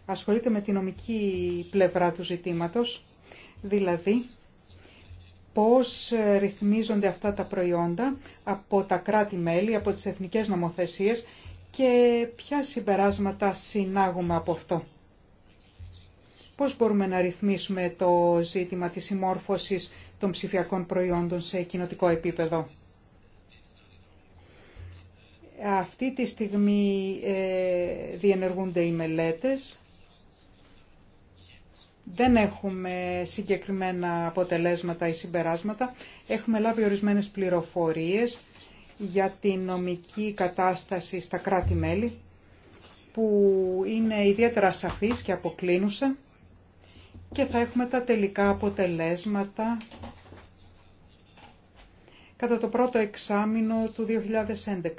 ασχολείται με την νομική πλευρά του ζητήματος, δηλαδή πώς ρυθμίζονται αυτά τα προϊόντα από τα κράτη-μέλη, από τις εθνικές νομοθεσίες και ποια συμπεράσματα συνάγουμε από αυτό. Πώς μπορούμε να ρυθμίσουμε το ζήτημα της συμμόρφωσης των ψηφιακών προϊόντων σε κοινοτικό επίπεδο. Αυτή τη στιγμή ε, διενεργούνται οι μελέτες. Δεν έχουμε συγκεκριμένα αποτελέσματα ή συμπεράσματα. Έχουμε λάβει ορισμένες πληροφορίες για την νομική κατάσταση στα κράτη-μέλη που είναι ιδιαίτερα σαφής και αποκλίνουσα και θα έχουμε τα τελικά αποτελέσματα κατά το πρώτο εξάμεινο του 2011.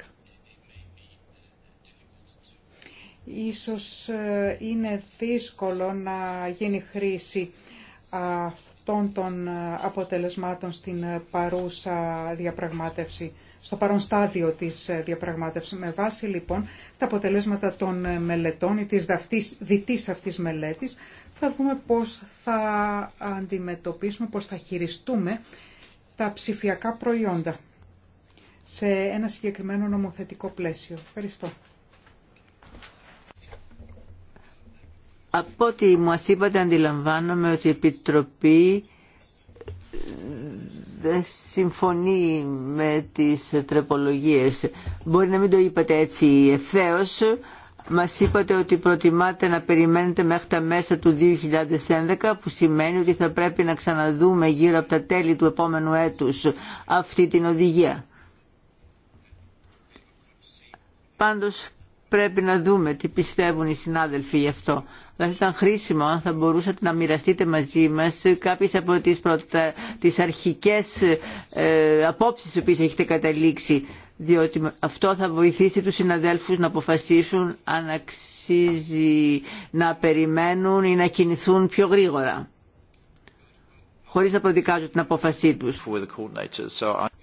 Ίσως ε, είναι δύσκολο να γίνει χρήση αυτών των ε, αποτελεσμάτων στην ε, παρούσα διαπραγμάτευση στο παρόν στάδιο της ε, διαπραγμάτευσης. Με βάση λοιπόν τα αποτελέσματα των ε, μελετών ή της δαυτής, διτής αυτής μελέτης θα δούμε πώς θα αντιμετωπίσουμε, πώς θα χειριστούμε τα ψηφιακά προϊόντα σε ένα συγκεκριμένο νομοθετικό πλαίσιο. Ευχαριστώ. Από ό,τι μας είπατε αντιλαμβάνομαι ότι η της δαυτης διτης αυτης μελετης θα δουμε πως θα αντιμετωπισουμε πως θα χειριστουμε τα ψηφιακα προιοντα σε ενα συγκεκριμενο νομοθετικο πλαισιο ευχαριστω απο οτι μου ειπατε αντιλαμβανομαι οτι η επιτροπη δεν συμφωνεί με τις τρεπολογίες. Μπορεί να μην το είπατε έτσι ευθέως. Μας είπατε ότι προτιμάτε να περιμένετε μέχρι τα μέσα του 2011 που σημαίνει ότι θα πρέπει να ξαναδούμε γύρω από τα τέλη του επόμενου έτους αυτή την οδηγία. Πάντως πρέπει να δούμε τι πιστεύουν οι συνάδελφοι γι' αυτό θα ήταν χρήσιμο αν θα μπορούσατε να μοιραστείτε μαζί μας κάποιες από τις, πρωτα... τις αρχικές ε, απόψεις που έχετε καταλήξει διότι αυτό θα βοηθήσει τους συναδέλφους να αποφασίσουν αν αξίζει να περιμένουν ή να κινηθούν πιο γρήγορα χωρίς να προδικάζω την απόφασή τους.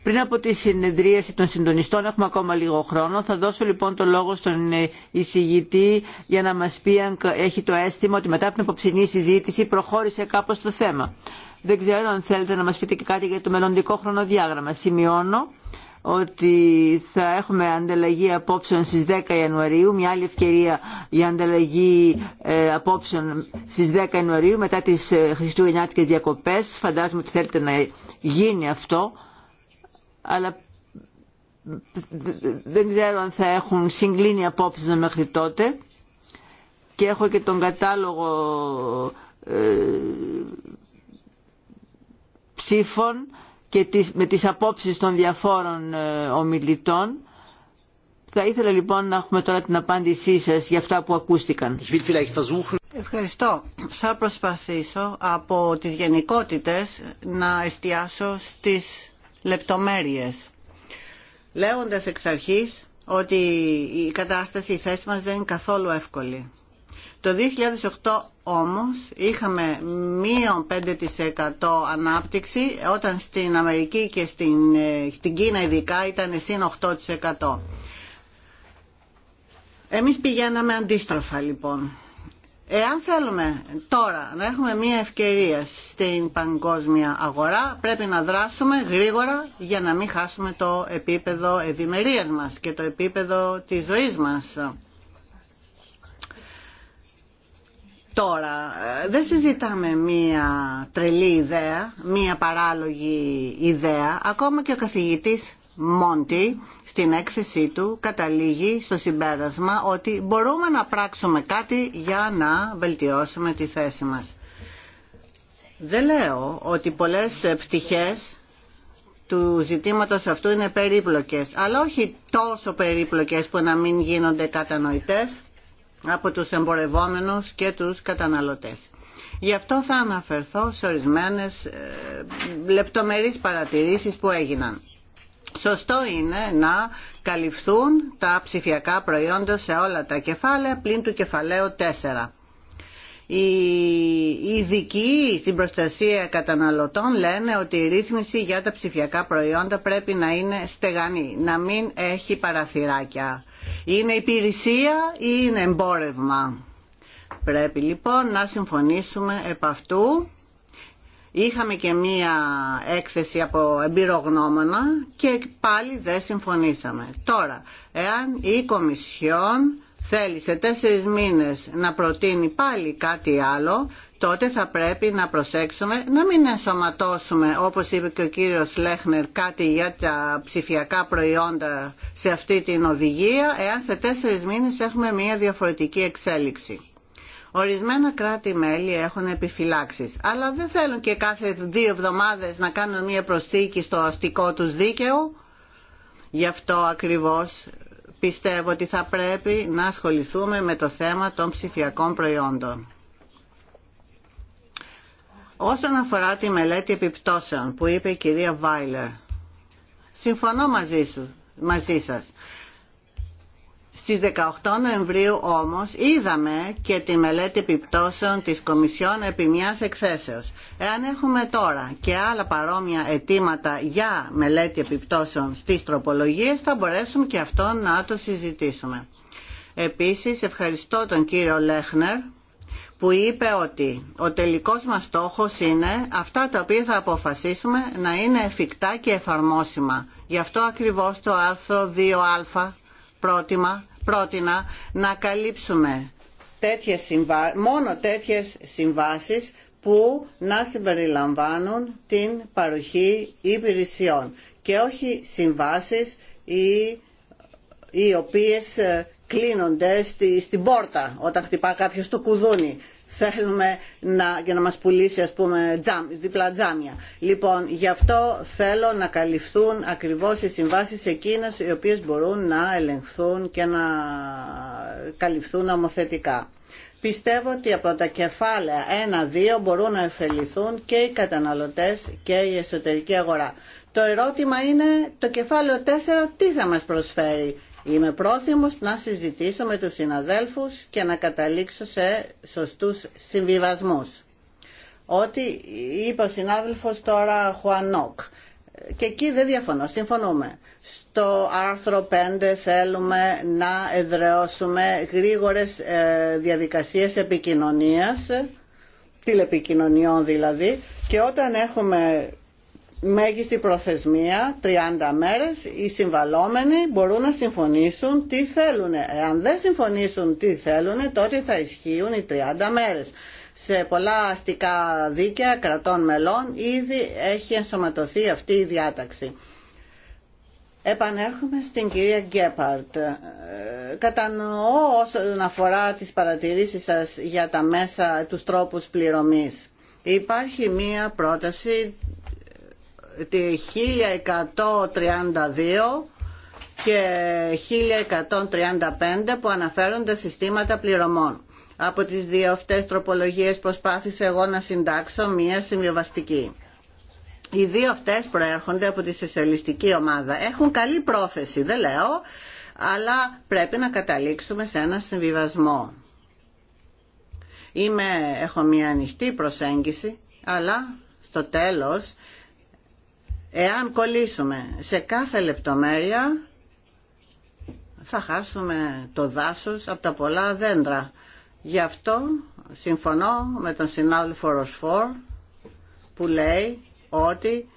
Πριν από τη συνεδρίαση των συντονιστών έχουμε ακόμα λίγο χρόνο. Θα δώσω λοιπόν το λόγο στον ε, εισηγητή για να μας πει αν έχει το αίσθημα ότι μετά από την υποψηνή συζήτηση προχώρησε κάπως το θέμα. Δεν ξέρω αν θέλετε να μας πείτε και κάτι για το μελλοντικό χρονοδιάγραμμα. Σημειώνω ότι θα έχουμε ανταλλαγή απόψεων στις 10 Ιανουαρίου, μια άλλη ευκαιρία για ανταλλαγή ε, απόψεων στις 10 Ιανουαρίου μετά τις ε, χριστουγεννιάτικες διακοπές. Φαντάζομαι ότι θέλετε να γίνει αυτό, αλλά δεν ξέρω αν θα έχουν συγκλίνει απόψεις μέχρι τότε και έχω και τον κατάλογο ε, ψήφων και με τις απόψεις των διαφόρων ε, ομιλητών. Θα ήθελα λοιπόν να έχουμε τώρα την απάντησή σας για αυτά που ακούστηκαν. Ευχαριστώ. Θα προσπαθήσω από τις γενικότητες να εστιάσω στις λεπτομέρειες. Λέγοντας εξ αρχής ότι η κατάσταση, η θέση μας δεν είναι καθόλου εύκολη. Το 2008 όμως είχαμε μείον 5% ανάπτυξη όταν στην Αμερική και στην, ε, Κίνα ειδικά ήταν σύν 8%. Εμείς πηγαίναμε αντίστροφα λοιπόν. Εάν θέλουμε τώρα να έχουμε μία ευκαιρία στην παγκόσμια αγορά, πρέπει να δράσουμε γρήγορα για να μην χάσουμε το επίπεδο ευημερίας μας και το επίπεδο της ζωής μας. Τώρα, ε, δεν συζητάμε μία τρελή ιδέα, μία παράλογη ιδέα. Ακόμα και ο καθηγητής Μόντι στην έκθεσή του καταλήγει στο συμπέρασμα ότι μπορούμε να πράξουμε κάτι για να βελτιώσουμε τη θέση μας. Δεν λέω ότι πολλές πτυχές του ζητήματος αυτού είναι περίπλοκες, αλλά όχι τόσο περίπλοκες που να μην γίνονται κατανοητές από τους εμπορευόμενους και τους καταναλωτές. Γι' αυτό θα αναφερθώ σε ορισμένες ε, λεπτομερείς παρατηρήσεις που έγιναν. Σωστό είναι να καλυφθούν τα ψηφιακά προϊόντα σε όλα τα κεφάλαια πλην του κεφαλαίου 4. Οι ειδικοί στην προστασία καταναλωτών λένε ότι η ρύθμιση για τα ψηφιακά προϊόντα πρέπει να είναι στεγανή, να μην έχει παραθυράκια. Είναι υπηρεσία ή είναι εμπόρευμα. Πρέπει λοιπόν να συμφωνήσουμε επ' αυτού. Είχαμε και μία έκθεση από εμπειρογνώμονα και πάλι δεν συμφωνήσαμε. Τώρα, εάν η Κομισιόν θέλει σε τέσσερις μήνες να προτείνει πάλι κάτι άλλο, τότε θα πρέπει να προσέξουμε να μην ενσωματώσουμε, όπως είπε και ο κύριος Λέχνερ, κάτι για τα ψηφιακά προϊόντα σε αυτή την οδηγία, εάν σε τέσσερις μήνες έχουμε μια διαφορετική εξέλιξη. Ορισμένα κράτη-μέλη έχουν επιφυλάξεις, αλλά δεν θέλουν και κάθε δύο εβδομάδες να κάνουν μια προσθήκη στο αστικό τους δίκαιο. Γι' αυτό ακριβώς πιστεύω ότι θα πρέπει να ασχοληθούμε με το θέμα των ψηφιακών προϊόντων. Όσον αφορά τη μελέτη επιπτώσεων που είπε η κυρία Βάιλερ, συμφωνώ μαζί, σου, μαζί σας. Στις 18 Νοεμβρίου όμως είδαμε και τη μελέτη επιπτώσεων της Κομισιόν επί μιας εκθέσεως. Εάν έχουμε τώρα και άλλα παρόμοια αιτήματα για μελέτη επιπτώσεων στις τροπολογίες θα μπορέσουμε και αυτό να το συζητήσουμε. Επίσης ευχαριστώ τον κύριο Λέχνερ που είπε ότι ο τελικός μας στόχος είναι αυτά τα οποία θα αποφασίσουμε να είναι εφικτά και εφαρμόσιμα. Γι' αυτό ακριβώς το άρθρο 2α πρότιμα πρότεινα να καλύψουμε μόνο τέτοιες συμβάσεις που να συμπεριλαμβάνουν την παροχή υπηρεσιών και όχι συμβάσεις οι, οι οποίες ε, κλείνονται στη... στην πόρτα όταν χτυπά κάποιος το κουδούνι θέλουμε να, για να μας πουλήσει ας πούμε τζάμ, διπλά τζάμια. Λοιπόν, γι' αυτό θέλω να καλυφθούν ακριβώς οι συμβάσεις εκείνες οι οποίες μπορούν να ελεγχθούν και να καλυφθούν νομοθετικά. Πιστεύω ότι από τα κεφάλαια 1-2 μπορούν να εφεληθούν και οι καταναλωτές και η εσωτερική αγορά. Το ερώτημα είναι το κεφάλαιο 4 τι θα μας προσφέρει Είμαι πρόθυμος να συζητήσω με τους συναδέλφους και να καταλήξω σε σωστούς συμβιβασμούς. Ό,τι είπε ο συνάδελφος τώρα Χουανόκ. Και εκεί δεν διαφωνώ, συμφωνούμε. Στο άρθρο 5 θέλουμε να εδραιώσουμε γρήγορες ε, διαδικασίες επικοινωνίας, τηλεπικοινωνιών δηλαδή, και όταν έχουμε μέγιστη προθεσμία 30 μέρες οι συμβαλόμενοι μπορούν να συμφωνήσουν τι θέλουν. Αν δεν συμφωνήσουν τι θέλουν τότε θα ισχύουν οι 30 μέρες. Σε πολλά αστικά δίκαια κρατών μελών ήδη έχει ενσωματωθεί αυτή η διάταξη. Επανέρχομαι στην κυρία Γκέπαρτ. Ε, κατανοώ όσον αφορά τις παρατηρήσεις σας για τα μέσα, τους τρόπους πληρωμής. Υπάρχει μία πρόταση τη 1132 και 1135 που αναφέρονται συστήματα πληρωμών. Από τις δύο αυτές τροπολογίες προσπάθησα εγώ να συντάξω μία συμβιβαστική. Οι δύο αυτές προέρχονται από τη σοσιαλιστική ομάδα. Έχουν καλή πρόθεση, δεν λέω, αλλά πρέπει να καταλήξουμε σε ένα συμβιβασμό. Είμαι, έχω μία ανοιχτή προσέγγιση, αλλά στο τέλος Εάν κολλήσουμε σε κάθε λεπτομέρεια, θα χάσουμε το δάσος από τα πολλά δέντρα. Γι' αυτό συμφωνώ με τον συνάδελφο Ροσφόρ που λέει ότι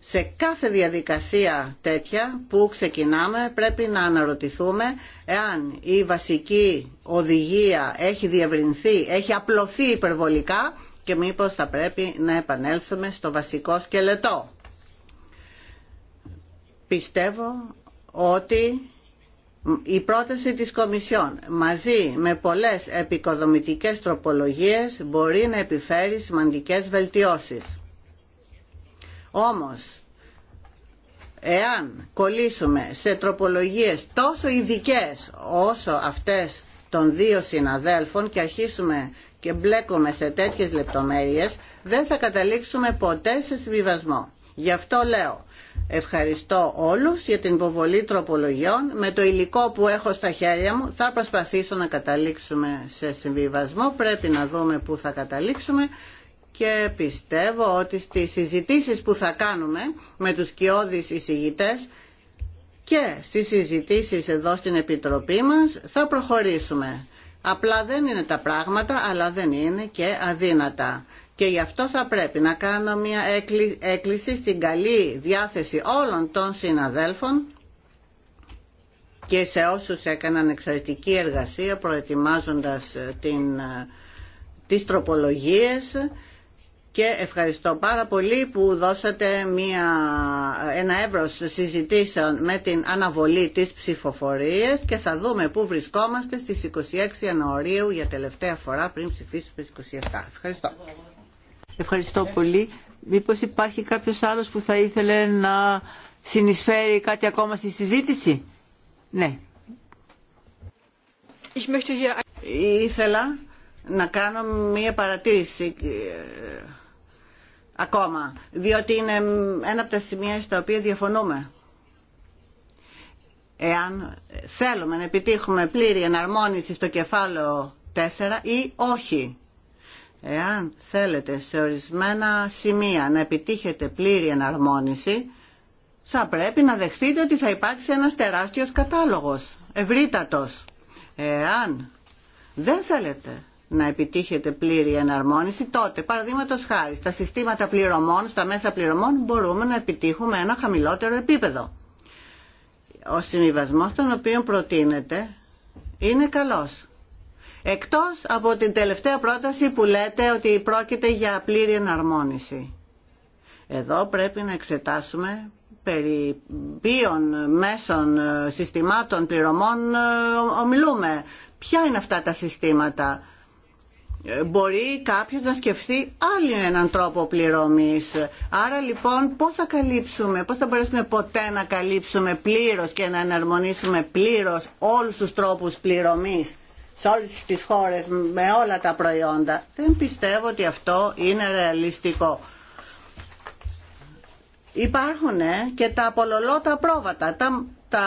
σε κάθε διαδικασία τέτοια που ξεκινάμε πρέπει να αναρωτηθούμε εάν η βασική οδηγία έχει διευρυνθεί, έχει απλωθεί υπερβολικά και μήπως θα πρέπει να επανέλθουμε στο βασικό σκελετό πιστεύω ότι η πρόταση της Κομισιόν μαζί με πολλές επικοδομητικές τροπολογίες μπορεί να επιφέρει σημαντικές βελτιώσεις. Όμως, εάν κολλήσουμε σε τροπολογίες τόσο ειδικέ όσο αυτές των δύο συναδέλφων και αρχίσουμε και μπλέκουμε σε τέτοιες λεπτομέρειες, δεν θα καταλήξουμε ποτέ σε συμβιβασμό. Γι' αυτό λέω, Ευχαριστώ όλους για την υποβολή τροπολογιών. Με το υλικό που έχω στα χέρια μου θα προσπαθήσω να καταλήξουμε σε συμβιβασμό. Πρέπει να δούμε πού θα καταλήξουμε και πιστεύω ότι στις συζητήσεις που θα κάνουμε με τους κοιόδης εισηγητές και στις συζητήσεις εδώ στην Επιτροπή μας θα προχωρήσουμε. Απλά δεν είναι τα πράγματα, αλλά δεν είναι και αδύνατα. Και γι' αυτό θα πρέπει να κάνω μια έκκληση στην καλή διάθεση όλων των συναδέλφων και σε όσους έκαναν εξαιρετική εργασία προετοιμάζοντας ε, την, ε, τις τροπολογίες και ευχαριστώ πάρα πολύ που δώσατε μια, ε, ένα εύρος συζητήσεων με την αναβολή της ψηφοφορίας και θα δούμε πού βρισκόμαστε στις 26 Ιανουαρίου για τελευταία φορά πριν ψηφίσουμε στις 27. Ευχαριστώ. Ευχαριστώ πολύ. Μήπως υπάρχει κάποιος άλλος που θα ήθελε να συνεισφέρει κάτι ακόμα στη συζήτηση. Ναι. Ήθελα να κάνω μία παρατήρηση ε, ακόμα, διότι είναι ένα από τα σημεία στα οποία διαφωνούμε. Εάν θέλουμε να επιτύχουμε πλήρη εναρμόνιση στο κεφάλαιο 4 ή όχι. Εάν θέλετε σε ορισμένα σημεία να επιτύχετε πλήρη εναρμόνιση, θα πρέπει να δεχτείτε ότι θα υπάρξει ένας τεράστιος κατάλογος, ευρύτατος. Εάν δεν θέλετε να επιτύχετε πλήρη εναρμόνιση, τότε, παραδείγματο χάρη, στα συστήματα πληρωμών, στα μέσα πληρωμών, μπορούμε να επιτύχουμε ένα χαμηλότερο επίπεδο. Ο συμβιβασμό τον οποίο προτείνεται είναι καλός. Εκτός από την τελευταία πρόταση που λέτε ότι πρόκειται για πλήρη εναρμόνιση. Εδώ πρέπει να εξετάσουμε περί ποιων μέσων ε, συστημάτων πληρωμών ε, ομιλούμε. Ποια είναι αυτά τα συστήματα. Ε, μπορεί κάποιος να σκεφτεί άλλη έναν τρόπο πληρωμής. Άρα λοιπόν πώς θα καλύψουμε, πώς θα μπορέσουμε ποτέ να καλύψουμε πλήρως και να εναρμονίσουμε πλήρως όλους τους τρόπους πληρωμής σε όλε τις χώρες με όλα τα προϊόντα. Δεν πιστεύω ότι αυτό είναι ρεαλιστικό. Υπάρχουν ε, και τα απολωλώτα πρόβατα, τα, τα,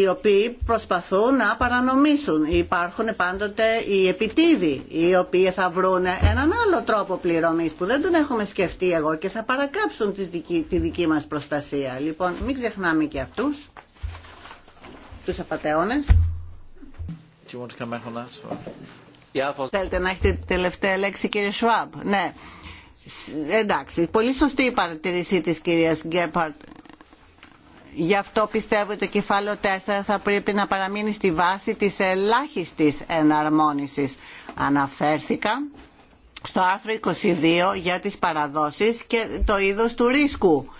οι οποίοι προσπαθούν να παρανομήσουν. Υπάρχουν πάντοτε οι επιτίδοι, οι οποίοι θα βρουν έναν άλλο τρόπο πληρωμής που δεν τον έχουμε σκεφτεί εγώ και θα παρακάψουν τη δική, τη δική μας προστασία. Λοιπόν, μην ξεχνάμε και αυτούς, τους απαταιώνες. Θέλετε να έχετε τελευταία λέξη κύριε Σουάμπ. Ναι. Εντάξει. Πολύ σωστή η παρατηρήσή της κυρίας Γκέπαρτ. Γι' αυτό πιστεύω ότι το κεφάλαιο 4 θα πρέπει να παραμείνει στη βάση της ελάχιστης εναρμόνισης. Αναφέρθηκα στο άρθρο 22 για τις παραδόσεις και το είδος του ρίσκου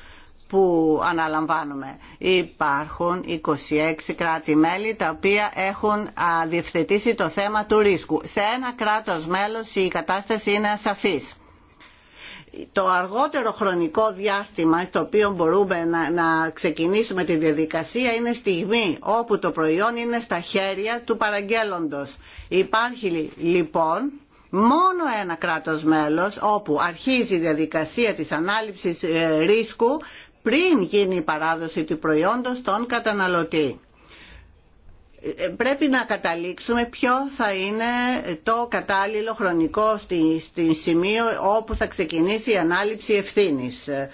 που αναλαμβάνουμε. Υπάρχουν 26 κράτη-μέλη τα οποία έχουν διευθετήσει το θέμα του ρίσκου. Σε ένα κράτος μέλος η κατάσταση είναι σαφής. Το αργότερο χρονικό διάστημα στο οποίο μπορούμε να, να ξεκινήσουμε τη διαδικασία είναι στιγμή όπου το προϊόν είναι στα χέρια του παραγγέλλοντος. Υπάρχει λοιπόν μόνο ένα κράτος μέλος όπου αρχίζει η διαδικασία της ανάληψης ε, ρίσκου πριν γίνει η παράδοση του προϊόντος στον καταναλωτή. Ε, πρέπει να καταλήξουμε ποιο θα είναι το κατάλληλο χρονικό στη, στη σημείο όπου θα ξεκινήσει η ανάληψη ευθύνης. Ε,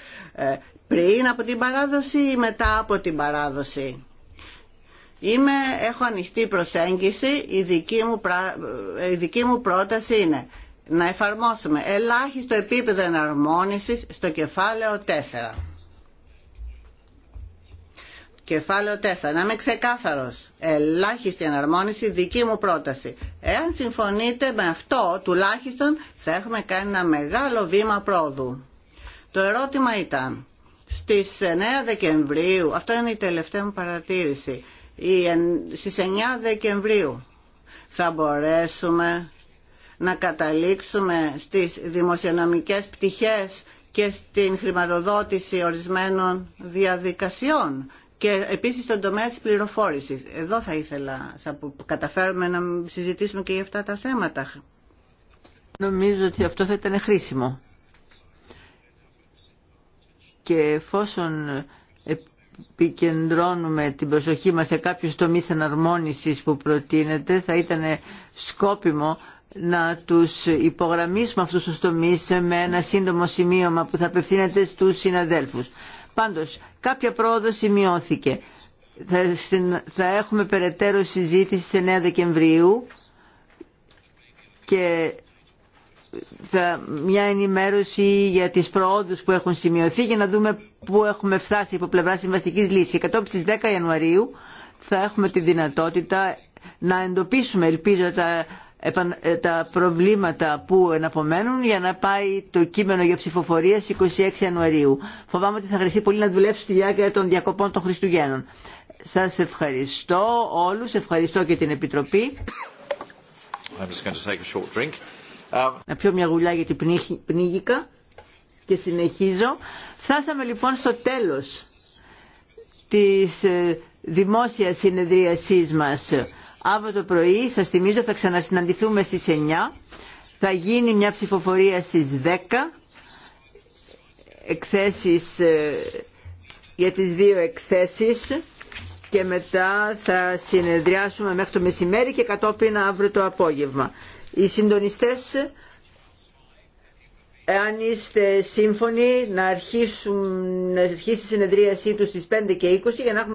πριν από την παράδοση ή μετά από την παράδοση. Είμαι, έχω ανοιχτή προσέγγιση, η δική, μου, ε, η δική μου πρόταση είναι να εφαρμόσουμε ελάχιστο επίπεδο εναρμόνηση στο κεφάλαιο 4. Κεφάλαιο 4. Να είμαι ξεκάθαρο. Ελάχιστη εναρμόνιση, δική μου πρόταση. Εάν συμφωνείτε με αυτό, τουλάχιστον θα έχουμε κάνει ένα μεγάλο βήμα πρόοδου. Το ερώτημα ήταν, στις 9 Δεκεμβρίου, αυτό είναι η τελευταία μου παρατήρηση, στις 9 Δεκεμβρίου θα μπορέσουμε να καταλήξουμε στις δημοσιονομικές πτυχές και στην χρηματοδότηση ορισμένων διαδικασιών και επίσης στον τομέα τη πληροφόρηση. Εδώ θα ήθελα που καταφέρουμε να συζητήσουμε και για αυτά τα θέματα. Νομίζω ότι αυτό θα ήταν χρήσιμο. Και εφόσον επικεντρώνουμε την προσοχή μας σε κάποιους τομείς εναρμόνισης που προτείνεται, θα ήταν σκόπιμο να τους υπογραμμίσουμε αυτούς τους τομείς με ένα σύντομο σημείωμα που θα απευθύνεται στους συναδέλφους. Πάντως, κάποια πρόοδο σημειώθηκε. Θα, έχουμε περαιτέρω συζήτηση σε 9 Δεκεμβρίου και θα, μια ενημέρωση για τις προόδους που έχουν σημειωθεί για να δούμε πού έχουμε φτάσει από πλευρά συμβαστική λύση. Και κατόπιν στις 10 Ιανουαρίου θα έχουμε τη δυνατότητα να εντοπίσουμε, ελπίζω, τα ε, τα προβλήματα που εναπομένουν για να πάει το κείμενο για ψηφοφορία στις 26 Ιανουαρίου. Φοβάμαι ότι θα χρειαστεί πολύ να δουλέψει στη διάρκεια των διακοπών των Χριστουγέννων. Σας ευχαριστώ όλους, ευχαριστώ και την Επιτροπή. Uh, να πιω μια γουλιά γιατί πνίγηκα και συνεχίζω. Φτάσαμε λοιπόν στο τέλος της ε, δημόσιας συνεδρίασής μας. Αύριο το πρωί, σας θυμίζω, θα ξανασυναντηθούμε στι 9. Θα γίνει μια ψηφοφορία στις 10. Εκθέσεις, ε, για τις δύο εκθέσεις και μετά θα συνεδριάσουμε μέχρι το μεσημέρι και κατόπιν αύριο το απόγευμα. Οι συντονιστές, εάν είστε σύμφωνοι, να αρχίσουν, να αρχίσει η συνεδρίασή τους στις 5 και 20 για να έχουμε